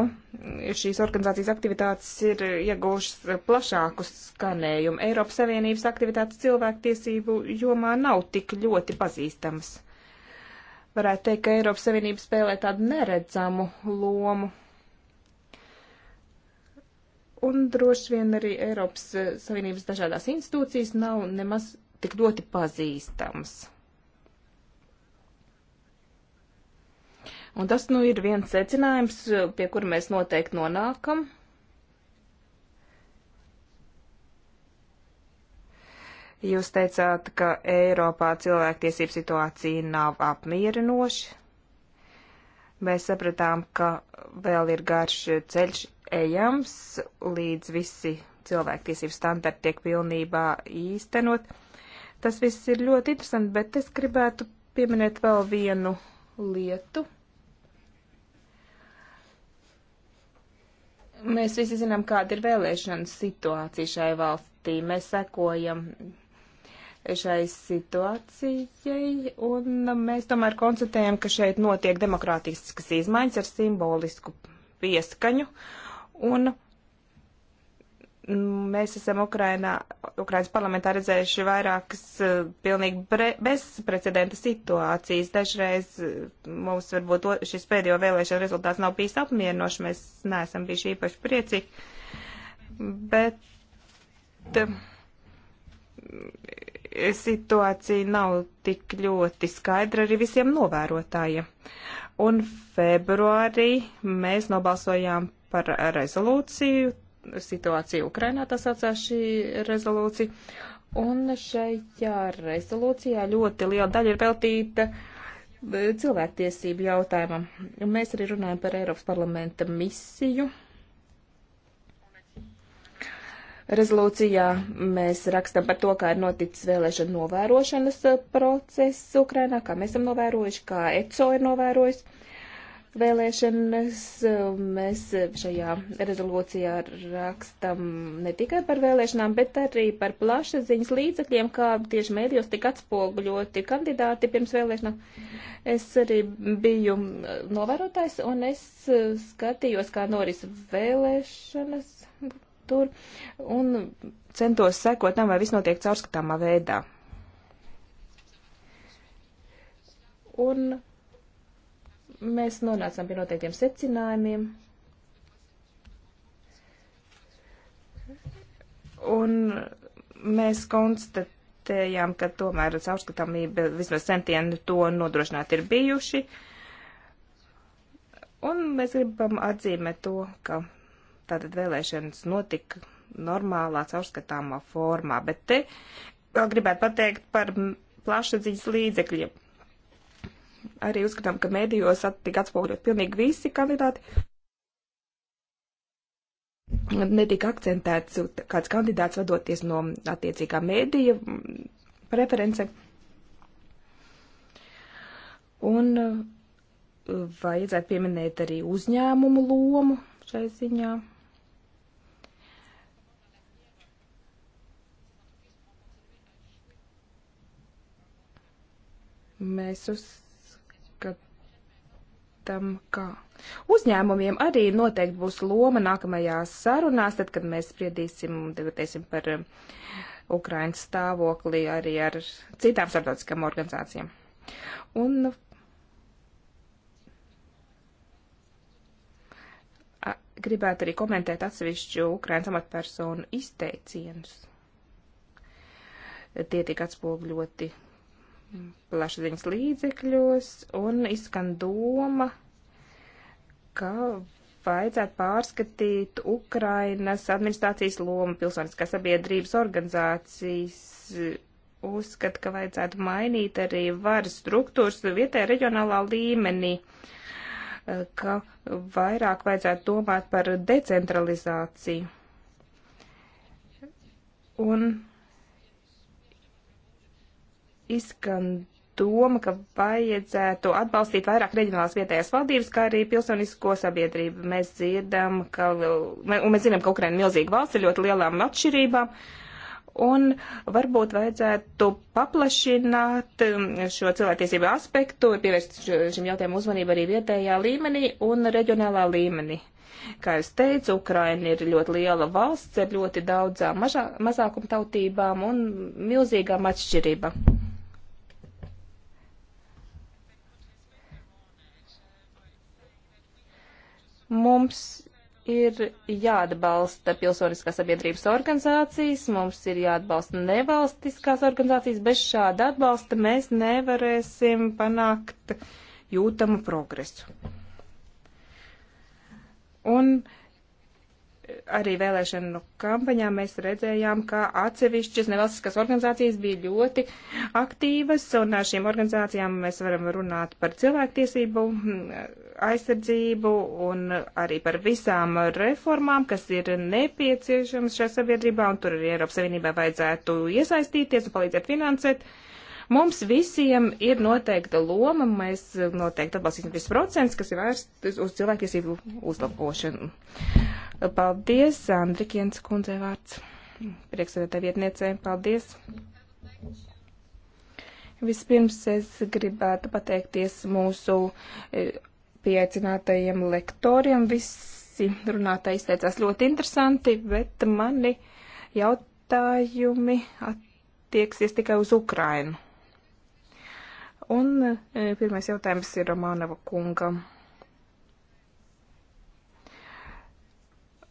šīs organizācijas aktivitātes ir iegūšas plašāku skanējumu. Eiropas Savienības aktivitātes cilvēktiesību jomā nav tik ļoti pazīstamas. Varētu teikt, ka Eiropas Savienība spēlē tādu neredzamu lomu un droši vien arī Eiropas eh, Savienības dažādās institūcijas nav nemaz tik ļoti pazīstams. Un tas nu ir viens secinājums, eh, pie kura mēs noteikti nonākam. Jūs teicāt, ka Eiropā cilvēktiesību situācija nav apmierinoša. Mēs sapratām, ka vēl ir garš ceļš ejams, līdz visi cilvēktiesību standarti tiek pilnībā īstenot. Tas viss ir ļoti interesanti, bet es gribētu pieminēt vēl vienu lietu. Mēs visi zinām, kāda ir vēlēšana situācija šai valstī. Mēs sekojam šai situācijai, un mēs tomēr konstatējam, ka šeit notiek demokrātiskas izmaiņas ar simbolisku pieskaņu. Uh, Un mēs esam Ukrainā, Ukrainas parlamentā redzējuši vairākas eh, pilnīgi bre, bezprecedenta situācijas. Dažreiz eh, mums varbūt šis pēdējo vēlēšana rezultāts nav bijis apmierinošs, mēs neesam bijuši īpaši priecīgi. Bet eh, situācija nav tik ļoti skaidra arī visiem novērotājiem. Un februārī mēs nobalsojām par rezolūciju, situāciju Ukrainā, tā saucās šī rezolūcija. Un šajā rezolūcijā ļoti liela daļa ir veltīta e, cilvēktiesību jautājumam. Un mēs arī runājam par Eiropas parlamenta misiju. Rezolūcijā mēs rakstam par to, kā ir noticis vēlēšana novērošanas e, process Ukrainā, kā mēs esam novērojuši, kā ECO ir novērojusi vēlēšanas. Mēs šajā rezolūcijā rakstam ne tikai par vēlēšanām, bet arī par plašsaziņas līdzekļiem, kā tieši mēdījos tika atspoguļoti kandidāti pirms vēlēšanām. Es arī biju novērotājs un es skatījos, kā noris vēlēšanas tur un centos sekot tam, vai viss notiek caurskatāmā veidā. Un mēs nonācām pie noteiktiem secinājumiem. Un mēs konstatējām, ka tomēr caurskatāmība vismaz centieni to nodrošināt ir bijuši. Un mēs gribam atzīmēt to, ka tātad vēlēšanas notika normālā caurskatāmā formā, bet te vēl gribētu pateikt par plašsaziņas līdzekļiem arī uzskatām, ka medijos tiek atspoguļot pilnīgi visi kandidāti. Netika akcentēts kāds kandidāts vadoties no attiecīgā mēdīja mm, preference. Un eh, vajadzētu pieminēt arī uzņēmumu lomu šai ziņā. Mēs uz tam, kā. Uzņēmumiem arī noteikti būs loma nākamajās sarunās, tad, kad mēs spriedīsim un debatēsim par um, Ukrainas stāvokli arī ar citām starptautiskām organizācijām. Un gribētu arī komentēt atsevišķu Ukrainas amatpersonu izteicienus. Tie tika atspogļoti plašsaziņas līdzekļos un izskan doma, ka vajadzētu pārskatīt Ukrainas administrācijas lomu pilsoniskās sabiedrības organizācijas eh, uzskata, ka vajadzētu mainīt arī varas struktūras vietējā reģionālā līmenī, eh, ka vairāk vajadzētu domāt par decentralizāciju. Un izskan doma, ka vajadzētu atbalstīt vairāk reģionālās vietējās valdības, kā arī pilsonisko sabiedrību. Mēs dzirdam, ka, un mēs zinām, ka Ukraina milzīga valsts ar ļoti lielām atšķirībām, un varbūt vajadzētu paplašināt um, šo cilvēktiesību aspektu, pievērst šim jautājumu uzmanību arī vietējā līmenī un reģionālā līmenī. Kā es teicu, Ukraina ir ļoti liela valsts ar ļoti daudzām mazākumtautībām un milzīgām atšķirībām Mums ir jāatbalsta pilsoniskās sabiedrības organizācijas, mums ir jāatbalsta nevalstiskās organizācijas. Bez šāda atbalsta mēs nevarēsim panākt jūtamu progresu. Un arī vēlēšanu kampaņā mēs redzējām, ka atsevišķas nevalstiskās organizācijas bija ļoti aktīvas, un ar šīm organizācijām mēs varam runāt par cilvēktiesību aizsardzību un arī par visām reformām, kas ir nepieciešamas šajā sabiedrībā, un tur arī Eiropas Savienībā vajadzētu iesaistīties un palīdzēt finansēt. Mums visiem ir noteikta loma, mēs noteikti atbalstīsim visus procentus, kas ir vērsts uz cilvēktiesību uzlabošanu. Paldies, Andrikiens kundze vārds. Priekšsēdētāja vietniecē, paldies. Vispirms es gribētu pateikties mūsu eh, pieaicinātajiem lektoriem. Visi runātāji izteicās ļoti interesanti, bet mani jautājumi attieksies tikai uz Ukrainu. Un e, pirmais jautājums ir Romanova kungam.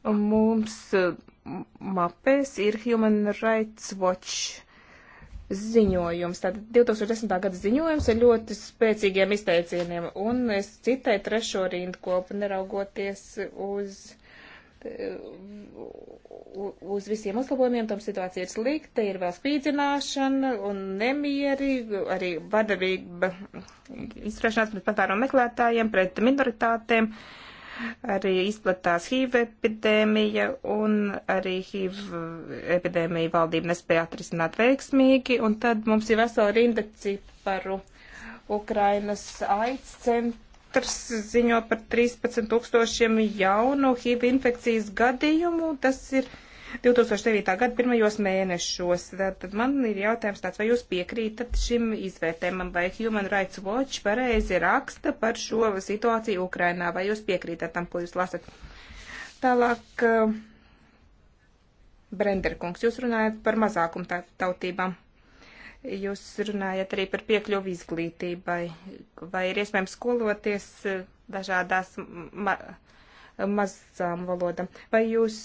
Mums e, mapēs ir Human Rights Watch ziņojums. Tātad 2010. gada ziņojums ar ļoti spēcīgiem izteicieniem, un es citēju trešo rindkopu, neraugoties uz, uz visiem uzlabojumiem, tam situācija ir slikta, ir vēl spīdzināšana un nemieri, arī vardarbība izturēšanās pret patvērumu meklētājiem, pret minoritātēm. Uh, arī izplatās HIV epidēmija, un arī HIV epidēmija valdība nespēja atrisināt veiksmīgi, un tad mums ir vesela rinda ciparu. Ukrainas AIDS centrs ziņo par 13 tūkstošiem jaunu HIV infekcijas gadījumu, tas ir 2009. gada pirmajos mēnešos. Tad man ir jautājums tāds, vai jūs piekrītat šim izvērtējumam, vai Human Rights Watch pareizi raksta par šo situāciju Ukrainā, vai jūs piekrītat tam, ko jūs lasat. Tālāk, eh, Brenderkungs, jūs runājat par mazākumtautībām. Jūs runājat arī par piekļuvu izglītībai, vai ir iespējams skoloties eh, dažādās. Ma mazām valodām. Vai jūs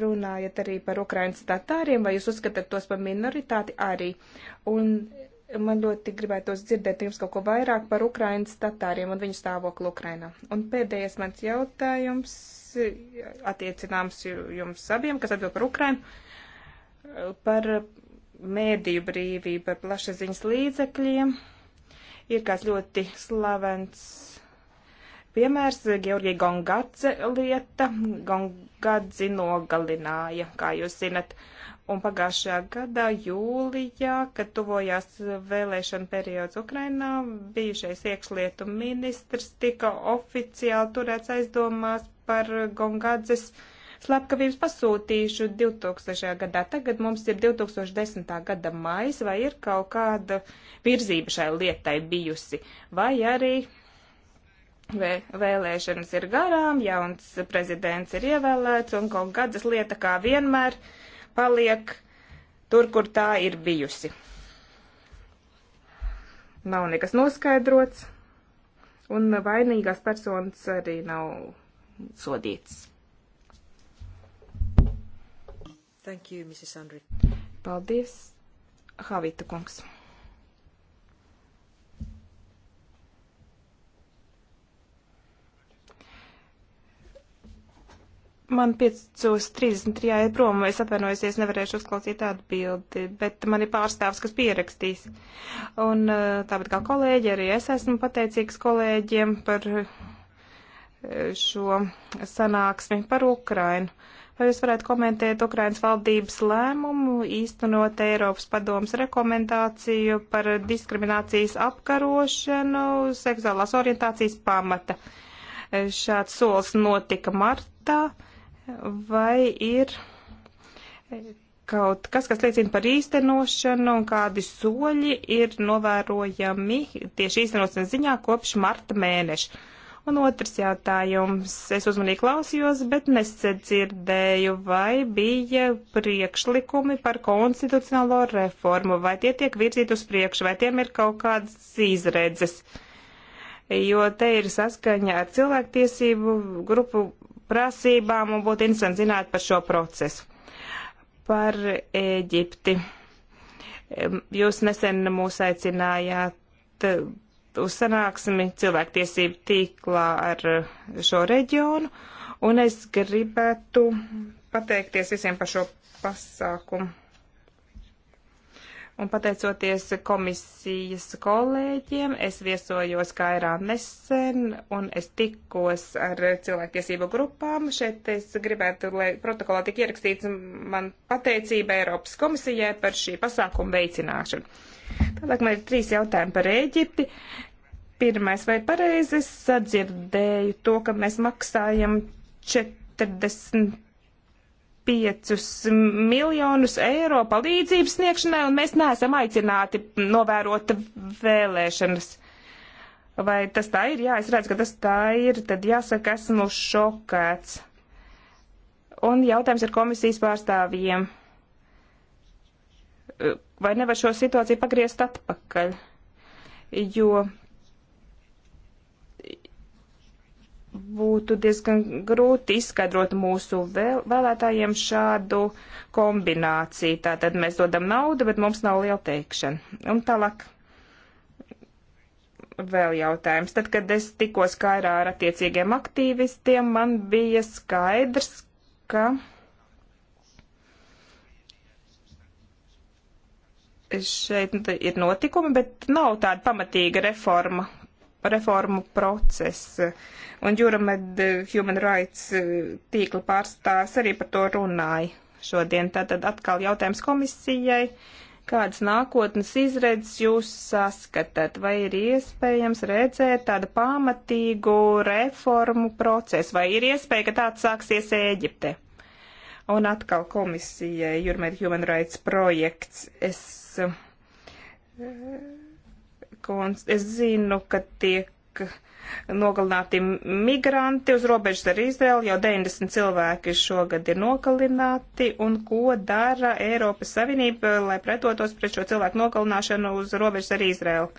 runājat arī par Ukrainas tatāriem, vai jūs uzskatāt tos par minoritāti arī? Un man ļoti gribētos dzirdēt jums kaut ko vairāk par Ukrainas tatāriem un viņu stāvokli Ukrainā. Un pēdējais mans jautājums attiecināms jums abiem, kas atbild par Ukrainu, par mēdīju brīvību, par plašaziņas līdzekļiem. Ir kāds ļoti slavens Piemērs eh, Georgija Gongadze lieta. Gongadzi nogalināja, kā jūs zinat. Un pagājušajā gadā jūlijā, kad tuvojās vēlēšana periods Ukrainā, bijušais iekšlietu ministrs tika oficiāli turēts aizdomās par Gongadzes slepkavības pasūtīšu 2000. gadā. Tagad mums ir 2010. gada mājas, vai ir kaut kāda virzība šai lietai bijusi, vai arī Vēlēšanas ir garām, jauns prezidents ir ievēlēts, un kaut kādas lieta kā vienmēr paliek tur, kur tā ir bijusi. Nav nekas noskaidrots, un vainīgās personas arī nav sodīts. Thank you, Mrs. Andri. Paldies, Havita kungs. Man 5.33 jāiet prom, es atvainojosies, nevarēšu uzklausīt atbildi, bet man ir pārstāvs, kas pierakstīs. Un eh, tāpat kā kolēģi, arī es esmu pateicīgs kolēģiem par eh, šo sanāksmi par Ukrainu. Vai jūs varētu komentēt Ukrainas valdības lēmumu īstenot Eiropas padomas rekomendāciju par diskriminācijas apkarošanu seksuālās orientācijas pamata? Eh, šāds solis notika martā vai ir kaut kas, kas liecina par īstenošanu un kādi soļi ir novērojami tieši īstenošanas ziņā kopš marta mēneša. Un otrs jautājums. Es uzmanīgi klausījos, bet nesadzirdēju, vai bija priekšlikumi par konstitucionālo reformu, vai tie tiek virzīti uz priekšu, vai tiem ir kaut kādas izredzes. Jo te ir saskaņa ar cilvēktiesību grupu prasībām un būtu interesanti zināt par šo procesu. Par Ēģipti. Jūs nesen mūs aicinājāt eh, uz sanāksmi cilvēktiesību tīklā ar eh, šo reģionu, un es gribētu pateikties visiem par šo pasākumu. Un pateicoties komisijas kolēģiem, es viesojos Kairā nesen un es tikos ar cilvēktiesību grupām. Šeit es gribētu, lai protokolā tik ierakstīts man pateicība Eiropas komisijai par šī pasākuma veicināšanu. Tālāk man ir trīs jautājumi par Ēģipti. Pirmais, vai pareizi es sadzirdēju to, ka mēs maksājam 40 5 miljonus eiro palīdzības sniegšanai, un mēs neesam aicināti novērot vēlēšanas. Vai tas tā ir? Jā, es redzu, ka tas tā ir. Tad jāsaka, esmu šokēts. Un jautājums ir komisijas pārstāvjiem. Vai nevar šo situāciju pagriezt atpakaļ? Jo būtu diezgan grūti izskaidrot mūsu vēl, vēlētājiem šādu kombināciju. Tātad mēs dodam naudu, bet mums nav liela teikšana. Un tālāk vēl jautājums. Tad, kad es tikko skairā ar attiecīgiem aktīvistiem, man bija skaidrs, ka šeit nu, ir notikumi, bet nav tāda pamatīga reforma reformu process. Un Juramed eh, Human Rights eh, tīkla pārstāvs arī par to runāja šodien. Tātad atkal jautājums komisijai. Kādas nākotnes izredzes jūs saskatāt? Vai ir iespējams redzēt tādu pamatīgu reformu procesu? Vai ir iespēja, ka tāds sāksies Ēģipte? Un atkal komisijai Jurmēt Human Rights projekts. Es eh, konst... es zinu, ka tiek nogalināti migranti uz robežas ar Izraelu. Jau 90 cilvēki šogad ir nogalināti. Un ko dara Eiropas Savienība, lai pretotos pret šo cilvēku nogalināšanu uz robežas ar Izraelu?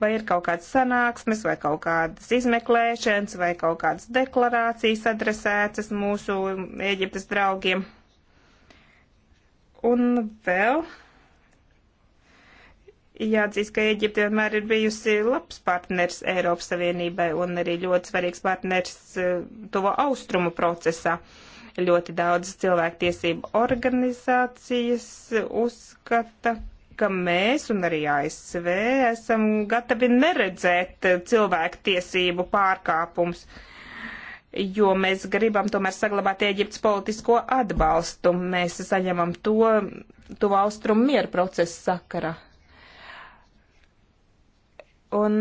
Vai ir kaut kādas sanāksmes, vai kaut kādas izmeklēšanas, vai kaut kādas deklarācijas adresētas mūsu Eģiptes draugiem? Un vēl Jāatzīst, ka Eģipte vienmēr ir bijusi labs partners Eiropas Savienībai un arī ļoti svarīgs partners eh, tuvo austrumu procesā. Ļoti daudz cilvēktiesību organizācijas uzskata, ka mēs un arī ASV esam gatavi neredzēt cilvēktiesību pārkāpums, jo mēs gribam tomēr saglabāt Eģiptes politisko atbalstu. Mēs saņemam to tuvo austrumu mieru procesu sakara Un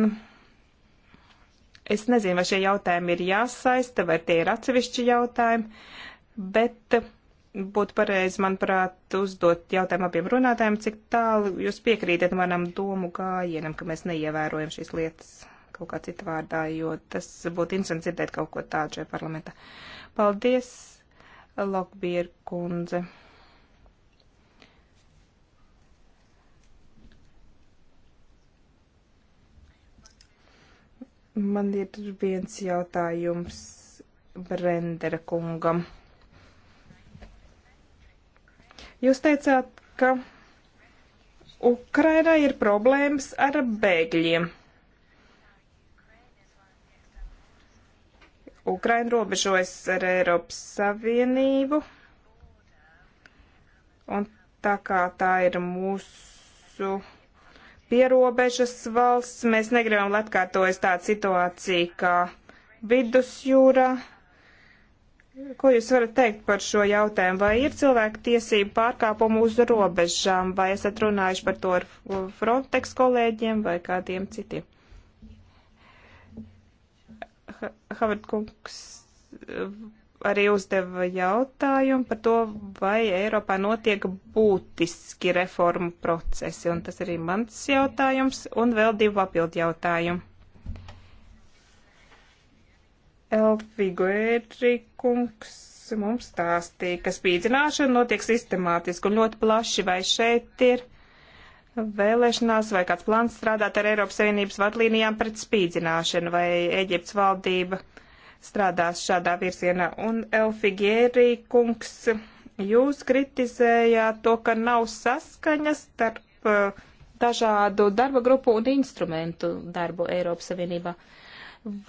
es nezinu, vai šie jautājumi ir jāsaista, vai tie ir atsevišķi jautājumi, bet būtu pareizi, manuprāt, uzdot jautājumu abiem runātājiem, cik tālu jūs piekrītat manam domu gājienam, ka mēs neievērojam šīs lietas kaut kā citu vārdā, jo tas būtu interesanti dzirdēt kaut ko tādu šajā parlamentā. Paldies, Lokbier kundze. Man ir viens jautājums Brendera kungam. Jūs teicāt, ka Ukrainā ir problēmas ar bēgļiem. Ukraina robežojas ar Eiropas Savienību, un tā kā tā ir mūsu pierobežas valsts. Mēs negribam, lai atkārtojas tāda situācija kā vidusjūra. Ko jūs varat teikt par šo jautājumu? Vai ir cilvēku tiesību pārkāpumu uz robežām, vai esat runājuši par to ar Frontex kolēģiem vai kādiem citiem? Havard kungs, arī uzdeva jautājumu par to, vai Eiropā notiek būtiski reformu procesi, un tas arī mans jautājums, un vēl divu papildu jautājumu. Elfiguēri kungs mums stāstīja, ka spīdzināšana notiek sistemātiski un ļoti plaši, vai šeit ir vēlēšanās vai kāds plāns strādāt ar Eiropas Savienības vadlīnijām pret spīdzināšanu, vai Eģiptes valdība uh, strādās šādā virzienā. Un Elfigērī kungs, jūs kritizējāt to, ka nav saskaņas starp uh, dažādu darba grupu un instrumentu darbu Eiropas Savienībā.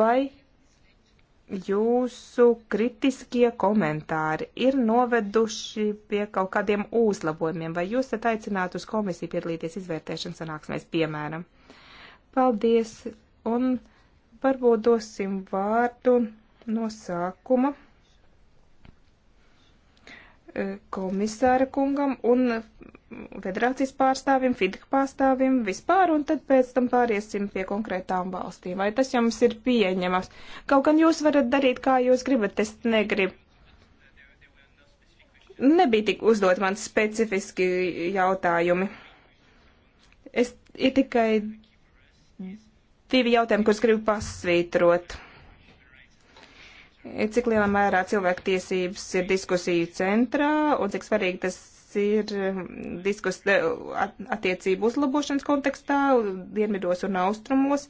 Vai jūsu kritiskie komentāri ir noveduši pie kaut kādiem uzlabojumiem, vai jūs esat aicināti uz komisiju piedalīties izvērtēšanas sanāksmēs, piemēram? Paldies, un varbūt dosim vārdu no sākuma e, komisāra kungam un federācijas pārstāvim, FIDK pārstāvim vispār, un tad pēc tam pāriesim pie konkrētām valstīm. Vai tas jums ir pieņemams? Kaut gan jūs varat darīt, kā jūs gribat, es negribu. Nebija tik uzdot man specifiski jautājumi. Es ir tikai divi jautājumi, kurus gribu pasvītrot cik lielā mērā cilvēktiesības ir diskusiju centrā un cik svarīgi tas ir mm, diskus, attiecību uzlabošanas kontekstā dienvidos un austrumos.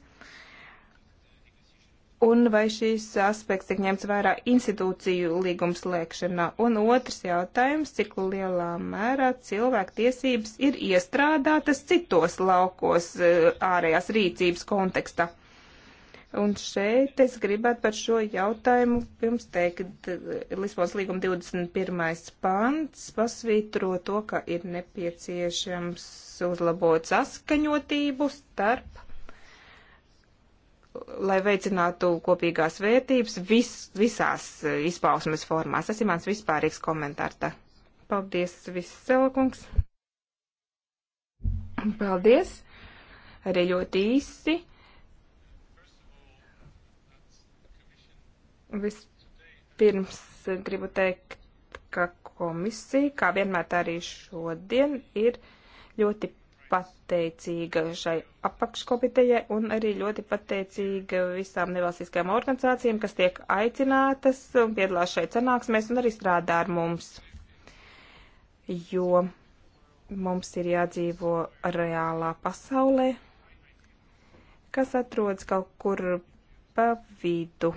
Un vai šīs aspekts tiek ņemts vērā institūciju līgumslēgšanā? Un otrs jautājums, cik lielā mērā cilvēktiesības ir iestrādātas citos laukos eh, ārējās rīcības kontekstā? Un šeit es gribētu par šo jautājumu jums teikt, Lisbons līguma 21. pants pasvītro to, ka ir nepieciešams uzlabot saskaņotību starp, lai veicinātu kopīgās vērtības vis, visās izpausmes formās. Tas ir mans vispārīgs komentārs. Tā. Paldies, viss celkungs. Paldies. Arī ļoti īsi Vispirms eh, gribu teikt, ka komisija, kā vienmēr arī šodien, ir ļoti pateicīga šai apakškomitejai un arī ļoti pateicīga visām nevalstiskajām organizācijām, kas tiek aicinātas un piedalās šeit sanāksmēs un arī strādā ar mums. Jo mums ir jādzīvo reālā pasaulē, kas atrodas kaut kur pa vidu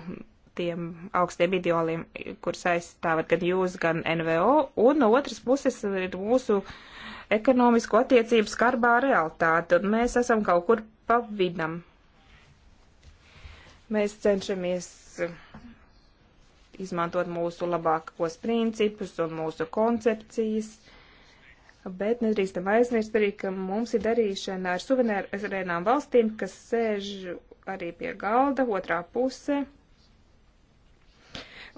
tiem augstiem ideoliem, kurus aizstāvat gan jūs, gan NVO, un no otras puses ir mūsu ekonomisko attiecību skarbā realitāte, un mēs esam kaut kur pa vidam. Mēs cenšamies izmantot mūsu labākos principus un mūsu koncepcijas, bet nedrīkstam aizmirst arī, ka mums ir darīšana ar suverēnām valstīm, kas sēž arī pie galda otrā pusē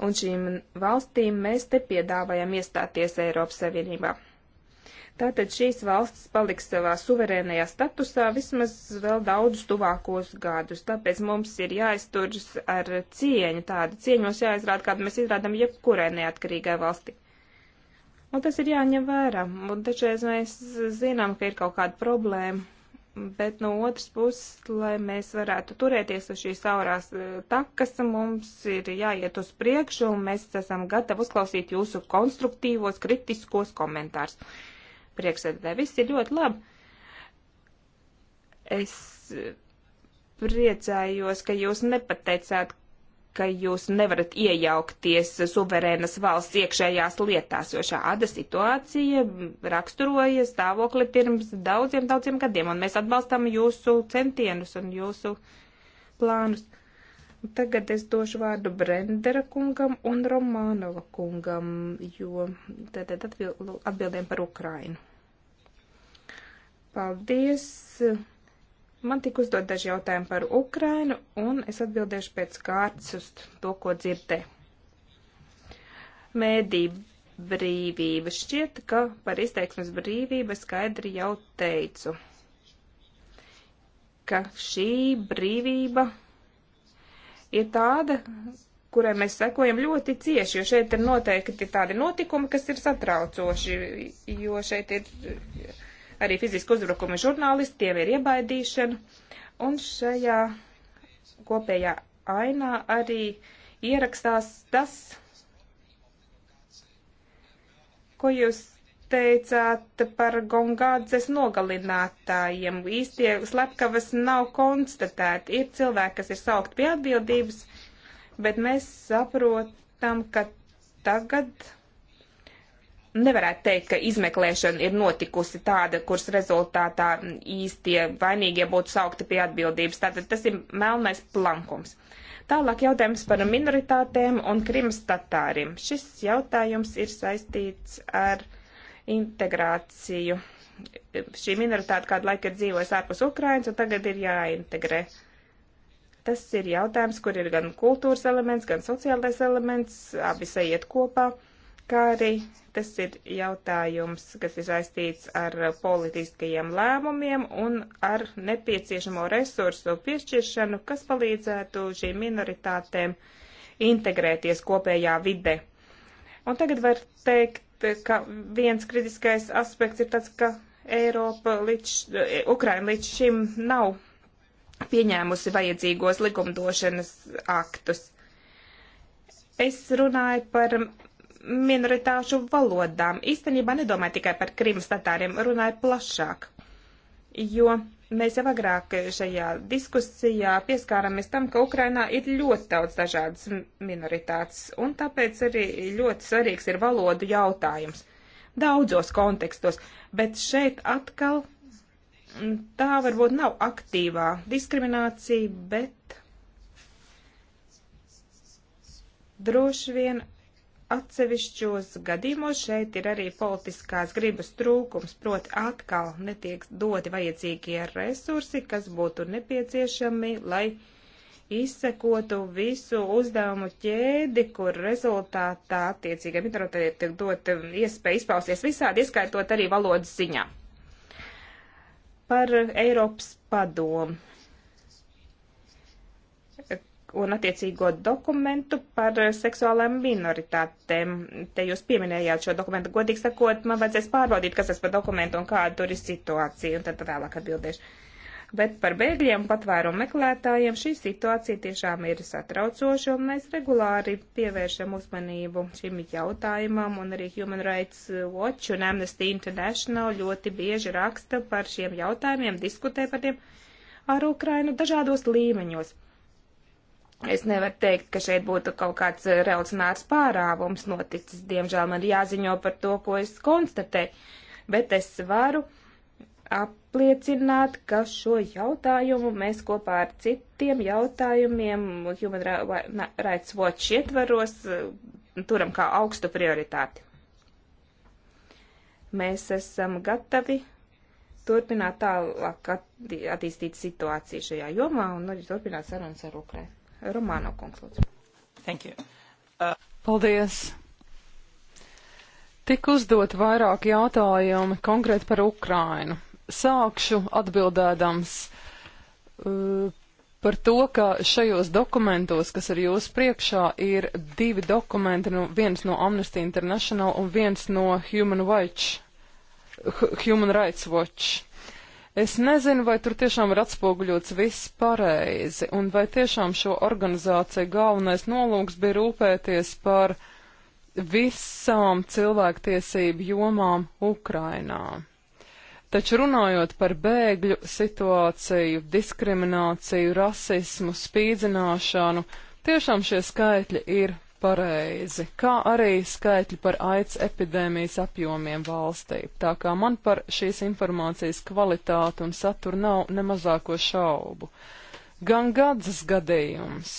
un šīm valstīm mēs te piedāvājam iestāties Eiropas Savienībā. Tātad šīs valstis paliks savā suverēnajā statusā vismaz vēl daudzus tuvākos gadus, tāpēc mums ir jāizturas ar cieņu, tādu cieņos jāizrāda, kādu mēs izrādam jebkurai neatkarīgai valsti. Un tas ir jāņem vērā, un tačreiz mēs zinām, ka ir kaut kāda problēma, bet no otras puses, lai mēs varētu turēties uz šīs aurās eh, takas, mums ir jāiet uz priekšu, un mēs esam gatavi uzklausīt jūsu konstruktīvos, kritiskos komentārus. Prieksēdē viss ir ļoti labi. Es priecājos, ka jūs nepateicāt, ka jūs nevarat iejaukties suverēnas valsts iekšējās lietās, jo šāda situācija raksturoja stāvokli pirms daudziem, daudziem gadiem, un mēs atbalstam jūsu centienus un jūsu plānus. Tagad es došu vārdu Brendera kungam un Romānova kungam, jo tad atbildēm par Ukrainu. Paldies! Man tika uzdot daži jautājumi par Ukrainu, un es atbildēšu pēc kārtas uz to, ko dzirdē. Mēdī brīvība. Šķiet, ka par izteiksmes brīvību skaidri jau teicu, ka šī brīvība ir tāda, kurai mēs sekojam ļoti cieši, jo šeit ir noteikti tādi notikumi, kas ir satraucoši, jo šeit ir arī fizisku uzbrukumu žurnālistiem ir iebaidīšana, un šajā kopējā ainā arī ierakstās tas, ko jūs teicāt par Gongādzes nogalinātājiem. Īstie slepkavas nav konstatēti. Ir cilvēki, kas ir saukt pie atbildības, bet mēs saprotam, ka tagad nevarētu teikt, ka izmeklēšana ir notikusi tāda, kuras rezultātā īstie vainīgie būtu saukti pie atbildības. Tātad tas ir melnais plankums. Tālāk jautājums par minoritātēm un krimas tatāriem. Šis jautājums ir saistīts ar integrāciju. Šī minoritāte kādu laiku ir dzīvojusi ārpus Ukrainas un tagad ir jāintegrē. Tas ir jautājums, kur ir gan kultūras elements, gan sociālais elements, abi sajiet kopā. Uh, kā arī tas ir jautājums, kas ir saistīts ar politiskajiem lēmumiem un ar nepieciešamo resursu piešķiršanu, kas palīdzētu šīm minoritātēm integrēties kopējā vide. Un tagad var teikt, ka viens kritiskais aspekts ir tāds, ka Eiropa līdz, e, Ukraina līdz šim nav pieņēmusi vajadzīgos likumdošanas aktus. Es runāju par minoritāšu valodām. Īstenībā nedomāju tikai par Krimas tatāriem, runāju plašāk. Jo mēs jau agrāk šajā diskusijā pieskāramies tam, ka Ukrainā ir ļoti daudz dažādas minoritātes, un tāpēc arī ļoti svarīgs ir valodu jautājums daudzos kontekstos, bet šeit atkal tā varbūt nav aktīvā diskriminācija, bet droši vien Atsevišķos gadījumos šeit ir arī politiskās gribas trūkums, proti atkal netiek doti vajadzīgie resursi, kas būtu nepieciešami, lai izsekotu visu uzdevumu ķēdi, kur rezultātā attiecīgiem minoritātiem tiek dot um, iespēja izpausties visādi, ieskaitot arī valodas ziņā. Par Eiropas padomu un attiecīgo dokumentu par seksuālām minoritātēm. Te jūs pieminējāt šo dokumentu. Godīgi sakot, man vajadzēs pārbaudīt, kas tas par dokumentu un kāda tur ir situācija, un tad vēlāk atbildēšu. Bet par bēgļiem, patvērumu meklētājiem šī situācija tiešām ir satraucoša, un mēs regulāri pievēršam uzmanību šim jautājumam, un arī Human Rights Watch un Amnesty International ļoti bieži raksta par šiem jautājumiem, diskutē par tiem ar Ukrainu dažādos līmeņos. Es nevaru teikt, ka šeit būtu kaut kāds eh, revolucionārs pārāvums noticis. Diemžēl man ir jāziņo par to, ko es konstatēju, bet es varu apliecināt, ka šo jautājumu mēs kopā ar citiem jautājumiem Human Rights Watch ietvaros eh, turam kā augstu prioritāti. Mēs esam gatavi turpināt tālāk attīstīt situāciju šajā jomā un arī turpināt sarunas ar Ukrainu. Romāno kungs, lūdzu. Thank you. Uh... Paldies. Tik uzdot vairāk jautājumu konkrēti par Ukrainu. Sākšu atbildēdams uh, par to, ka šajos dokumentos, kas ir jūsu priekšā, ir divi dokumenti, nu, viens no Amnesty International un viens no Human Rights, H Human Rights Watch. Es nezinu, vai tur tiešām ir atspoguļots viss pareizi, un vai tiešām šo organizāciju galvenais nolūks bija rūpēties par visām cilvēktiesību jomām Ukrainā. Taču runājot par bēgļu situāciju, diskrimināciju, rasismu, spīdzināšanu, tiešām šie skaitļi ir pareizi, kā arī skaitļi par aids epidēmijas apjomiem valstī, tā kā man par šīs informācijas kvalitāti un saturu nav nemazāko šaubu. Gan gadzas gadījums.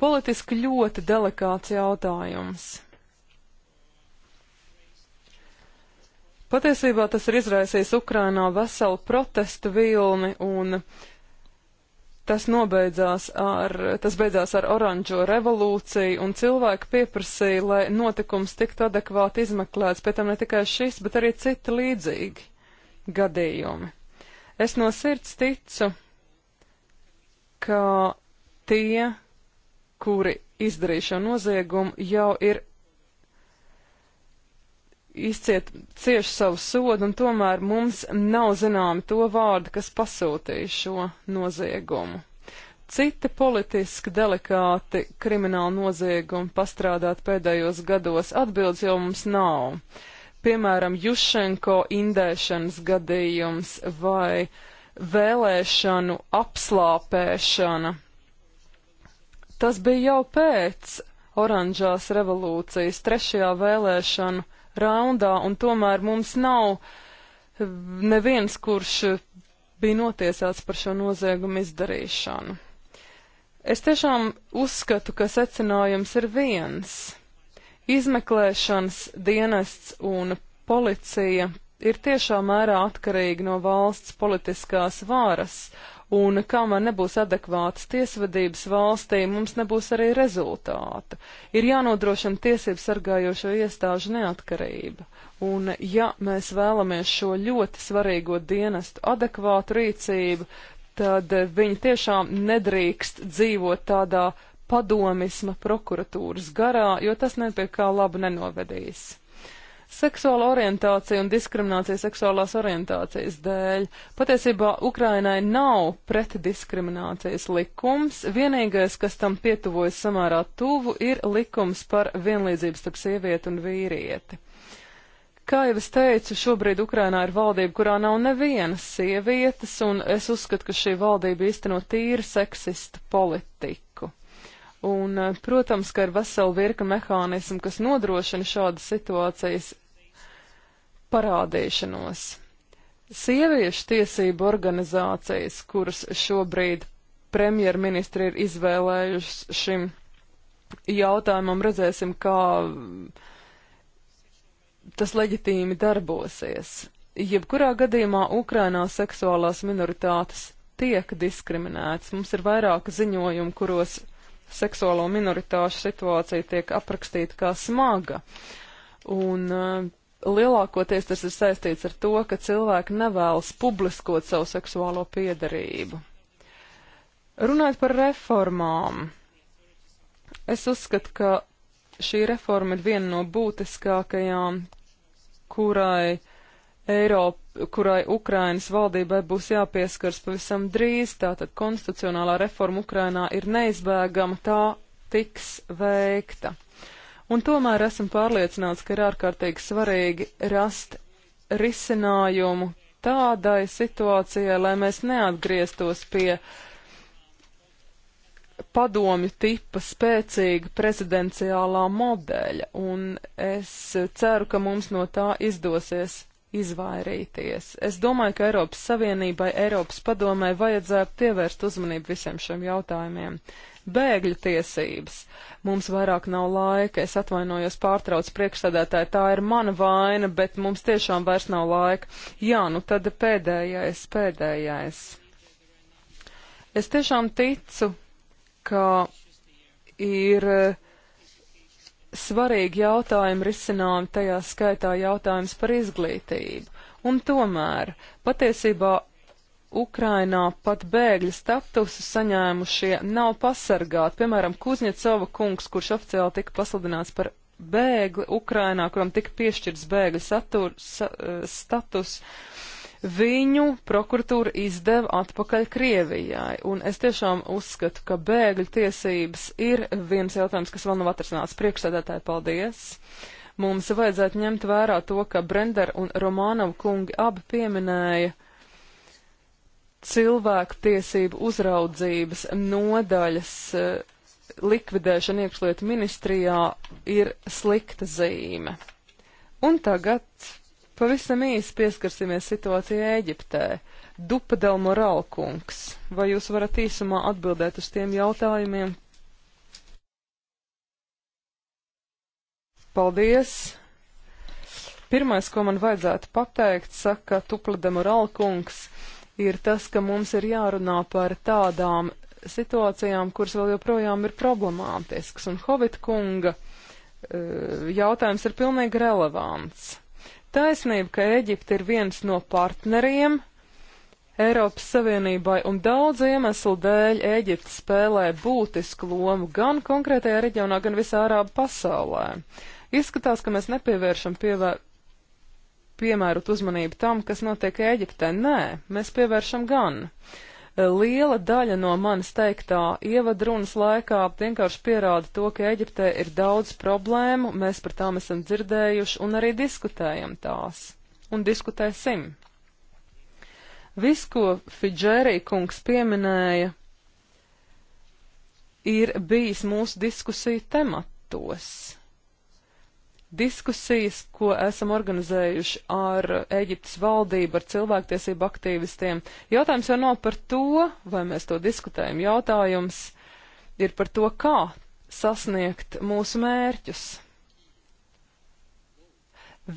Politiski ļoti delikāts jautājums. Patiesībā tas ir izraisījis Ukrainā veselu protestu vilni un Tas nobeidzās ar, tas beidzās ar oranžo revolūciju, un cilvēki pieprasīja, lai notikums tiktu adekvāti izmeklēts, pēc tam ne tikai šis, bet arī citi līdzīgi gadījumi. Es no sirds ticu, ka tie, kuri izdarīja šo noziegumu, jau ir izciet cieši savu sodu, un tomēr mums nav zināmi to vārdi, kas pasūtīja šo noziegumu. Citi politiski delikāti krimināli noziegumi pastrādāt pēdējos gados atbildes jau mums nav. Piemēram, Jušenko indēšanas gadījums vai vēlēšanu apslāpēšana. Tas bija jau pēc oranžās revolūcijas trešajā vēlēšanu raundā, un tomēr mums nav neviens, kurš bija notiesāts par šo noziegumu izdarīšanu. Es tiešām uzskatu, ka secinājums ir viens. Izmeklēšanas dienests un policija ir tiešā mērā atkarīgi no valsts politiskās vāras, un kamēr nebūs adekvātas tiesvedības valstī, mums nebūs arī rezultāta. Ir jānodrošina tiesību sargājošo iestāžu neatkarība, un ja mēs vēlamies šo ļoti svarīgo dienestu adekvātu rīcību, tad viņi tiešām nedrīkst dzīvot tādā padomisma prokuratūras garā, jo tas nepie kā labu nenovedīs. Seksuāla orientācija un diskriminācija seksuālās orientācijas dēļ. Patiesībā Ukrainai nav pretdiskriminācijas likums. Vienīgais, kas tam pietuvojas samērā tuvu, ir likums par vienlīdzību starp sievieti un vīrieti. Kā jau es teicu, šobrīd Ukrainā ir valdība, kurā nav nevienas sievietes, un es uzskatu, ka šī valdība īsteno tīri seksistu politiku. Un, eh, protams, ka ir vesela virka mehānismu, kas nodrošina šādas situācijas parādīšanos. Sieviešu tiesību organizācijas, kuras šobrīd premjerministri ir izvēlējušas šim jautājumam, redzēsim, kā tas leģitīmi darbosies. Jebkurā gadījumā Ukrainā seksuālās minoritātes tiek diskriminētas. Mums ir vairāki ziņojumi, kuros seksuālo minoritāšu situācija tiek aprakstīta kā smaga. Un uh, lielākoties tas ir saistīts ar to, ka cilvēki nevēlas publiskot savu seksuālo piedarību. Runājot par reformām, es uzskatu, ka šī reforma ir viena no būtiskākajām, kurai Eiropa kurai Ukrainas valdībai būs jāpieskars pavisam drīz, tātad konstitucionālā reforma Ukrainā ir neizbēgama, tā tiks veikta. Un tomēr esam pārliecināts, ka ir ārkārtīgi svarīgi rast risinājumu tādai situācijai, lai mēs neatgrieztos pie padomju tipa spēcīga prezidenciālā modeļa, un es ceru, ka mums no tā izdosies izvairīties. Es domāju, ka Eiropas Savienībai, Eiropas padomē vajadzētu pievērst uzmanību visiem šiem jautājumiem. Bēgļu tiesības. Mums vairāk nav laika, es atvainojos pārtrauc priekšstādātāji, tā ir mana vaina, bet mums tiešām vairs nav laika. Jā, nu tad pēdējais, pēdējais. Es tiešām ticu, ka ir uh, svarīgi jautājumi risinājumi, tajā skaitā jautājums par izglītību. Un tomēr patiesībā Ukrainā pat bēgļu statusu saņēmušie nav pasargāti. Piemēram, Kuzņecova kungs, kurš oficiāli tika pasludināts par bēgli Ukrainā, kuram tika piešķirts bēgļu satur, sa, eh, status, uh, Viņu prokuratūra izdeva atpakaļ Krievijai, un es tiešām uzskatu, ka bēgļu tiesības ir viens jautājums, kas vēl nav atrasināts. Priekšsēdētāji, paldies! Mums vajadzētu ņemt vērā to, ka Brender un Romānov kungi abi pieminēja cilvēku tiesību uzraudzības nodaļas eh, likvidēšana iekšlietu ministrijā ir slikta zīme. Un tagad Pavisam īsi pieskarsimies situācijai Eģiptē. Dupa del Moralkungs, vai jūs varat īsumā atbildēt uz tiem jautājumiem? Paldies! Pirmais, ko man vajadzētu pateikt, saka Tupla de Moralkungs, ir tas, ka mums ir jārunā par tādām situācijām, kuras vēl joprojām ir problemātiskas, un Hovita kunga eh, jautājums ir pilnīgi relevants taisnība, ka Eģipte ir viens no partneriem Eiropas Savienībai, un daudz iemeslu dēļ Eģipte spēlē būtisku lomu gan konkrētajā reģionā, gan visā Arābu pasaulē. Izskatās, ka mēs nepievēršam pievē... piemērot uzmanību tam, kas notiek Eģiptē. Nē, mēs pievēršam gan. Uh, Liela daļa no manis teiktā ievadrunas laikā vienkārši pierāda to, ka Eģiptē ir daudz problēmu, mēs par tām esam dzirdējuši un arī diskutējam tās. Un diskutēsim. Viss, ko Fidžērī kungs pieminēja, ir bijis mūsu diskusiju tematos diskusijas, ko esam organizējuši ar Eģiptes valdību, ar cilvēktiesību aktīvistiem. Jautājums jau nav par to, vai mēs to diskutējam. Jautājums ir par to, kā sasniegt mūsu mērķus.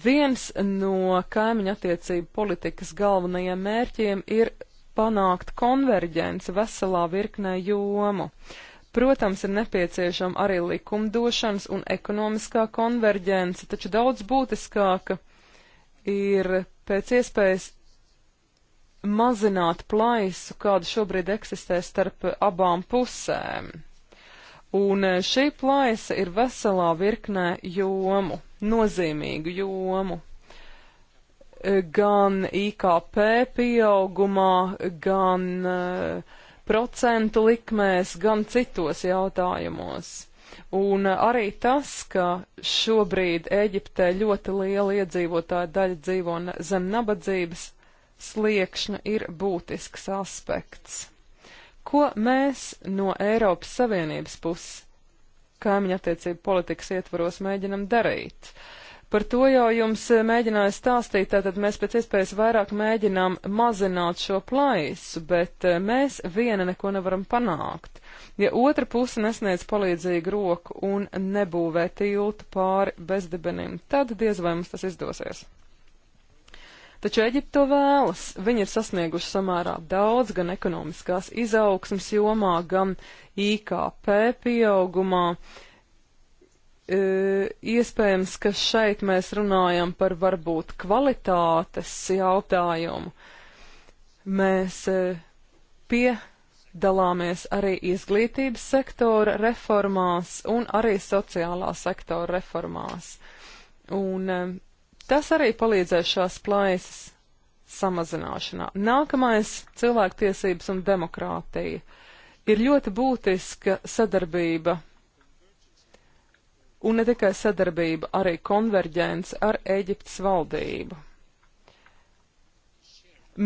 Viens no kaimiņa attiecību politikas galvenajiem mērķiem ir panākt konverģenci veselā virknē jomu. Uh, Protams, ir nepieciešama arī likumdošanas un ekonomiskā konverģence, taču daudz būtiskāka ir pēc iespējas mazināt plaisu, kāda šobrīd eksistē starp abām pusēm. Un šī plaisa ir veselā virknē jomu, nozīmīgu jomu. Gan IKP pieaugumā, gan uh, procentu likmēs, gan citos jautājumos. Un uh, arī tas, ka šobrīd Eģiptē ļoti liela iedzīvotāja daļa dzīvo zem nabadzības sliekšņa, ir būtisks aspekts. Ko mēs no Eiropas Savienības puses kaimiņa attiecību politikas ietvaros mēģinam darīt? Uh, Par to jau jums eh, mēģināju stāstīt, tātad mēs pēc iespējas vairāk mēģinām mazināt šo plaisu, bet eh, mēs viena neko nevaram panākt. Ja otra puse nesniedz palīdzīgu roku un nebūvē tiltu pāri bezdibenim, tad diez vai mums tas izdosies. Taču Eģipte to vēlas. Viņi ir sasnieguši samērā daudz gan ekonomiskās izaugsmas jomā, gan IKP pieaugumā. Uh, E, iespējams, ka šeit mēs runājam par varbūt kvalitātes jautājumu. Mēs e, piedalāmies arī izglītības sektora reformās un arī sociālā sektora reformās. Un e, tas arī palīdzēs šās plaisas samazināšanā. Nākamais - cilvēktiesības un demokrātija. Ir ļoti būtiska sadarbība un ne tikai sadarbība, arī konverģence ar Eģiptes valdību.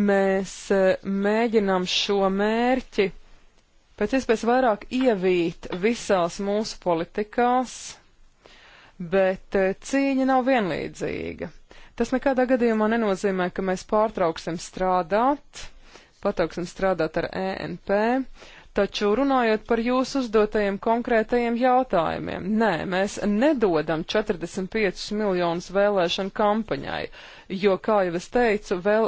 Mēs e, mēģinām šo mērķi pēc iespējas vairāk ievīt visās mūsu politikās, bet e, cīņa nav vienlīdzīga. Tas nekādā gadījumā nenozīmē, ka mēs pārtrauksim strādāt, patrauksim strādāt ar ENP, Taču runājot par jūsu uzdotajiem konkrētajiem jautājumiem, nē, mēs nedodam 45 miljonus vēlēšanu kampaņai, jo, kā jau es teicu, vēl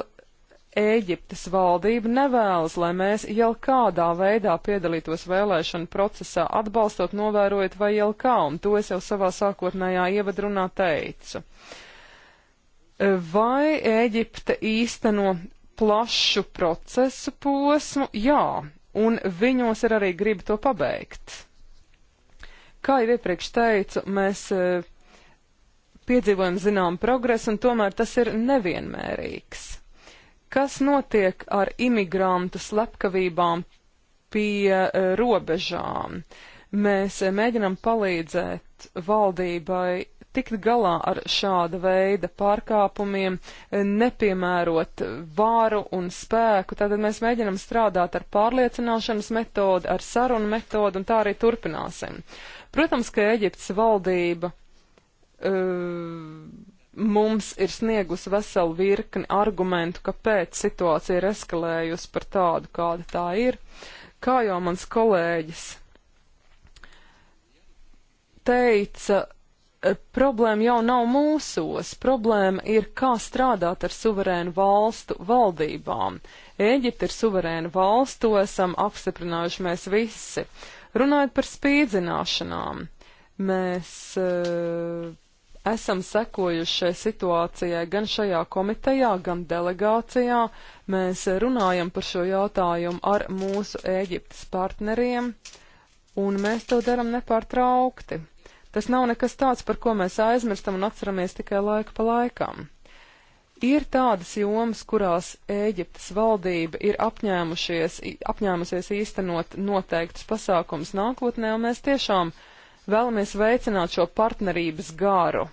Ēģiptes valdība nevēlas, lai mēs jau kādā veidā piedalītos vēlēšanu procesā, atbalstot, novērojot vai jau kā, un to es jau savā sākotnējā ievadrunā teicu. Vai Ēģipte īsteno plašu procesu posmu? Jā, un viņos ir arī griba to pabeigt. Kā jau iepriekš teicu, mēs e, piedzīvojam zinām progresu, un tomēr tas ir nevienmērīgs. Kas notiek ar imigrantu slepkavībām pie e, robežām? Mēs e, mēģinam palīdzēt valdībai tikt galā ar šāda veida pārkāpumiem, eh, nepiemērot vāru un spēku. Tātad mēs mēģinam strādāt ar pārliecināšanas metodu, ar sarunu metodu un tā arī turpināsim. Protams, ka Eģiptes valdība. Uh, mums ir sniegusi veselu virkni argumentu, kāpēc situācija ir eskalējusi par tādu, kāda tā ir. Kā jau mans kolēģis teica, Eh, problēma jau nav mūsos, problēma ir, kā strādāt ar suverēnu valstu valdībām. Ēģipte ir suverēna valsts, to esam apstiprinājuši mēs visi. Runājot par spīdzināšanām, mēs uh, esam sekojuši šai situācijai gan šajā komitejā, gan delegācijā. Mēs runājam par šo jautājumu ar mūsu Ēģiptes partneriem, un mēs to daram nepārtraukti. Tas nav nekas tāds, par ko mēs aizmirstam un atceramies tikai laiku pa laikam. Ir tādas jomas, kurās Ēģiptes valdība ir apņēmusies īstenot noteiktus pasākums nākotnē, un mēs tiešām vēlamies veicināt šo partnerības garu.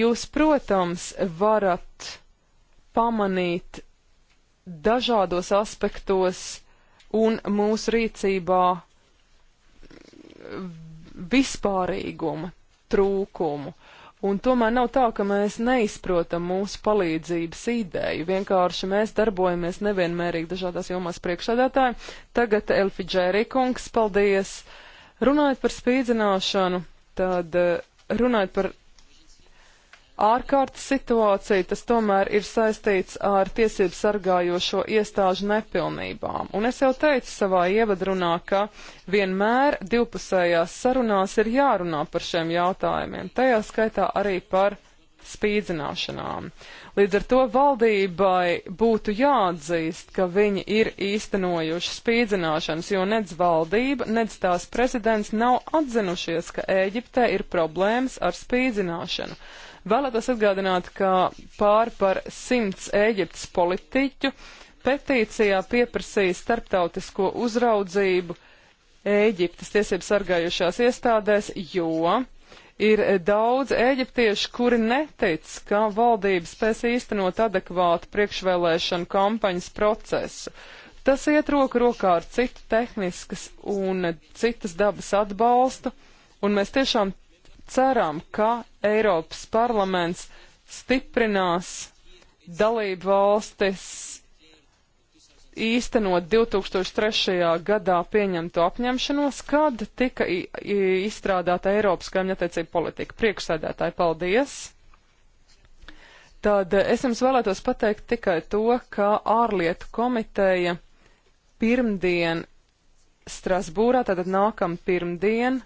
Jūs, protams, varat pamanīt dažādos aspektos un mūsu rīcībā vispārīguma trūkumu. Un tomēr nav tā, ka mēs neizprotam mūsu palīdzības ideju. Vienkārši mēs darbojamies nevienmērīgi dažādās jomās priekšādātāji. Tagad Elfi Džērikungs, paldies! Runājot par spīdzināšanu, tad eh, runājot par ārkārtas situācija, tas tomēr ir saistīts ar tiesību sargājošo iestāžu nepilnībām. Un es jau teicu savā ievadrunā, ka vienmēr divpusējās sarunās ir jārunā par šiem jautājumiem, tajā skaitā arī par spīdzināšanām. Līdz ar to valdībai būtu jāatzīst, ka viņi ir īstenojuši spīdzināšanas, jo nedz valdība, nedz tās prezidents nav atzinušies, ka Ēģiptē ir problēmas ar spīdzināšanu. Vēlētos atgādināt, ka pār par simts Ēģiptes politiķu petīcijā pieprasīja starptautisko uzraudzību Ēģiptes tiesību sargājušās iestādēs, jo Ir eh, daudz eģiptiešu, kuri netic, ka valdība spēs īstenot adekvātu priekšvēlēšanu kampaņas procesu. Tas iet roku rokā ar citu tehniskas un citas dabas atbalstu, un mēs tiešām ceram, ka Eiropas parlaments stiprinās dalību valstis īstenot 2003. gadā pieņemto apņemšanos, kad tika izstrādāta Eiropas kaimiņattiecība politika. Priekšsēdētāji, paldies! Tad es jums vēlētos pateikt tikai to, ka ārlietu komiteja pirmdien Strasbūrā, tātad nākam pirmdien,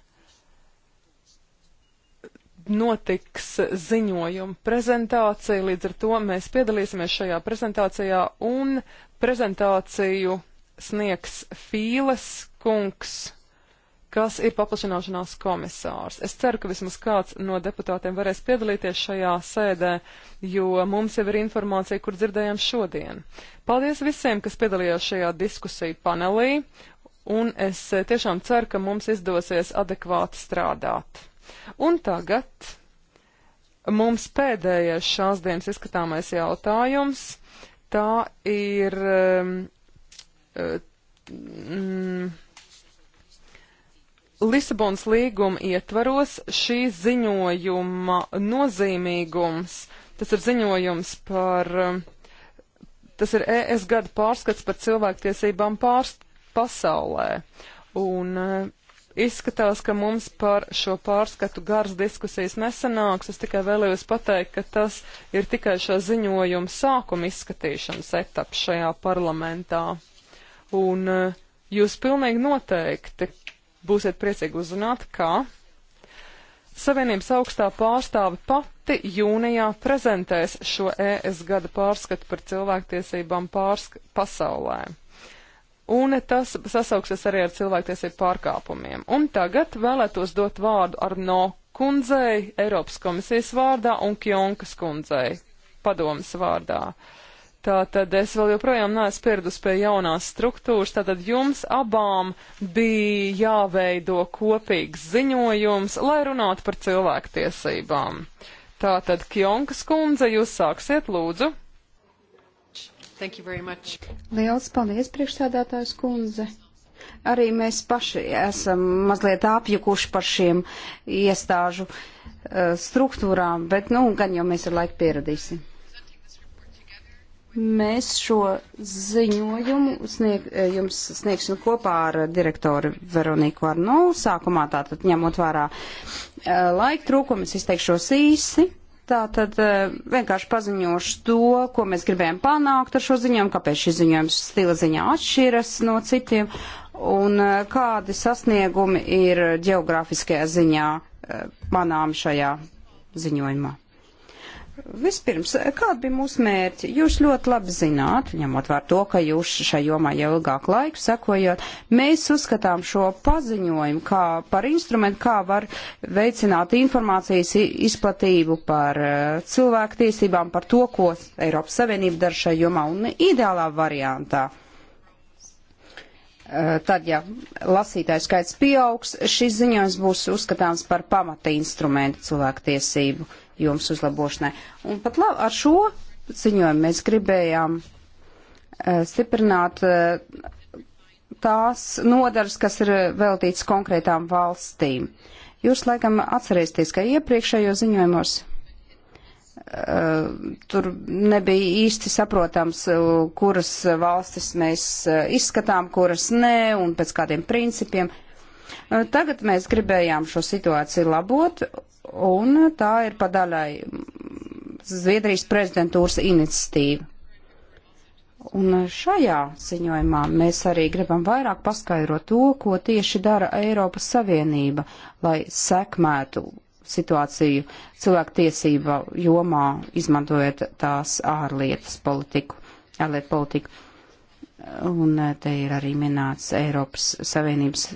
notiks ziņojuma prezentācija, līdz ar to mēs piedalīsimies šajā prezentācijā un Prezentāciju sniegs Fīles kungs, kas ir paplašināšanās komisārs. Es ceru, ka vismaz kāds no deputātiem varēs piedalīties šajā sēdē, jo mums jau ir informācija, kur dzirdējām šodien. Paldies visiem, kas piedalījās šajā diskusiju panelī, un es tiešām ceru, ka mums izdosies adekvāti strādāt. Un tagad mums pēdējais šās dienas izskatāmais jautājums tā ir. Um, uh, mm, Lisabonas līguma ietvaros šī ziņojuma nozīmīgums, tas ir ziņojums par, um, tas ir ES gada pārskats par cilvēktiesībām pārst pasaulē. Un uh, Izskatās, ka mums par šo pārskatu garas diskusijas nesanāks. Es tikai vēlējos pateikt, ka tas ir tikai šā ziņojuma sākuma izskatīšanas etaps šajā parlamentā. Un eh, jūs pilnīgi noteikti būsiet priecīgi uzzināt, ka Savienības augstā pārstāve pati jūnijā prezentēs šo ES gada pārskatu par cilvēktiesībām pārsk pasaulē un tas sasauksies arī ar cilvēktiesību pārkāpumiem. Un tagad vēlētos dot vārdu Arno kundzei, Eiropas komisijas vārdā un Kjonkas kundzei, padomas vārdā. Tātad es vēl joprojām neesmu pieradus pie jaunās struktūras, tātad jums abām bija jāveido kopīgs ziņojums, lai runātu par cilvēktiesībām. Tātad Kjonkas kundze, jūs sāksiet lūdzu. Liels paldies, priekšsēdētājs kundze. Arī mēs paši esam mazliet apjukuši par šiem iestāžu uh, struktūrām, bet nu gan jau mēs ar laiku pieradīsim. Mēs šo ziņojumu snieg, eh, jums sniegsim kopā ar direktoru Veroniku Arno. Sākumā tātad ņemot vērā uh, laika trūkumu, es izteikšos īsi. Tā tad eh, vienkārši paziņošu to, ko mēs gribējām panākt ar šo ziņojumu, kāpēc šis ziņojums stila ziņā atšķiras no citiem un eh, kādi sasniegumi ir geogrāfiskajā ziņā eh, manām šajā ziņojumā. Vispirms, kāda bija mūsu mērķi? Jūs ļoti labi zināt, ņemot vērā to, ka jūs šai jomā jau ilgāku laiku sekojot, mēs uzskatām šo paziņojumu kā par instrumentu, kā var veicināt informācijas izplatību par eh, cilvēku tiesībām, par to, ko Eiropas Savienība dara šai jomā un ideālā variantā eh, tad, ja lasītājs skaits pieaugs, šis ziņojums būs uzskatāms par pamata instrumentu cilvēktiesību jums uzlabošanai. Un pat labi, ar šo ziņojumu mēs gribējām uh, stiprināt uh, tās nodaras, kas ir veltīts konkrētām valstīm. Jūs laikam atcerēsieties, ka iepriekšējos ziņojumos eh, tur nebija īsti saprotams, kuras valstis mēs izskatām, kuras nē un pēc kādiem principiem. Tagad mēs gribējām šo situāciju labot un tā ir padaļai Zviedrijas prezidentūras iniciatīva. Un šajā ziņojumā mēs arī gribam vairāk paskaidrot to, ko tieši dara Eiropas Savienība, lai sekmētu situāciju cilvēktiesība jomā, izmantojot tās ārlietas politiku. Ārlietu politiku. Un te ir arī minēts Eiropas Savienības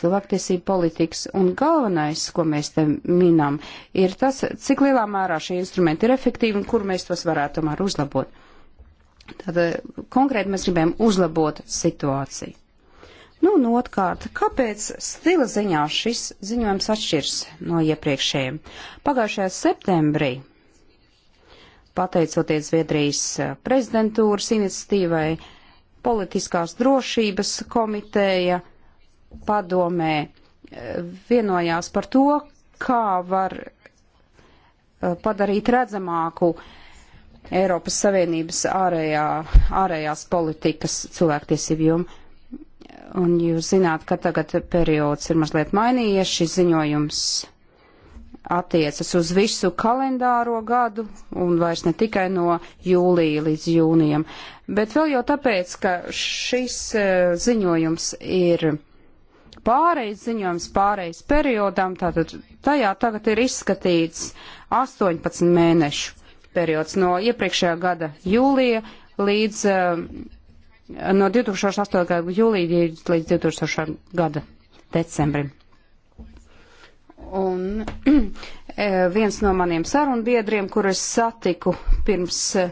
cilvēktiesību politikas. Un galvenais, ko mēs te minam, ir tas, cik lielā mērā šie instrumenti ir efektīvi un kur mēs tos varētu tomēr uzlabot. Tad konkrēti mēs gribējam uzlabot situāciju. Nu, un otrkārt, kāpēc stila ziņā šis ziņojums atšķirs no iepriekšējiem? Pagājušajā septembrī, pateicoties Zviedrijas eh, prezidentūras iniciatīvai, politiskās drošības komiteja, uh, padomē eh, vienojās par to, kā var eh, padarīt redzamāku Eiropas Savienības ārējā, ārējās politikas cilvēktiesību jomu. Un jūs zināt, ka tagad periods ir mazliet mainījies, šis ziņojums attiecas uz visu kalendāro gadu un vairs ne tikai no jūlija līdz jūnijam. Bet vēl jau tāpēc, ka šis eh, ziņojums ir pārejas ziņojums pārejas periodam, tātad tajā tagad ir izskatīts 18 mēnešu periods no iepriekšējā gada jūlija līdz eh, no 2008. gada jūlija līdz 2000. gada decembrim. Un eh, viens no maniem sarunbiedriem, kurus satiku pirms uh,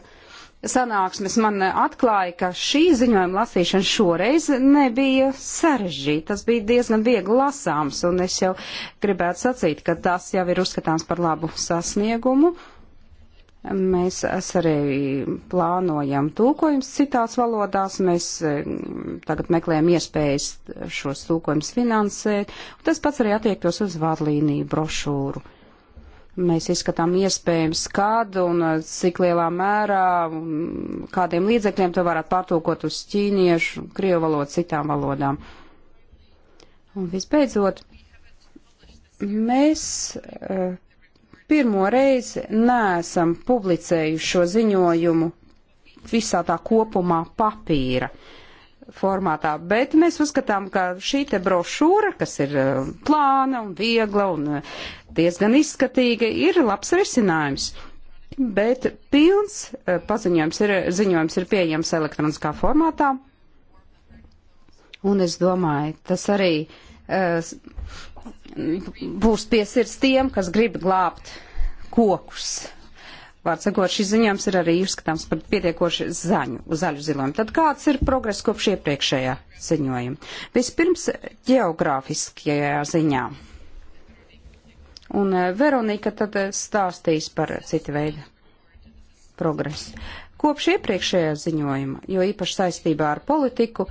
sanāksmes man atklāja, ka šī ziņojuma lasīšana šoreiz nebija sarežģīta. Tas bija diezgan viegli lasāms, un es jau gribētu sacīt, ka tas jau ir uzskatāms par labu sasniegumu. Mēs arī plānojam tūkojums citās valodās, mēs eh, tagad meklējam iespējas šos tūkojums finansēt, un tas pats arī attiektos uz vārlīniju brošūru mēs izskatām iespējams, kad un eh, cik lielā mērā, kādiem līdzekļiem to varētu pārtulkot uz ķīniešu, krievu valodu, citām valodām. Un visbeidzot, mēs eh, pirmo reizi neesam publicējuši šo ziņojumu visā tā kopumā papīra. Uh, formātā, bet mēs uzskatām, ka šī te brošūra, kas ir eh, plāna un viegla un eh, diezgan izskatīga, ir labs risinājums. Bet pilns eh, paziņojums ir, ziņojums ir pieejams elektroniskā formātā, un es domāju, tas arī uh, būs piesirds tiem, kas grib glābt kokus Vārds sakot, šis ziņojums ir arī uzskatāms par pietiekoši zaņu, zaļu zilojumu. Tad kāds ir progress kopš iepriekšējā ziņojuma? Vispirms geogrāfiskajā ziņā. Un eh, Veronika tad eh, stāstīs par citu veidu progresu. Kopš iepriekšējā ziņojuma, jo īpaši saistībā ar politiku,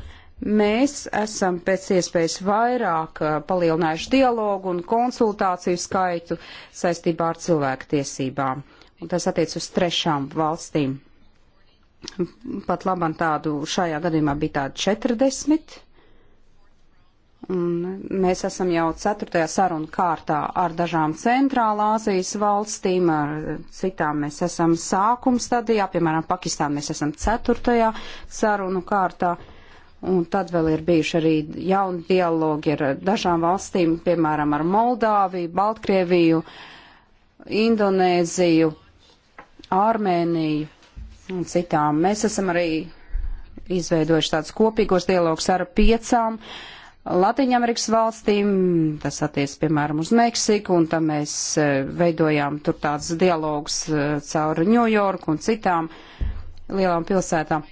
mēs esam pēc iespējas vairāk eh, palielinājuši dialogu un konsultāciju skaitu saistībā ar cilvēku tiesībām un tas attiec uz trešām valstīm. Pat labam tādu šajā gadījumā bija tādi 40. Un mēs esam jau ceturtajā sarunu kārtā ar dažām centrālā Āzijas valstīm, ar citām mēs esam sākuma stadijā, piemēram, Pakistāna mēs esam ceturtajā sarunu kārtā. Un tad vēl ir bijuši arī jauni dialogi ar dažām valstīm, piemēram, ar Moldāviju, Baltkrieviju, Indonēziju, Armēniju un citām. Mēs esam arī izveidojuši tādus kopīgos dialogus ar piecām Latvijas valstīm, tas attiec piemēram uz Meksiku, un tam mēs e, veidojām tur tādus dialogus e, cauri Ņujorku un citām lielām pilsētām.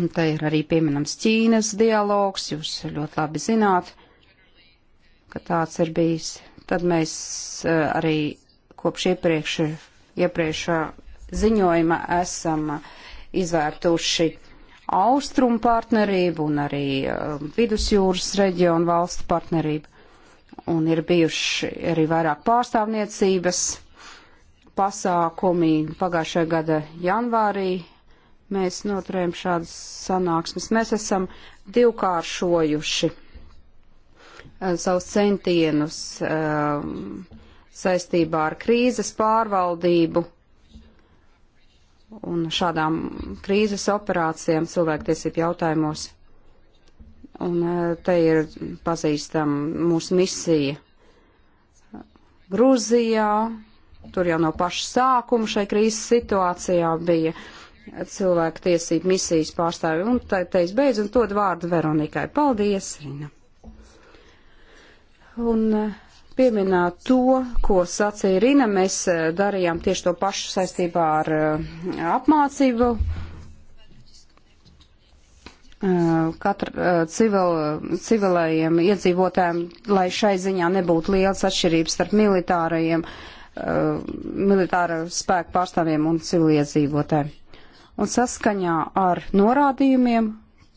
Un te ir arī pieminams Ķīnas dialogs, jūs ļoti labi zināt, ka tāds ir bijis. Tad mēs e, arī kopš iepriekš iepriekšā ziņojuma esam izvērtuši austrumu partnerību un arī uh, vidusjūras reģionu valstu partnerību. Un ir bijuši arī vairāk pārstāvniecības pasākumi. Pagājušajā gada janvārī mēs noturējam šādas sanāksmes. Mēs esam divkāršojuši uh, savus centienus. Um, saistībā ar krīzes pārvaldību un šādām krīzes operācijām cilvēktiesību jautājumos. Un e, te ir pazīstama mūsu misija Grūzijā, tur jau no paša sākuma šai krīzes situācijā bija cilvēku tiesību misijas pārstāvi. Un tā teiks beidz un dod vārdu Veronikai. Paldies, Rina. Un uh, pieminēt to, ko sacīja Rina. Mēs eh, darījām tieši to pašu saistībā ar eh, apmācību. Eh, katra civil, civilējiem iedzīvotājiem, lai šai ziņā nebūtu liels atšķirības starp militārajiem, militāra spēku pārstāvjiem un civiliedzīvotājiem. Un saskaņā ar norādījumiem,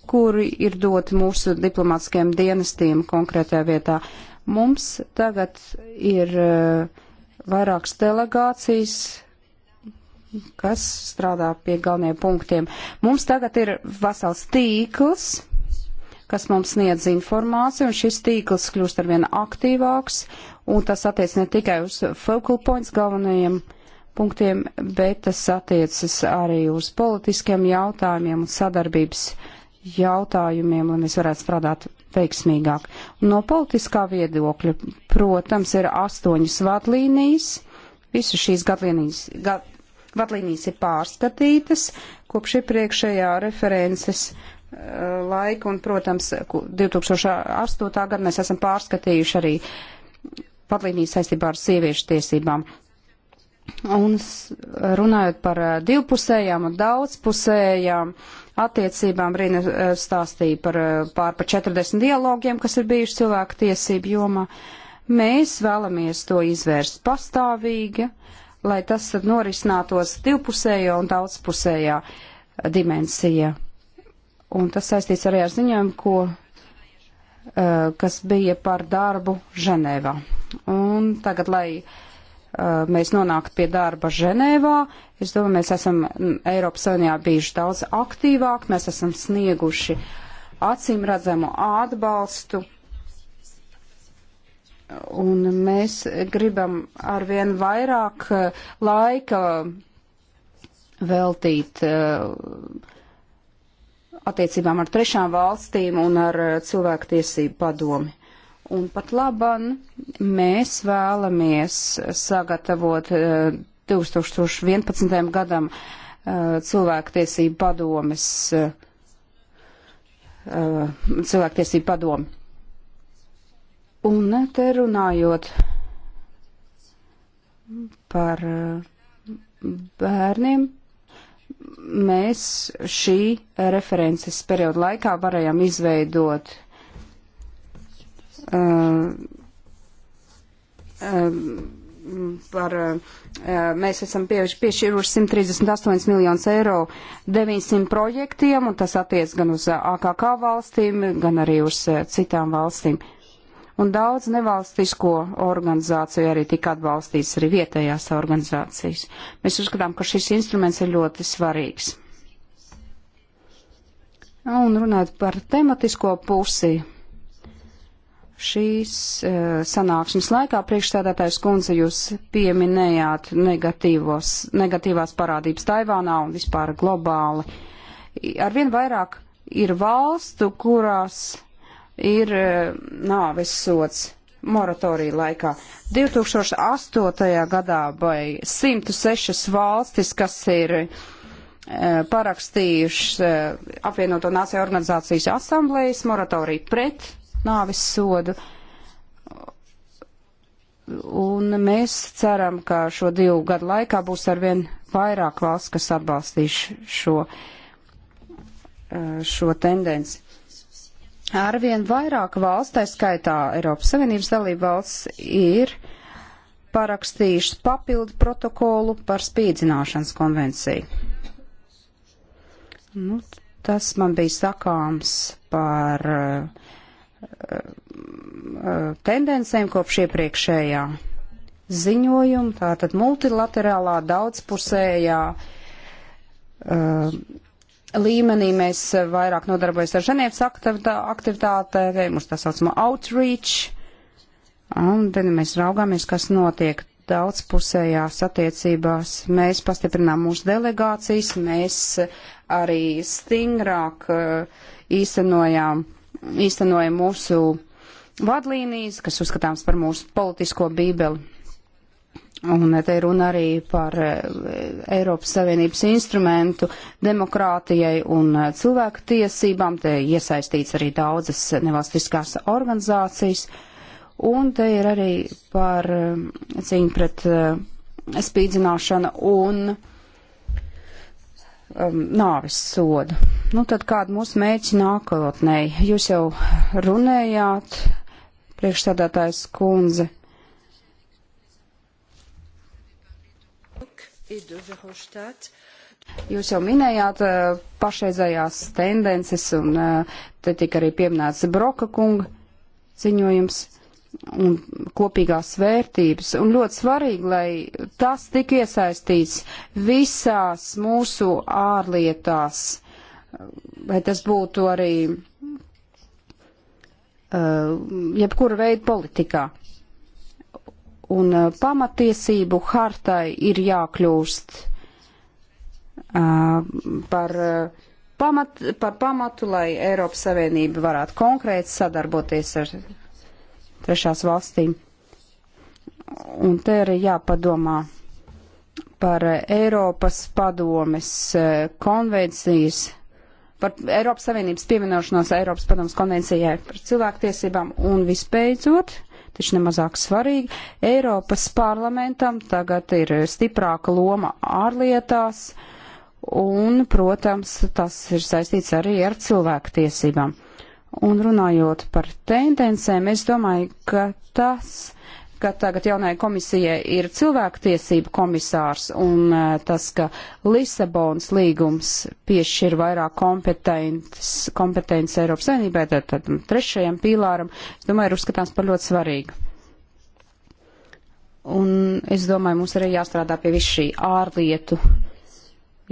kuri ir doti mūsu diplomātskajiem dienestiem konkrētajā vietā, uh, Mums tagad ir eh, vairākas delegācijas, kas strādā pie galvenajiem punktiem. Mums tagad ir vesels tīkls, kas mums sniedz informāciju, un šis tīkls kļūst arvien aktīvāks, un tas attiec ne tikai uz focal points galvenajiem punktiem, bet tas attiecas arī uz politiskiem jautājumiem un sadarbības jautājumiem, lai mēs varētu strādāt veiksmīgāk. No politiskā viedokļa, protams, ir astoņas vadlīnijas. Visas šīs gadlīnijas, gad, vadlīnijas ir pārskatītas kopš iepriekšējā references uh, laika, un, protams, 2008. gadu mēs esam pārskatījuši arī vadlīnijas saistībā ar sieviešu tiesībām. Un runājot par uh, divpusējām un daudzpusējām attiecībām. Rina eh, stāstīja par eh, pār par 40 dialogiem, kas ir bijuši cilvēku tiesību jomā. Mēs vēlamies to izvērst pastāvīgi, lai tas norisinātos divpusējo un daudzpusējā dimensijā. Un tas saistīts arī ar ziņojumu, ko eh, kas bija par darbu Ženēvā. Un tagad, lai uh, Uh, mēs nonāktu pie darba Ženēvā. Es domāju, mēs esam Eiropas Savienībā bijuši daudz aktīvāk, mēs esam snieguši acīm redzamu atbalstu. Un mēs gribam arvien vairāk uh, laika veltīt uh, attiecībām ar trešām valstīm un ar cilvēku tiesību padomi. Un pat laban mēs vēlamies sagatavot 2011. Eh, gadam eh, cilvēktiesību padomes, eh, cilvēktiesību padomu. Un te runājot par bērniem, mēs šī references perioda laikā varējām izveidot Uh, uh, par, uh, mēs esam piešķīruši 138 miljonus eiro 900 projektiem, un tas attiec gan uz uh, AKK valstīm, gan arī uz citām valstīm. Un daudz nevalstisko organizāciju arī tika atbalstīts, arī vietējās organizācijas. Mēs uzskatām, ka šis instruments ir ļoti svarīgs. Un runājot par tematisko pusi, Šīs uh, sanāksmes laikā priekšstādātājs kundze jūs pieminējāt negatīvās parādības Taivānā un vispār globāli. Arvien vairāk ir valstu, kurās ir uh, eh, nāves sots moratorija laikā. 2008. gadā vai 106 valstis, kas ir e, eh, parakstījuši e, apvienoto nāciju organizācijas asamblējas moratoriju pret nāvis sodu. Un mēs ceram, ka šo divu gadu laikā būs arvien vairāk valsts, kas atbalstīs šo, eh, šo tendenci. Arvien vairāk valsts, tā skaitā Eiropas Savienības dalība valsts, ir parakstījušas papildu protokolu par spīdzināšanas konvenciju. Nu, tas man bija sakāms par uh, tendencēm kopš iepriekšējā ziņojuma, tātad multilaterālā daudzpusējā uh, līmenī mēs vairāk nodarbojas ar Ženēvas aktivitātēm, uz tā saucamā outreach, un tad nu mēs raugāmies, kas notiek daudzpusējās attiecībās. Mēs pastiprinām mūsu delegācijas, mēs arī stingrāk uh, īstenojām uh, īstenoja mūsu vadlīnijas, kas uzskatāms par mūsu politisko bībeli. Un te ir runa arī par e, Eiropas Savienības instrumentu demokrātijai un e, cilvēku tiesībām. Te iesaistīts arī daudzas nevalstiskās organizācijas. Un te ir arī par e, cīņu pret spīdzināšanu un um, nāvis sodu. Nu, tad kāda mūsu mērķi nākotnē? Jūs jau runējāt, priekšstādātājs kundze. Jūs jau minējāt uh, pašreizējās tendences, un uh, te tika arī pieminēts Broka kunga ziņojums un kopīgās vērtības. Un ļoti svarīgi, lai tas tik iesaistīts visās mūsu ārlietās, lai tas būtu arī uh, jebkura veida politikā. Un uh, pamatiesību hartai ir jākļūst uh, par. Uh, pamat, par pamatu, lai Eiropas Savienība varētu konkrēti sadarboties ar trešās valstīm. Un te ir jāpadomā par Eiropas padomes eh, konvencijas, par Eiropas Savienības pievienošanos Eiropas padomes konvencijai par cilvēktiesībām un vispēcot, taču nemazāk svarīgi, Eiropas parlamentam tagad ir stiprāka loma ārlietās un, protams, tas ir saistīts arī ar cilvēktiesībām. Un runājot par tendencēm, es domāju, ka tas, ka tagad jaunai komisijai ir cilvēktiesību komisārs un eh, tas, ka Lisabons līgums piešķir vairāk kompetences Eiropas saimnībai, tad, tad trešajam pīlāram, es domāju, ir uzskatāms par ļoti svarīgu. Un es domāju, mums arī jāstrādā pie visu šī ārlietu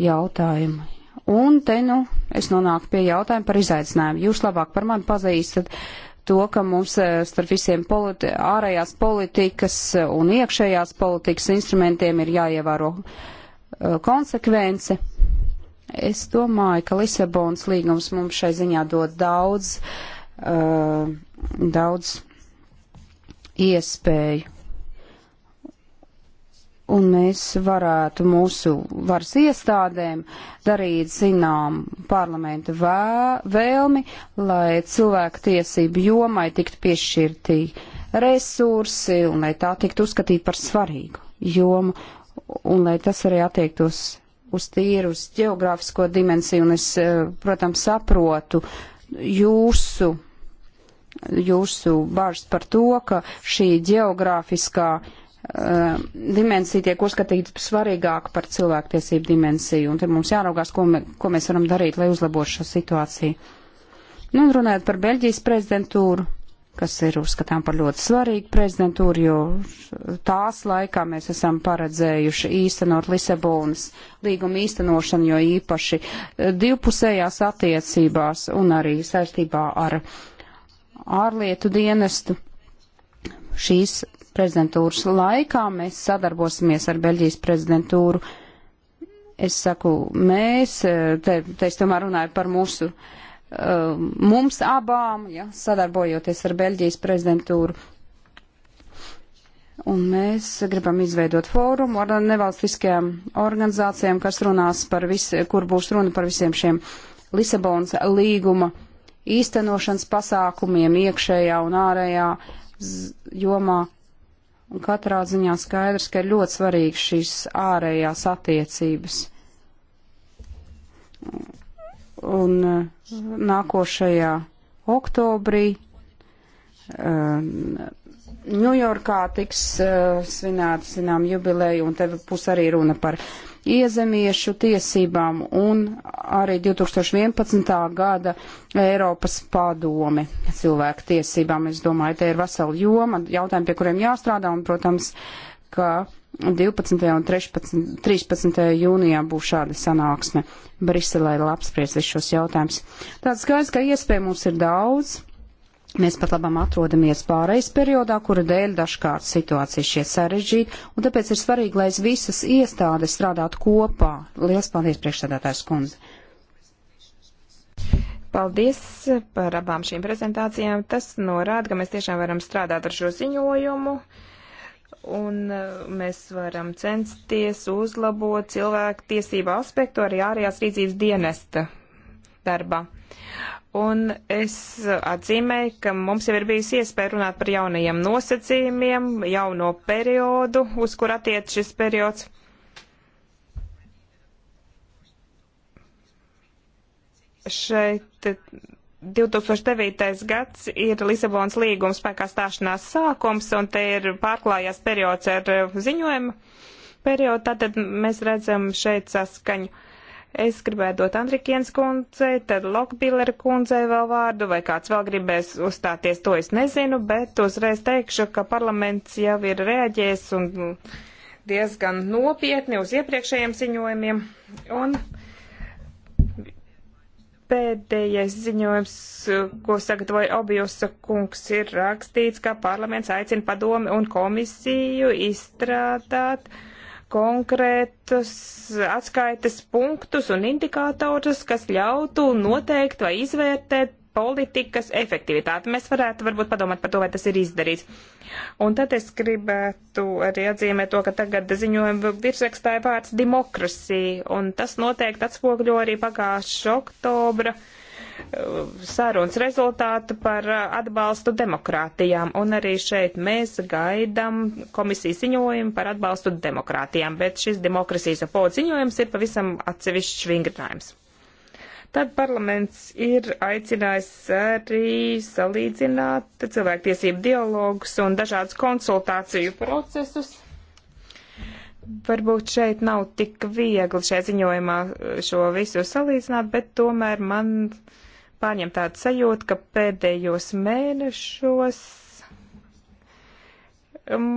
jautājumu Un te nu es nonāku pie jautājuma par izaicinājumu. Jūs labāk par mani pazīstat to, ka mums eh, starp visiem politi ārējās politikas un iekšējās politikas instrumentiem ir jāievēro eh, konsekvence. Es domāju, ka Lisabonas līgums mums šai ziņā dod daudz, uh, daudz iespēju un mēs varētu mūsu varas iestādēm darīt zinām parlamenta vē, vēlmi, lai cilvēku tiesību jomai tiktu piešķirti resursi un lai tā tiktu uzskatīta par svarīgu jomu un lai tas arī attiektos uz tīru, uz geogrāfisko dimensiju. Un es, eh, protams, saprotu jūsu, jūsu bars par to, ka šī geogrāfiskā uh, uh, dimensija tiek uzskatīta svarīgāka par cilvēktiesību dimensiju, un te mums jāraugās, ko, me, ko mēs varam darīt, lai uzlabotu šo situāciju. Nu, un runājot par Beļģijas prezidentūru, kas ir uzskatām par ļoti svarīgu prezidentūru, jo tās laikā mēs esam paredzējuši īstenot Lisabonas līguma īstenošanu, jo īpaši eh, divpusējās attiecībās un arī saistībā ar ārlietu dienestu šīs prezidentūras laikā. Mēs sadarbosimies ar Beļģijas prezidentūru. Es saku, mēs, eh, te, te es tomēr runāju par mūsu, eh, mums abām, ja, sadarbojoties ar Beļģijas prezidentūru. Un mēs gribam izveidot fórumu ar nevalstiskajām organizācijām, kas runās par visu, kur būs runa par visiem šiem Lisabonas līguma īstenošanas pasākumiem iekšējā un ārējā jomā. Un katrā ziņā skaidrs, ka ir ļoti svarīgs šīs ārējās attiecības. Un eh, nākošajā oktobrī eh, Ņujorkā tiks eh, svinēta, zinām, jubileja, un te būs arī runa par iezemiešu tiesībām un arī 2011. gada Eiropas padome cilvēku tiesībām. Es domāju, te ir vesela joma, jautājumi, pie kuriem jāstrādā un, protams, ka 12. un 13. 13. jūnijā būs šāda sanāksme Briselē, lai apspries visus šos jautājumus. Tāds skaidrs, ka iespēja mums ir daudz Mēs pat labam atrodamies pārejas periodā, kura dēļ dažkārt situācija šie sarežģīta, un tāpēc ir svarīgi, lai visas iestādes strādātu kopā. Lielas paldies, priekšsēdētājs kundze! Paldies par abām šīm prezentācijām. Tas norāda, ka mēs tiešām varam strādāt ar šo ziņojumu un uh, mēs varam censties uzlabot cilvēku tiesību aspektu arī ārējās rīcības dienesta darbā. Un es atzīmēju, ka mums jau ir bijusi iespēja runāt par jaunajiem nosacījumiem, jauno periodu, uz kur attiec šis periods. Šeit 2009. gads ir Lisabonas līguma spēkā stāšanās sākums, un te ir pārklājās periods ar ziņojumu periodu, tātad mēs redzam šeit saskaņu Es gribētu dot Andrikienas kundzei, tad Lokbīlera kundzei vēl vārdu, vai kāds vēl gribēs uzstāties, to es nezinu, bet uzreiz teikšu, ka parlaments jau ir reaģējis un diezgan nopietni uz iepriekšējiem ziņojumiem. Un pēdējais ziņojums, ko sagatavoja Obiusa kungs, ir rakstīts, ka parlaments aicina padomi un komisiju izstrādāt uh, konkrētus atskaites punktus un indikātorus, kas ļautu noteikt vai izvērtēt politikas efektivitāti. Mēs varētu varbūt padomāt par to, vai tas ir izdarīts. Un tad es gribētu arī atzīmēt to, ka tagad ziņojuma virsrakstā ir vārds demokrasija, un tas noteikti atspogļo arī pagājušā oktobra uh, sarunas rezultātu par uh, atbalstu demokrātijām. Un arī šeit mēs gaidām komisijas ziņojumu par atbalstu demokrātijām, bet šis demokrasijas apoda ziņojums ir pavisam atsevišķs vingrinājums. Tad parlaments ir aicinājis arī salīdzināt cilvēktiesību dialogus un dažādas konsultāciju procesus varbūt šeit nav tik viegli šajā ziņojumā šo visu salīdzināt, bet tomēr man pārņem tādu sajūtu, ka pēdējos mēnešos um,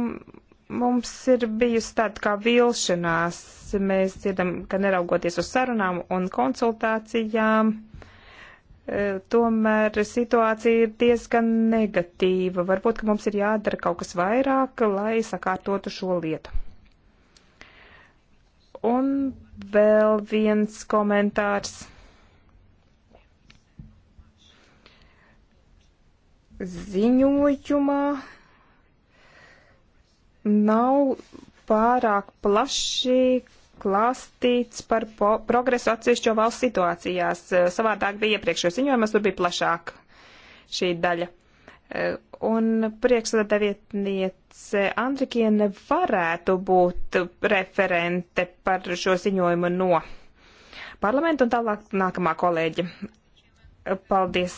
mums ir bijusi tāda kā vilšanās. Mēs dzirdam, ka neraugoties uz sarunām un konsultācijām, eh, tomēr situācija ir diezgan negatīva. Varbūt, ka mums ir jādara kaut kas vairāk, lai sakārtotu šo lietu. Un vēl viens komentārs. ziņojumā nav pārāk plaši klāstīts par progresu atsevišķo valstu situācijās. Savādāk bija iepriekšējos ziņojumos, tur bija plašāk šī daļa. Un priekšsēdētājvietniece Andrikiene varētu būt referente par šo ziņojumu no parlamenta un tālāk nākamā kolēģa. Paldies!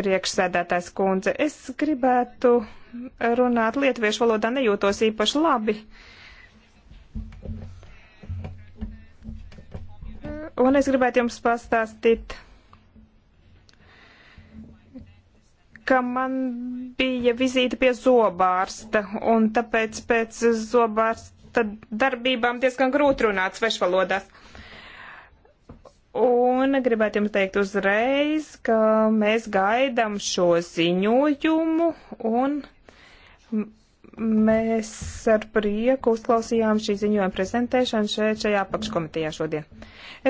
priekšsēdētājs kundze. Es gribētu runāt lietuviešu valodā, nejūtos īpaši labi. Un es gribētu jums pastāstīt, ka man bija vizīte pie zobārsta, un tāpēc pēc zobārsta darbībām diezgan grūti runāt svešvalodās. Un gribētu jums teikt uzreiz, ka mēs gaidām šo ziņojumu un mēs ar prieku uzklausījām šī ziņojuma prezentēšanu šeit šajā apakškomitejā šodien.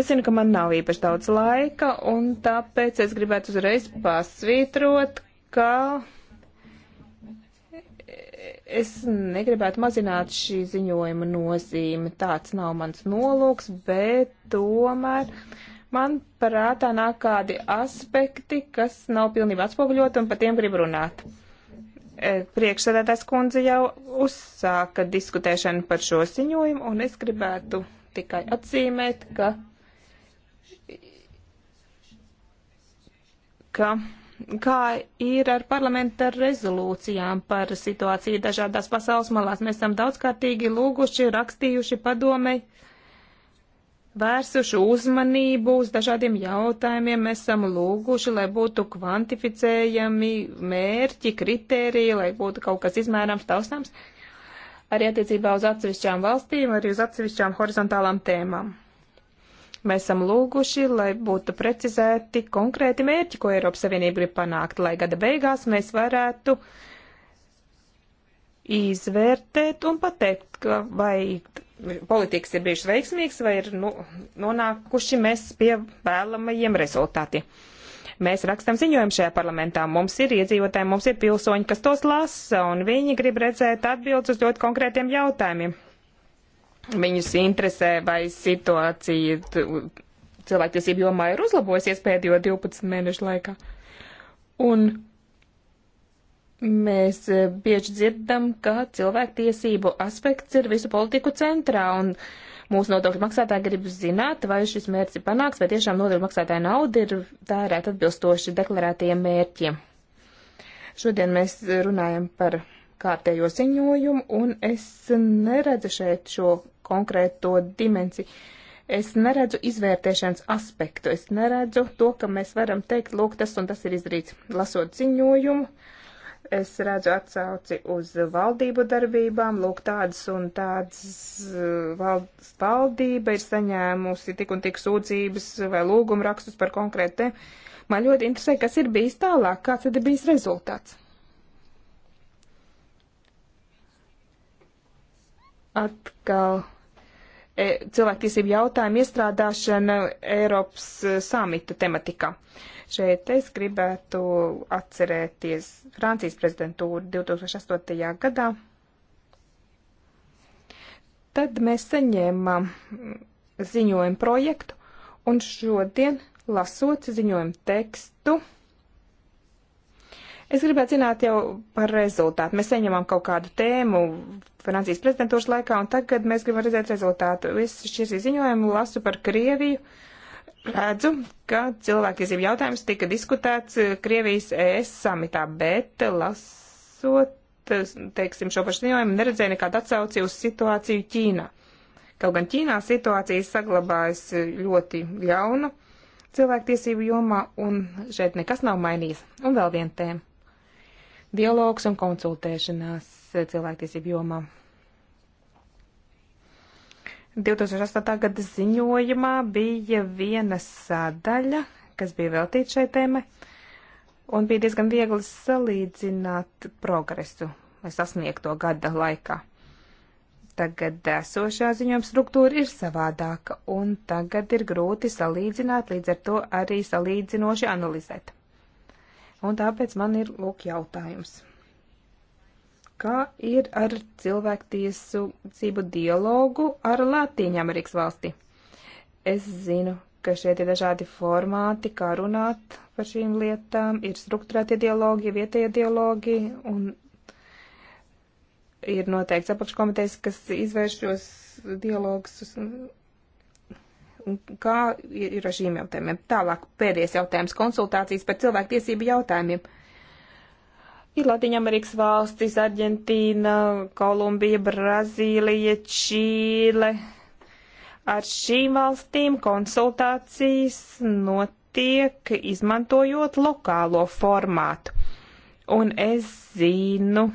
Es zinu, ka man nav īpaši daudz laika un tāpēc es gribētu uzreiz pasvītrot, ka es negribētu mazināt šī ziņojuma nozīmi. Tāds nav mans nolūks, bet tomēr. Uh, man prātā nāk kādi aspekti, kas nav pilnībā atspoguļoti un par tiem grib runāt. E, priekšsēdētājs kundze jau uzsāka diskutēšanu par šo ziņojumu, un es gribētu tikai atzīmēt, ka, ka kā ir ar parlamenta rezolūcijām par situāciju dažādās pasaules malās. Mēs esam daudzkārtīgi lūguši, rakstījuši padomei vērsuši uzmanību uz dažādiem jautājumiem. Mēs esam lūguši, lai būtu kvantificējami mērķi, kritēriji, lai būtu kaut kas izmērāms, taustāms, arī attiecībā uz atsevišķām valstīm, arī uz atsevišķām horizontālām tēmām. Mēs esam lūguši, lai būtu precizēti konkrēti mērķi, ko Eiropas Savienība grib panākt, lai gada beigās mēs varētu izvērtēt un pateikt, vai politikas ir bijušas veiksmīgas vai ir nu, nonākuši mēs pie vēlamajiem rezultātiem. Mēs rakstam ziņojumu šajā parlamentā, mums ir iedzīvotāji, mums ir pilsoņi, kas tos lasa, un viņi grib redzēt atbildes uz ļoti konkrētiem jautājumiem. Viņus interesē, vai situācija cilvēktiesību jomā ir uzlabojusies pēdējo 12 mēnešu laikā. Un Mēs e, bieži dzirdam, ka cilvēktiesību aspekts ir visu politiku centrā, un mūsu nodokļu maksātāji grib zināt, vai šis mērķis ir panāks, vai tiešām nodokļu maksātāja nauda ir tērēt atbilstoši deklarētajiem mērķiem. Šodien mēs runājam par kārtējo ziņojumu, un es neredzu šeit šo konkrēto dimensiju. Es neredzu izvērtēšanas aspektu, es neredzu to, ka mēs varam teikt, lūk, tas un tas ir izdarīts, lasot ziņojumu es redzu atsauci uz valdību darbībām, lūk tādas un tādas eh, valsts valdība ir saņēmusi tik un tik sūdzības vai lūguma rakstus par konkrēti. Man ļoti interesē, kas ir bijis tālāk, kāds tad ir bijis rezultāts. Atkal E, cilvēktiesību jautājumu iestrādāšana Eiropas e, samita tematikā. Šeit es gribētu atcerēties Francijas prezidentūru 2008. gadā. Tad mēs saņēmām ziņojumu projektu, un šodien, lasot ziņojumu tekstu, Es gribētu zināt jau par rezultātu. Mēs saņemam kaut kādu tēmu Francijas prezidentūras laikā, un tagad mēs gribam redzēt rezultātu. Es šis ziņojumu lasu par Krieviju. Redzu, ka cilvēktiesību jautājums tika diskutēts Krievijas ES samitā, bet lasot, teiksim, šo pašu ziņojumu neredzēju nekādu atsauci uz situāciju Ķīnā. Kaut gan Ķīnā situācija saglabājas ļoti ļauna cilvēktiesību jomā, un šeit nekas nav mainījies. Un vēl viena tēma dialogs un konsultēšanās cilvēktiesību jomā. 2008. gada ziņojumā bija viena sadaļa, kas bija veltīta šai tēmai, un bija diezgan viegli salīdzināt progresu vai sasniegto gada laikā. Tagad esošā ziņojuma struktūra ir savādāka, un tagad ir grūti salīdzināt, līdz ar to arī salīdzinoši analizēt. Un tāpēc man ir lūk jautājums. Kā ir ar cilvēktiesu dialogu ar Latīņu Amerikas valsti? Es zinu, ka šeit ir dažādi formāti, kā runāt par šīm lietām, ir struktūrētie dialogi, vietējie dialogi, un ir noteikts apakškomitejas, kas izvērš šos dialogus kā ir ar šīm jautājumiem. Tālāk pēdējais jautājums - konsultācijas par cilvēktiesību jautājumiem. Ir Latvijas valstis, Argentīna, Kolumbija, Brazīlija, Čīle. Ar šīm valstīm konsultācijas notiek izmantojot lokālo formātu. Un es zinu,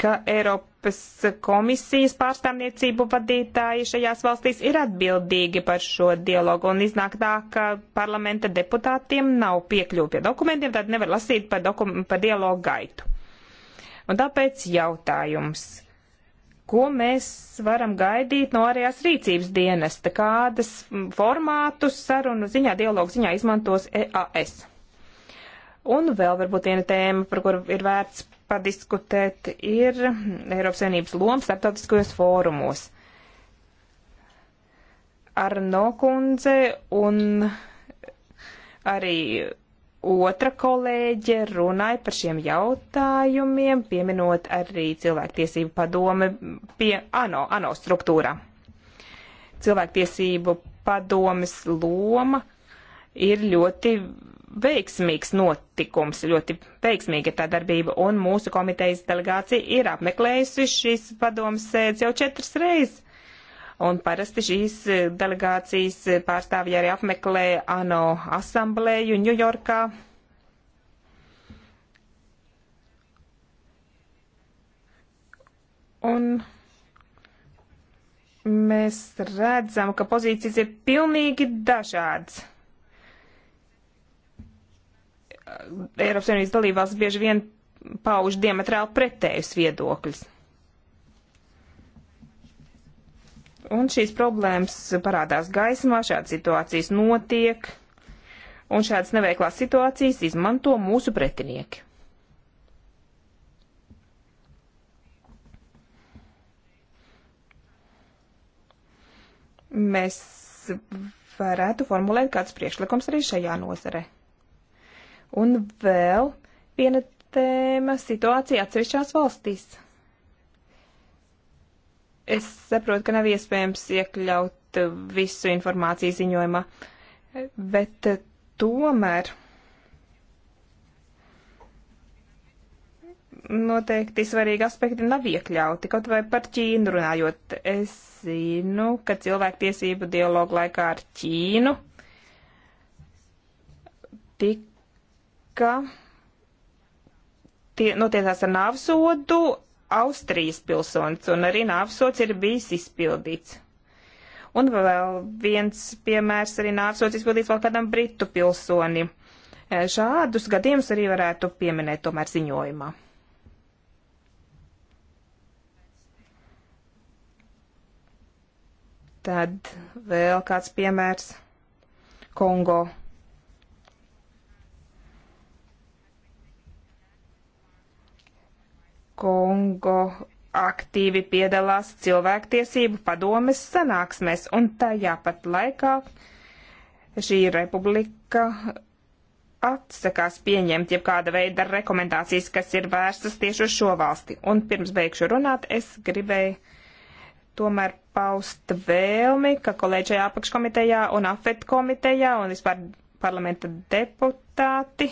ka Eiropas komisijas pārstāvniecību vadītāji šajās valstīs ir atbildīgi par šo dialogu un iznāk tā, ka parlamenta deputātiem nav piekļuvi pie dokumentiem, tad nevar lasīt par, par dialogu gaitu. Un tāpēc jautājums. Ko mēs varam gaidīt no ārējās rīcības dienesta? Kādas formātus sarunu ziņā, dialogu ziņā izmantos EAS? Un vēl varbūt viena tēma, par kuru ir vērts padiskutēt, ir Eiropas Savienības loma starptautiskajos fórumos. Ar Nokundze un arī otra kolēģe runāja par šiem jautājumiem, pieminot arī cilvēktiesību padome pie ANO, ANO struktūrā. Cilvēktiesību padomes loma ir ļoti veiksmīgs notikums, ļoti veiksmīga tā darbība, un mūsu komitejas delegācija ir apmeklējusi šīs padomas sēdes jau četras reizes. Un parasti šīs eh, delegācijas pārstāvji arī apmeklē ANO asamblēju Ņujorkā. Un mēs redzam, ka pozīcijas ir pilnīgi dažādas Eiropas Savienības dalībvalstis bieži vien pauž diametrāli pretējus viedokļus. Un šīs problēmas parādās gaismā, šādas situācijas notiek, un šādas neveiklās situācijas izmanto mūsu pretinieki. Mēs varētu formulēt kāds priekšlikums arī šajā nozarē. Un vēl viena tēma - situācija atsevišķās valstīs. Es saprotu, ka nav iespējams iekļaut visu informāciju ziņojumā, bet tomēr noteikti svarīgi aspekti nav iekļauti, kaut vai par Ķīnu runājot. Es zinu, ka cilvēktiesību dialogu laikā ar Ķīnu tik ka tie notiesās ar nāvsodu Austrijas pilsonis, un arī nāvsods ir bijis izpildīts. Un vēl viens piemērs arī nāvsods izpildīts vēl kādam britu pilsonim. E, šādus gadījumus arī varētu pieminēt tomēr ziņojumā. Tad vēl kāds piemērs - Kongo. Kongo aktīvi piedalās cilvēktiesību padomes sanāksmēs, un tajā pat laikā šī republika atsakās pieņemt jebkāda veida rekomendācijas, kas ir vērstas tieši uz šo valsti. Un pirms beigšu runāt, es gribēju tomēr paust vēlmi, ka kolēģi šajā apakškomitejā un afet komitejā un vispār parlamenta deputāti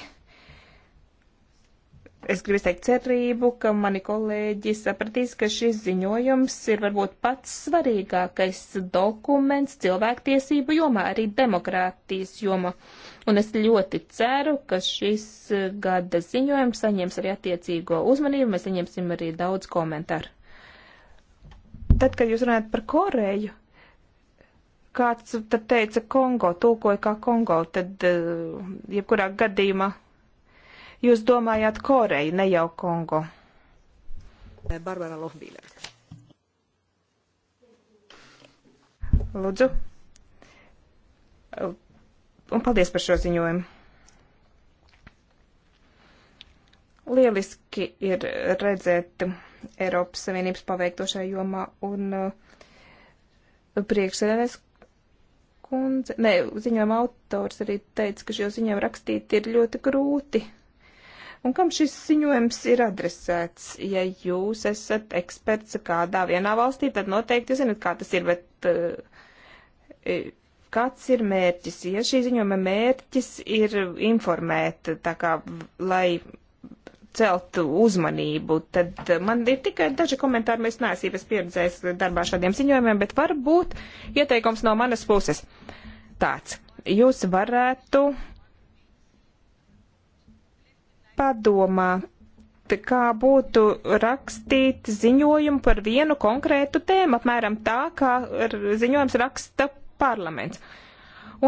Es gribu izteikt cerību, ka mani kolēģi sapratīs, ka šis ziņojums ir varbūt pats svarīgākais dokuments cilvēktiesību jomā, arī demokrātijas jomā. Un es ļoti ceru, ka šis gada ziņojums saņems arī attiecīgo uzmanību, mēs saņemsim arī daudz komentāru. Tad, kad jūs runājat par Koreju, kāds tad teica Kongo, tulkoja kā Kongo, tad eh, jebkurā gadījumā Jūs domājāt Koreju, ne jau Kongo. Barbara Lohbīler. Lūdzu. Un paldies par šo ziņojumu. Lieliski ir redzēt Eiropas Savienības paveikto šajā jomā un uh, priekšsēdētājs kundze, ne, ziņojuma autors arī teica, ka šo ziņojumu rakstīt ir ļoti grūti un kam šis ziņojums ir adresēts. Ja jūs esat eksperts kādā vienā valstī, tad noteikti zinat, kā tas ir, bet uh, kāds ir mērķis? Ja šī ziņojuma mērķis ir informēt, tā kā, lai celtu uzmanību, tad man ir tikai daži komentāri, mēs neesam pieredzējis darbā šādiem ziņojumiem, bet varbūt ieteikums no manas puses tāds. Jūs varētu padomāt, kā būtu rakstīt ziņojumu par vienu konkrētu tēmu, apmēram tā, kā ziņojums raksta parlaments.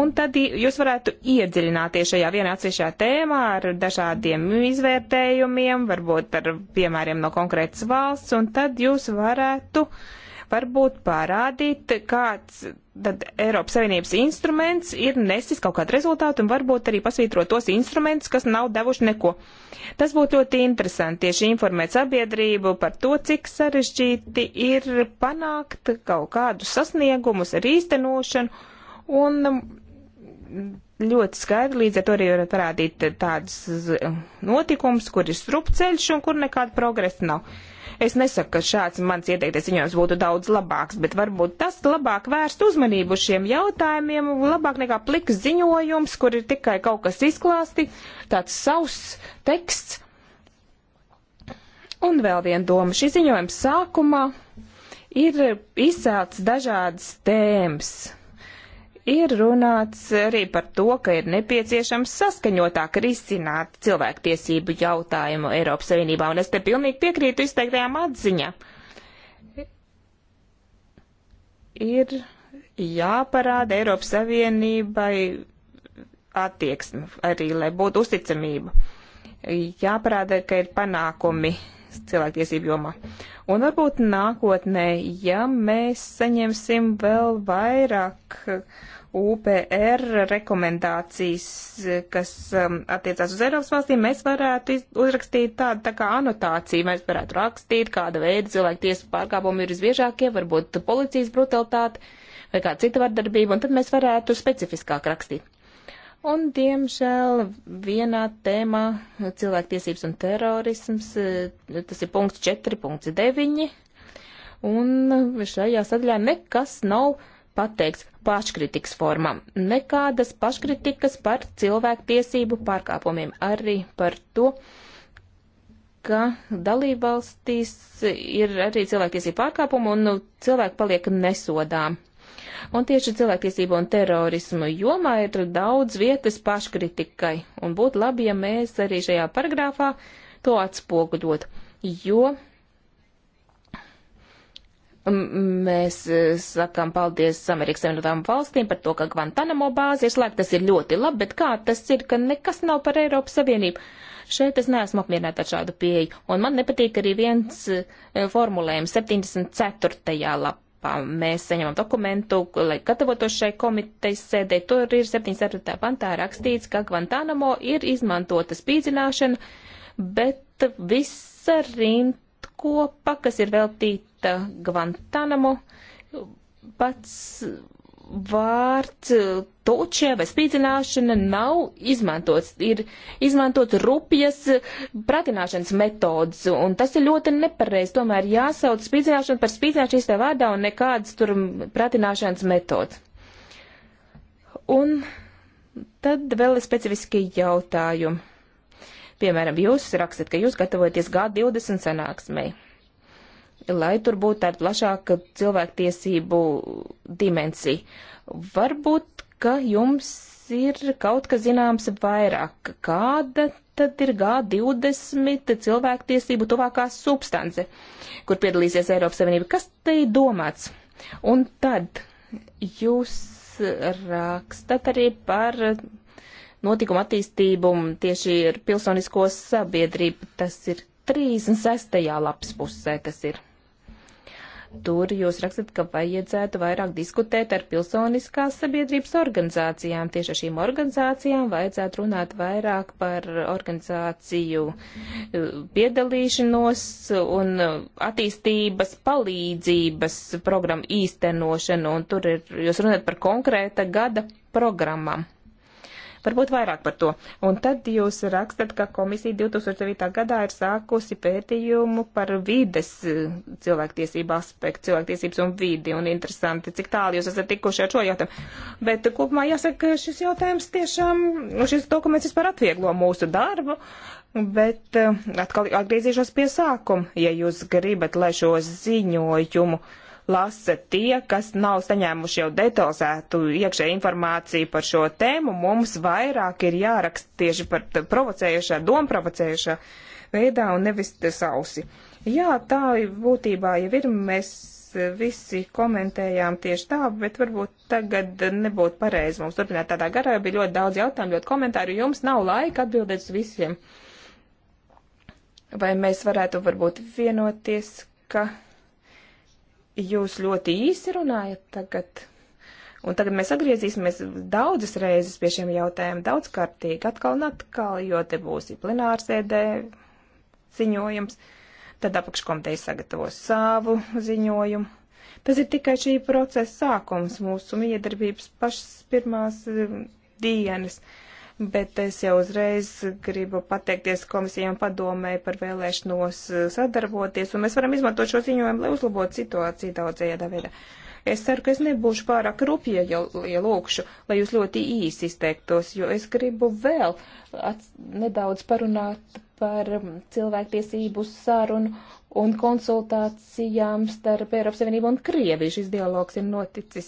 Un tad jūs varētu iedziļināties šajā vienā atsevišķā tēmā ar dažādiem izvērtējumiem, varbūt ar piemēriem no konkrētas valsts, un tad jūs varētu uh, varbūt parādīt, kāds tad Eiropas Savienības instruments ir nesis kaut kādu rezultātu un varbūt arī pasvītrot tos instrumentus, kas nav devuši neko. Tas būtu ļoti interesanti tieši informēt sabiedrību par to, cik sarežģīti ir panākt kaut kādus sasniegumus ar īstenošanu un um, ļoti skaidri, līdz ar to arī varat parādīt tādus uh, notikumus, kur ir strupceļš un kur nekāda progresa nav. Es nesaku, ka šāds mans ieteiktais ziņojums būtu daudz labāks, bet varbūt tas labāk vērst uzmanību šiem jautājumiem, labāk nekā pliks ziņojums, kur ir tikai kaut kas izklāsti, tāds sauss teksts. Un vēl viena doma. Šī ziņojuma sākumā ir izcēlts dažādas tēmas Ir runāts arī par to, ka ir nepieciešams saskaņotāk risināt cilvēktiesību jautājumu Eiropas Savienībā, un es te pilnīgi piekrītu izteiktajām atziņa. Ir jāparāda Eiropas Savienībai attieksme arī, lai būtu uzticamība. Jāparāda, ka ir panākumi cilvēktiesību jomā. Un varbūt nākotnē, ja mēs saņemsim vēl vairāk UPR uh, rekomendācijas, kas um, attiecās uz Eiropas valstīm, mēs varētu uzrakstīt tādu tā kā anotāciju, mēs varētu rakstīt, kāda veida cilvēktiesu pārkāpumi ir visbiežākie, varbūt policijas brutalitāte vai kāda cita vardarbība, un tad mēs varētu specifiskāk rakstīt. Un, diemžēl, vienā tēmā cilvēktiesības un terorisms, eh, tas ir punkts 4.9, un šajā sadaļā nekas nav pateikts paškritikas formām. Nekādas paškritikas par cilvēktiesību pārkāpumiem, arī par to, ka dalībvalstīs ir arī cilvēktiesību pārkāpumi un cilvēki paliek nesodām. Un tieši cilvēktiesību un terorismu jomā ir daudz vietas paškritikai, un būtu labi, ja mēs arī šajā paragrāfā to atspoguļot, jo Mēs e, sakām paldies Amerikas Savienotām valstīm par to, ka Guantanamo bāze ir slēgta. Tas ir ļoti labi, bet kā tas ir, ka nekas nav par Eiropas Savienību? Šeit es neesmu apmierināta ar šādu pieeju. Un man nepatīk arī viens e, formulējums 74. lapā Eiropā. Mēs saņemam dokumentu, lai gatavotos šai komitejas sēdē. Tur ir 7. pantā rakstīts, ka Guantanamo ir izmantota spīdzināšana, bet visa rindkopa, kas ir veltīta Guantanamo, pats vārds eh, točē vai spīdzināšana nav izmantots. Ir izmantots rupjas pratināšanas eh, metodas, un tas ir ļoti nepareizi. Tomēr jāsauc spīdzināšana par spīdzināšanu īstā vārdā un nekādas tur pratināšanas metodas. Un tad vēl ir specifiski jautājumi. Piemēram, jūs rakstat, ka jūs gatavojaties G20 sanāksmei lai tur būtu tāda plašāka cilvēktiesību dimensija. Varbūt, ka jums ir kaut kas zināms vairāk. Kāda tad ir G20 cilvēktiesību tuvākā substance, kur piedalīsies Eiropas Savienība? Kas te ir domāts? Un tad jūs rakstat arī par notikumu attīstību tieši ar pilsonisko sabiedrību. Tas ir 36. lapas pusē tas ir. Tur jūs rakstat, ka vajadzētu vairāk diskutēt ar pilsoniskās sabiedrības organizācijām. Tieši ar šīm organizācijām vajadzētu runāt vairāk par organizāciju uh, piedalīšanos un uh, attīstības palīdzības programmu īstenošanu. Un tur ir, jūs runājat par konkrēta gada programmām varbūt vairāk par to. Un tad jūs rakstat, ka komisija 2009. gadā ir sākusi pētījumu par vides e, cilvēktiesību aspektu, cilvēktiesības un vidi, un interesanti, cik tālu jūs esat tikuši ar šo jautājumu. Bet kopumā jāsaka, ka šis jautājums tiešām, šis dokuments vispār atvieglo mūsu darbu. Bet e, atkal atgriezīšos pie sākuma. Ja jūs gribat, lai šo ziņojumu uh, lasa tie, kas nav saņēmuši jau detalizētu iekšēju informāciju par šo tēmu. Mums vairāk ir jāraksta tieši par provocējušā, domprovocējušā veidā un nevis sausi. Jā, tā būtībā jau ir. Mēs visi komentējām tieši tā, bet varbūt tagad nebūtu pareizi mums turpināt tādā garā, jo bija ļoti daudz jautājumu, ļoti komentāru, jums nav laika atbildēt uz visiem. Vai mēs varētu varbūt vienoties, ka Jūs ļoti īsi runājat tagad. Un tagad mēs atgriezīsimies daudzas reizes pie šiem jautājumiem, daudzkārtīgi, atkal un atkal, jo te būs plenārsēdē ziņojums, tad apakškomiteja sagatavos savu ziņojumu. Tas ir tikai šī procesa sākums mūsu miedarbības pašas pirmās eh, dienas. Uh, bet es jau uzreiz gribu pateikties komisijām padomē par vēlēšanos eh, sadarboties, un mēs varam izmantot šo ziņojumu, lai uzlabotu situāciju daudzajā veidā. Es ceru, ka es nebūšu pārāk rupja, ja, ja lūkšu, lai jūs ļoti īsi izteiktos, jo es gribu vēl nedaudz parunāt par mm, cilvēktiesību sarunu un konsultācijām starp Eiropas Savienību un Krieviju. Šis dialogs ir noticis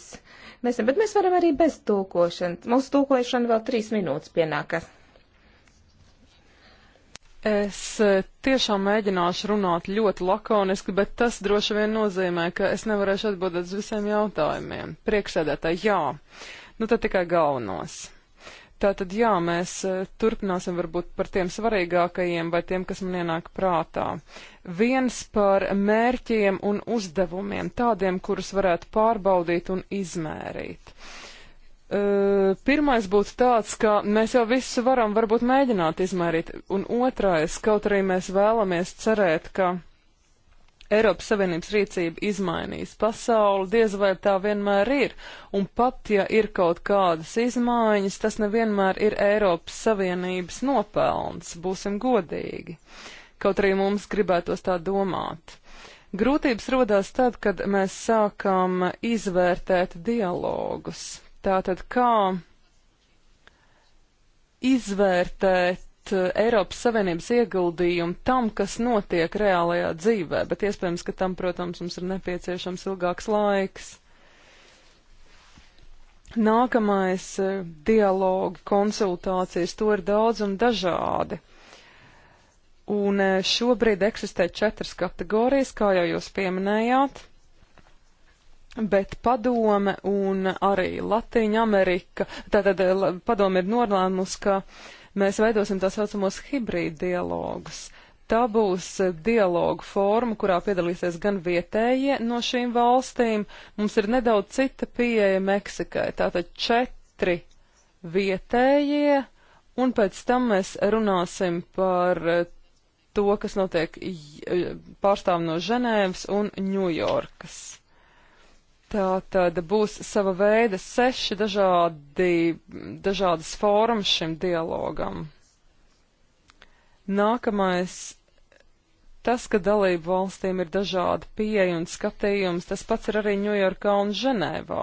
nesen, bet mēs varam arī bez tulkošanas. Mums tulkošana vēl trīs minūtes pienākas. Es eh, tiešām mēģināšu runāt ļoti lakoniski, bet tas droši vien nozīmē, ka es nevarēšu atbildēt uz visiem jautājumiem. Priekšsēdētāji, jā. Nu, tad tikai galvenos. Tātad, jā, mēs e, turpināsim varbūt par tiem svarīgākajiem vai tiem, kas man ienāk prātā. Viens par mērķiem un uzdevumiem, tādiem, kurus varētu pārbaudīt un izmērīt. Uh, pirmais būtu tāds, ka mēs jau visu varam varbūt mēģināt izmērīt, un otrais, kaut arī mēs vēlamies cerēt, ka Eiropas Savienības rīcība izmainīs pasauli, diez vai tā vienmēr ir, un pat ja ir kaut kādas izmaiņas, tas nevienmēr ir Eiropas Savienības nopelns, būsim godīgi, kaut arī mums gribētos tā domāt. Grūtības rodās tad, kad mēs sākam izvērtēt dialogus. Tātad kā izvērtēt Eh, Eiropas Savienības ieguldījumu tam, kas notiek reālajā dzīvē, bet iespējams, ka tam, protams, mums ir nepieciešams ilgāks laiks. Nākamais eh, - dialogi, konsultācijas, to ir daudz un dažādi. Un eh, šobrīd eksistē četras kategorijas, kā jau jūs pieminējāt bet padome un arī Latīņa Amerika, tātad padome ir norlēmusi, ka Mēs veidosim tā saucamos hibrīd dialogus. Tā būs eh, dialogu forma, kurā piedalīsies gan vietējie no šīm valstīm. Mums ir nedaudz cita pieeja Meksikai. Tātad četri vietējie, un pēc tam mēs runāsim par eh, to, kas notiek eh, pārstāv no Ženēvas un Ņujorkas. Tā tad būs sava veida seši dažādi, dažādas formas šim dialogam. Nākamais tas, ka dalību valstīm ir dažādi pieeja un skatījums, tas pats ir arī Ņujorkā un Ženēvā.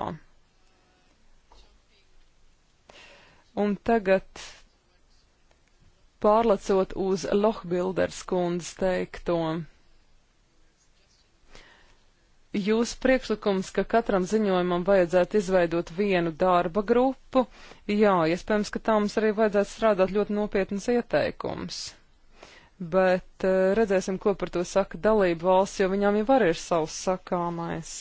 Un tagad pārlecot uz Lohbilders kundzes teikto jūsu priekšlikums, ka katram ziņojumam vajadzētu izveidot vienu darba grupu, jā, iespējams, ka tā mums arī vajadzētu strādāt ļoti nopietnas ieteikums. Bet eh, redzēsim, ko par to saka dalību valsts, jo viņām jau var ir savs sakāmais.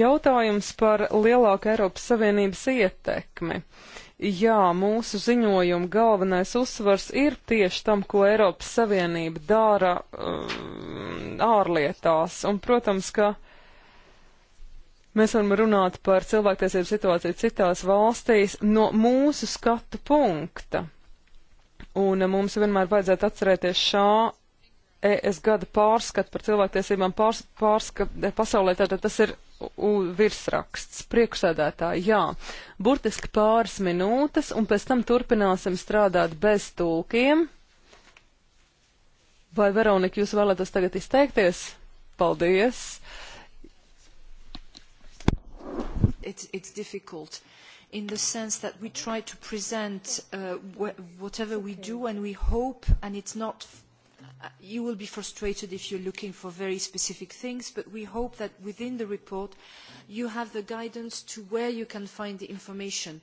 Jautājums par lielāku Eiropas Savienības ietekmi. Uh, Jā, mūsu ziņojuma galvenais uzsvars ir tieši tam, ko Eiropas Savienība dara um, ārlietās. Un, protams, ka mēs varam runāt par cilvēktiesību situāciju citās valstīs no mūsu skatu punkta. Un mums vienmēr vajadzētu atcerēties šā ES gada pārskatu par cilvēktiesībām pārs, pārskat, pasaulē, tātad tas ir virsraksts. Priekšsēdētāji, jā, burtiski pāris minūtes, un pēc tam turpināsim strādāt bez tulkiem. Vai, Veronika, jūs vēlētos tagad izteikties? Paldies! It's, it's difficult in the sense that we try to present uh, wh whatever we do and we hope, and it's not Uh, you will be frustrated if you're looking for very specific things, but we hope that within the report you have the guidance to where you can find the information.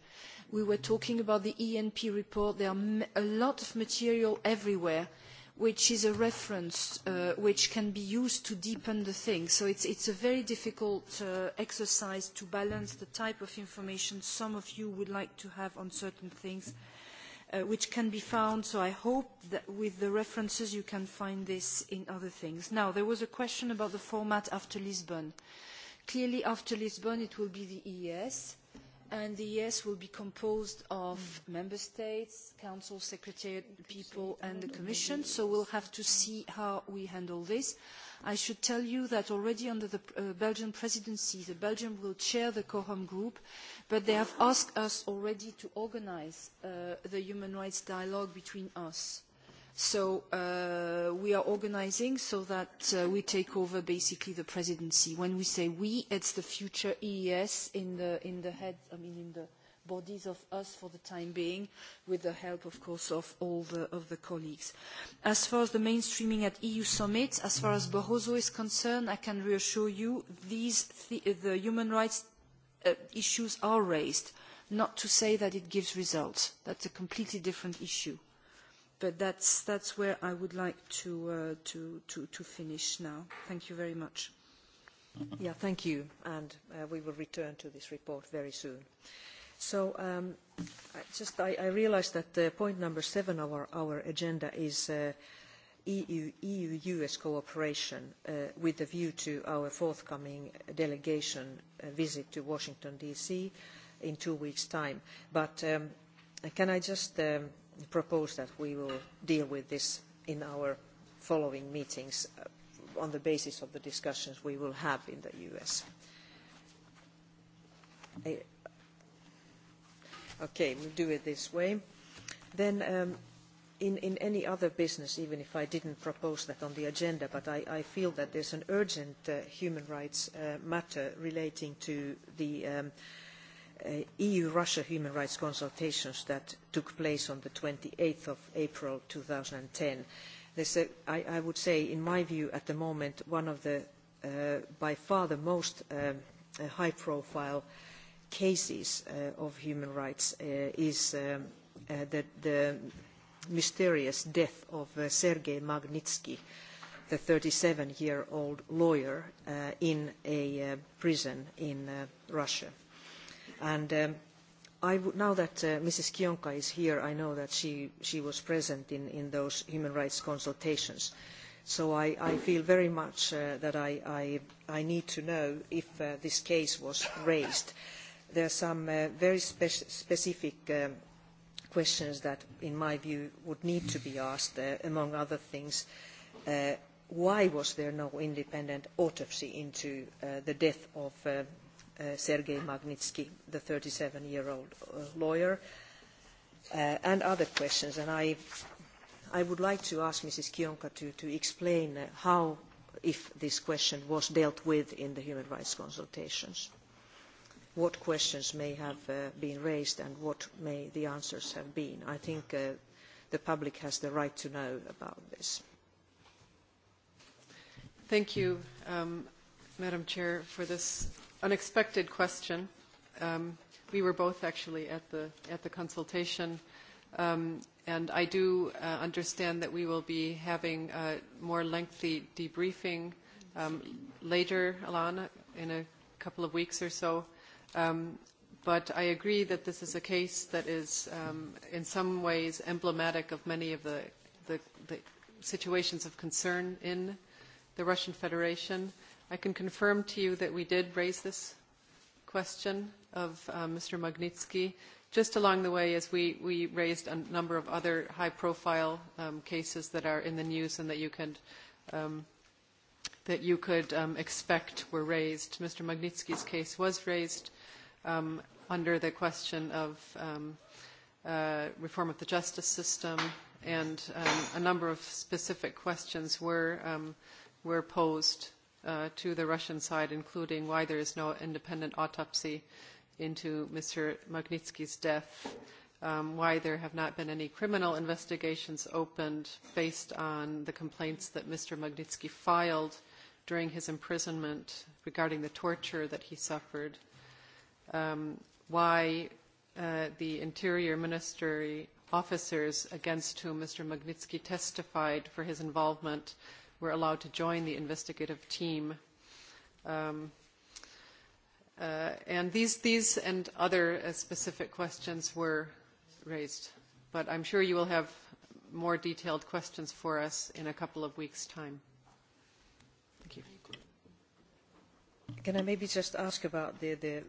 We were talking about the ENP report. There are a lot of material everywhere which is a reference uh, which can be used to deepen the thing. So it's, it's a very difficult uh, exercise to balance the type of information some of you would like to have on certain things. Mm -hmm uh, which can be found, so I hope that with the references you can find this in other things. Now, there was a question about the format after Lisbon. Clearly, after Lisbon, it will be the EES, and the EES will be composed of member states, council, secretariat people, and the commission, so we'll have to see how we handle this. Uh, I should tell you that already under the uh, Belgian presidency, the Belgium will chair the Corum group, but they have asked us already to organize uh, the human rights dialogue between us. So uh, we are organizing so that uh, we take over basically the presidency. When we say we, it's the future EES in the, in the head, I mean in the bodies of us for the time being, with the help, of course, of all the, of the colleagues. As far as the mainstreaming at EU summits, as far as Barroso is concerned, I can reassure you these th the human rights uh, issues are raised. Not to say that it gives results. That's a completely different issue. But that's, that's where I would like to, uh, to, to, to finish now. Thank you very much. Yeah, thank you. And uh, we will return to this report very soon. Uh, So um, I just I, I realized that uh, point number seven of our, our agenda is uh, EU, EU-US cooperation uh, with a view to our forthcoming delegation uh, visit to Washington, D.C. in two weeks' time. But um, can I just um, propose that we will deal with this in our following meetings uh, on the basis of the discussions we will have in the U.S.? Okay, we'll do it this way. Then um, in, in any other business, even if I didn't propose that on the agenda, but I, I feel that there's an urgent uh, human rights uh, matter relating to the um, uh, EU-Russia human rights consultations that took place on the 28th of April 2010. There's a, I, I would say, in my view, at the moment, one of the uh, by far the most um, uh, high-profile uh, cases uh, of human rights uh, is um, uh, the, the mysterious death of uh, Sergei Magnitsky, the 37-year-old lawyer uh, in a uh, prison in uh, Russia. And um, I w now that uh, Mrs. Kionka is here, I know that she, she was present in, in those human rights consultations. So I, I feel very much uh, that I, I, I need to know if uh, this case was raised. Uh, there are some uh, very spe specific um, questions that, in my view, would need to be asked, uh, among other things. Uh, why was there no independent autopsy into uh, the death of uh, uh, Sergei Magnitsky, the 37-year-old uh, lawyer, uh, and other questions? And I, I would like to ask Mrs. Kionka to, to explain uh, how, if this question was dealt with in the human rights consultations what questions may have uh, been raised and what may the answers have been. I think uh, the public has the right to know about this. Thank you, um, Madam Chair, for this unexpected question. Um, we were both actually at the, at the consultation, um, and I do uh, understand that we will be having a more lengthy debriefing um, later, Alana, in a couple of weeks or so Um, but I agree that this is a case that is um, in some ways emblematic of many of the, the, the situations of concern in the Russian Federation. I can confirm to you that we did raise this question of uh, Mr. Magnitsky just along the way as we, we raised a number of other high-profile um, cases that are in the news and that you could, um, that you could um, expect were raised. Mr. Magnitsky's case was raised um, under the question of um, uh, reform of the justice system, and um, a number of specific questions were um, were posed uh, to the Russian side, including why there is no independent autopsy into Mr. Magnitsky's death, um, why there have not been any criminal investigations opened based on the complaints that Mr. Magnitsky filed during his imprisonment regarding the torture that he suffered. Uh, um, why uh, the interior ministry officers against whom Mr. Magnitsky testified for his involvement were allowed to join the investigative team. Um, uh, and these, these and other uh, specific questions were raised, but I'm sure you will have more detailed questions for us in a couple of weeks' time. Thank you. Can I maybe just ask about the, the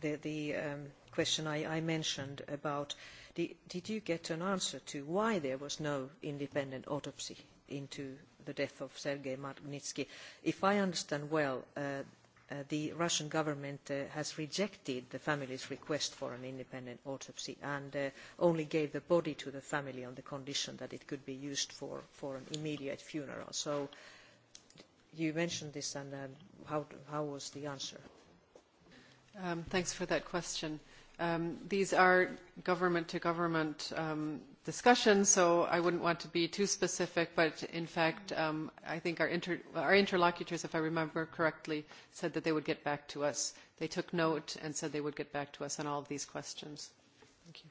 the, the um, question I, I mentioned about did, did you get an answer to why there was no independent autopsy into the death of Sergei Magnitsky? If I understand well, uh, Uh, the Russian government uh, has rejected the family's request for an independent autopsy and uh, only gave the body to the family on the condition that it could be used for, for an immediate funeral. So you mentioned this and um, how, how was the answer? Um, thanks for that question. Um, these are government-to-government -government, um, discussions, so I wouldn't want to be too specific, but in fact, um, I think our, inter our interlocutors, if I remember correctly, said that they would get back to us. They took note and said they would get back to us on all of these questions. Thank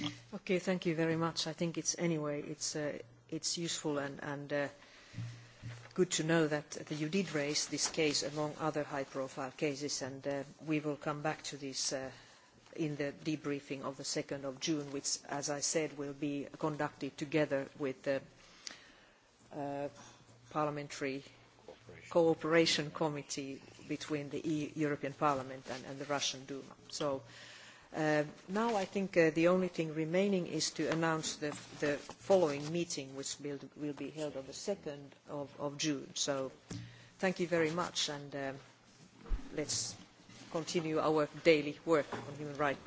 you. Okay, thank you very much. I think it's anyway, it's, uh, it's useful and, and uh, good to know that, that you did raise this case among other high-profile cases, and uh, we will come back to this uh, in the debriefing of the 2nd of June, which, as I said, will be conducted together with the uh, Parliamentary Cooperation, Cooperation Committee between the e European Parliament and, and the Russian Duma. So Uh, now I think uh, the only thing remaining is to announce the, the following meeting, which will, will be held on the 2nd of, of June. So thank you very much, and uh, let's continue our daily work on human rights.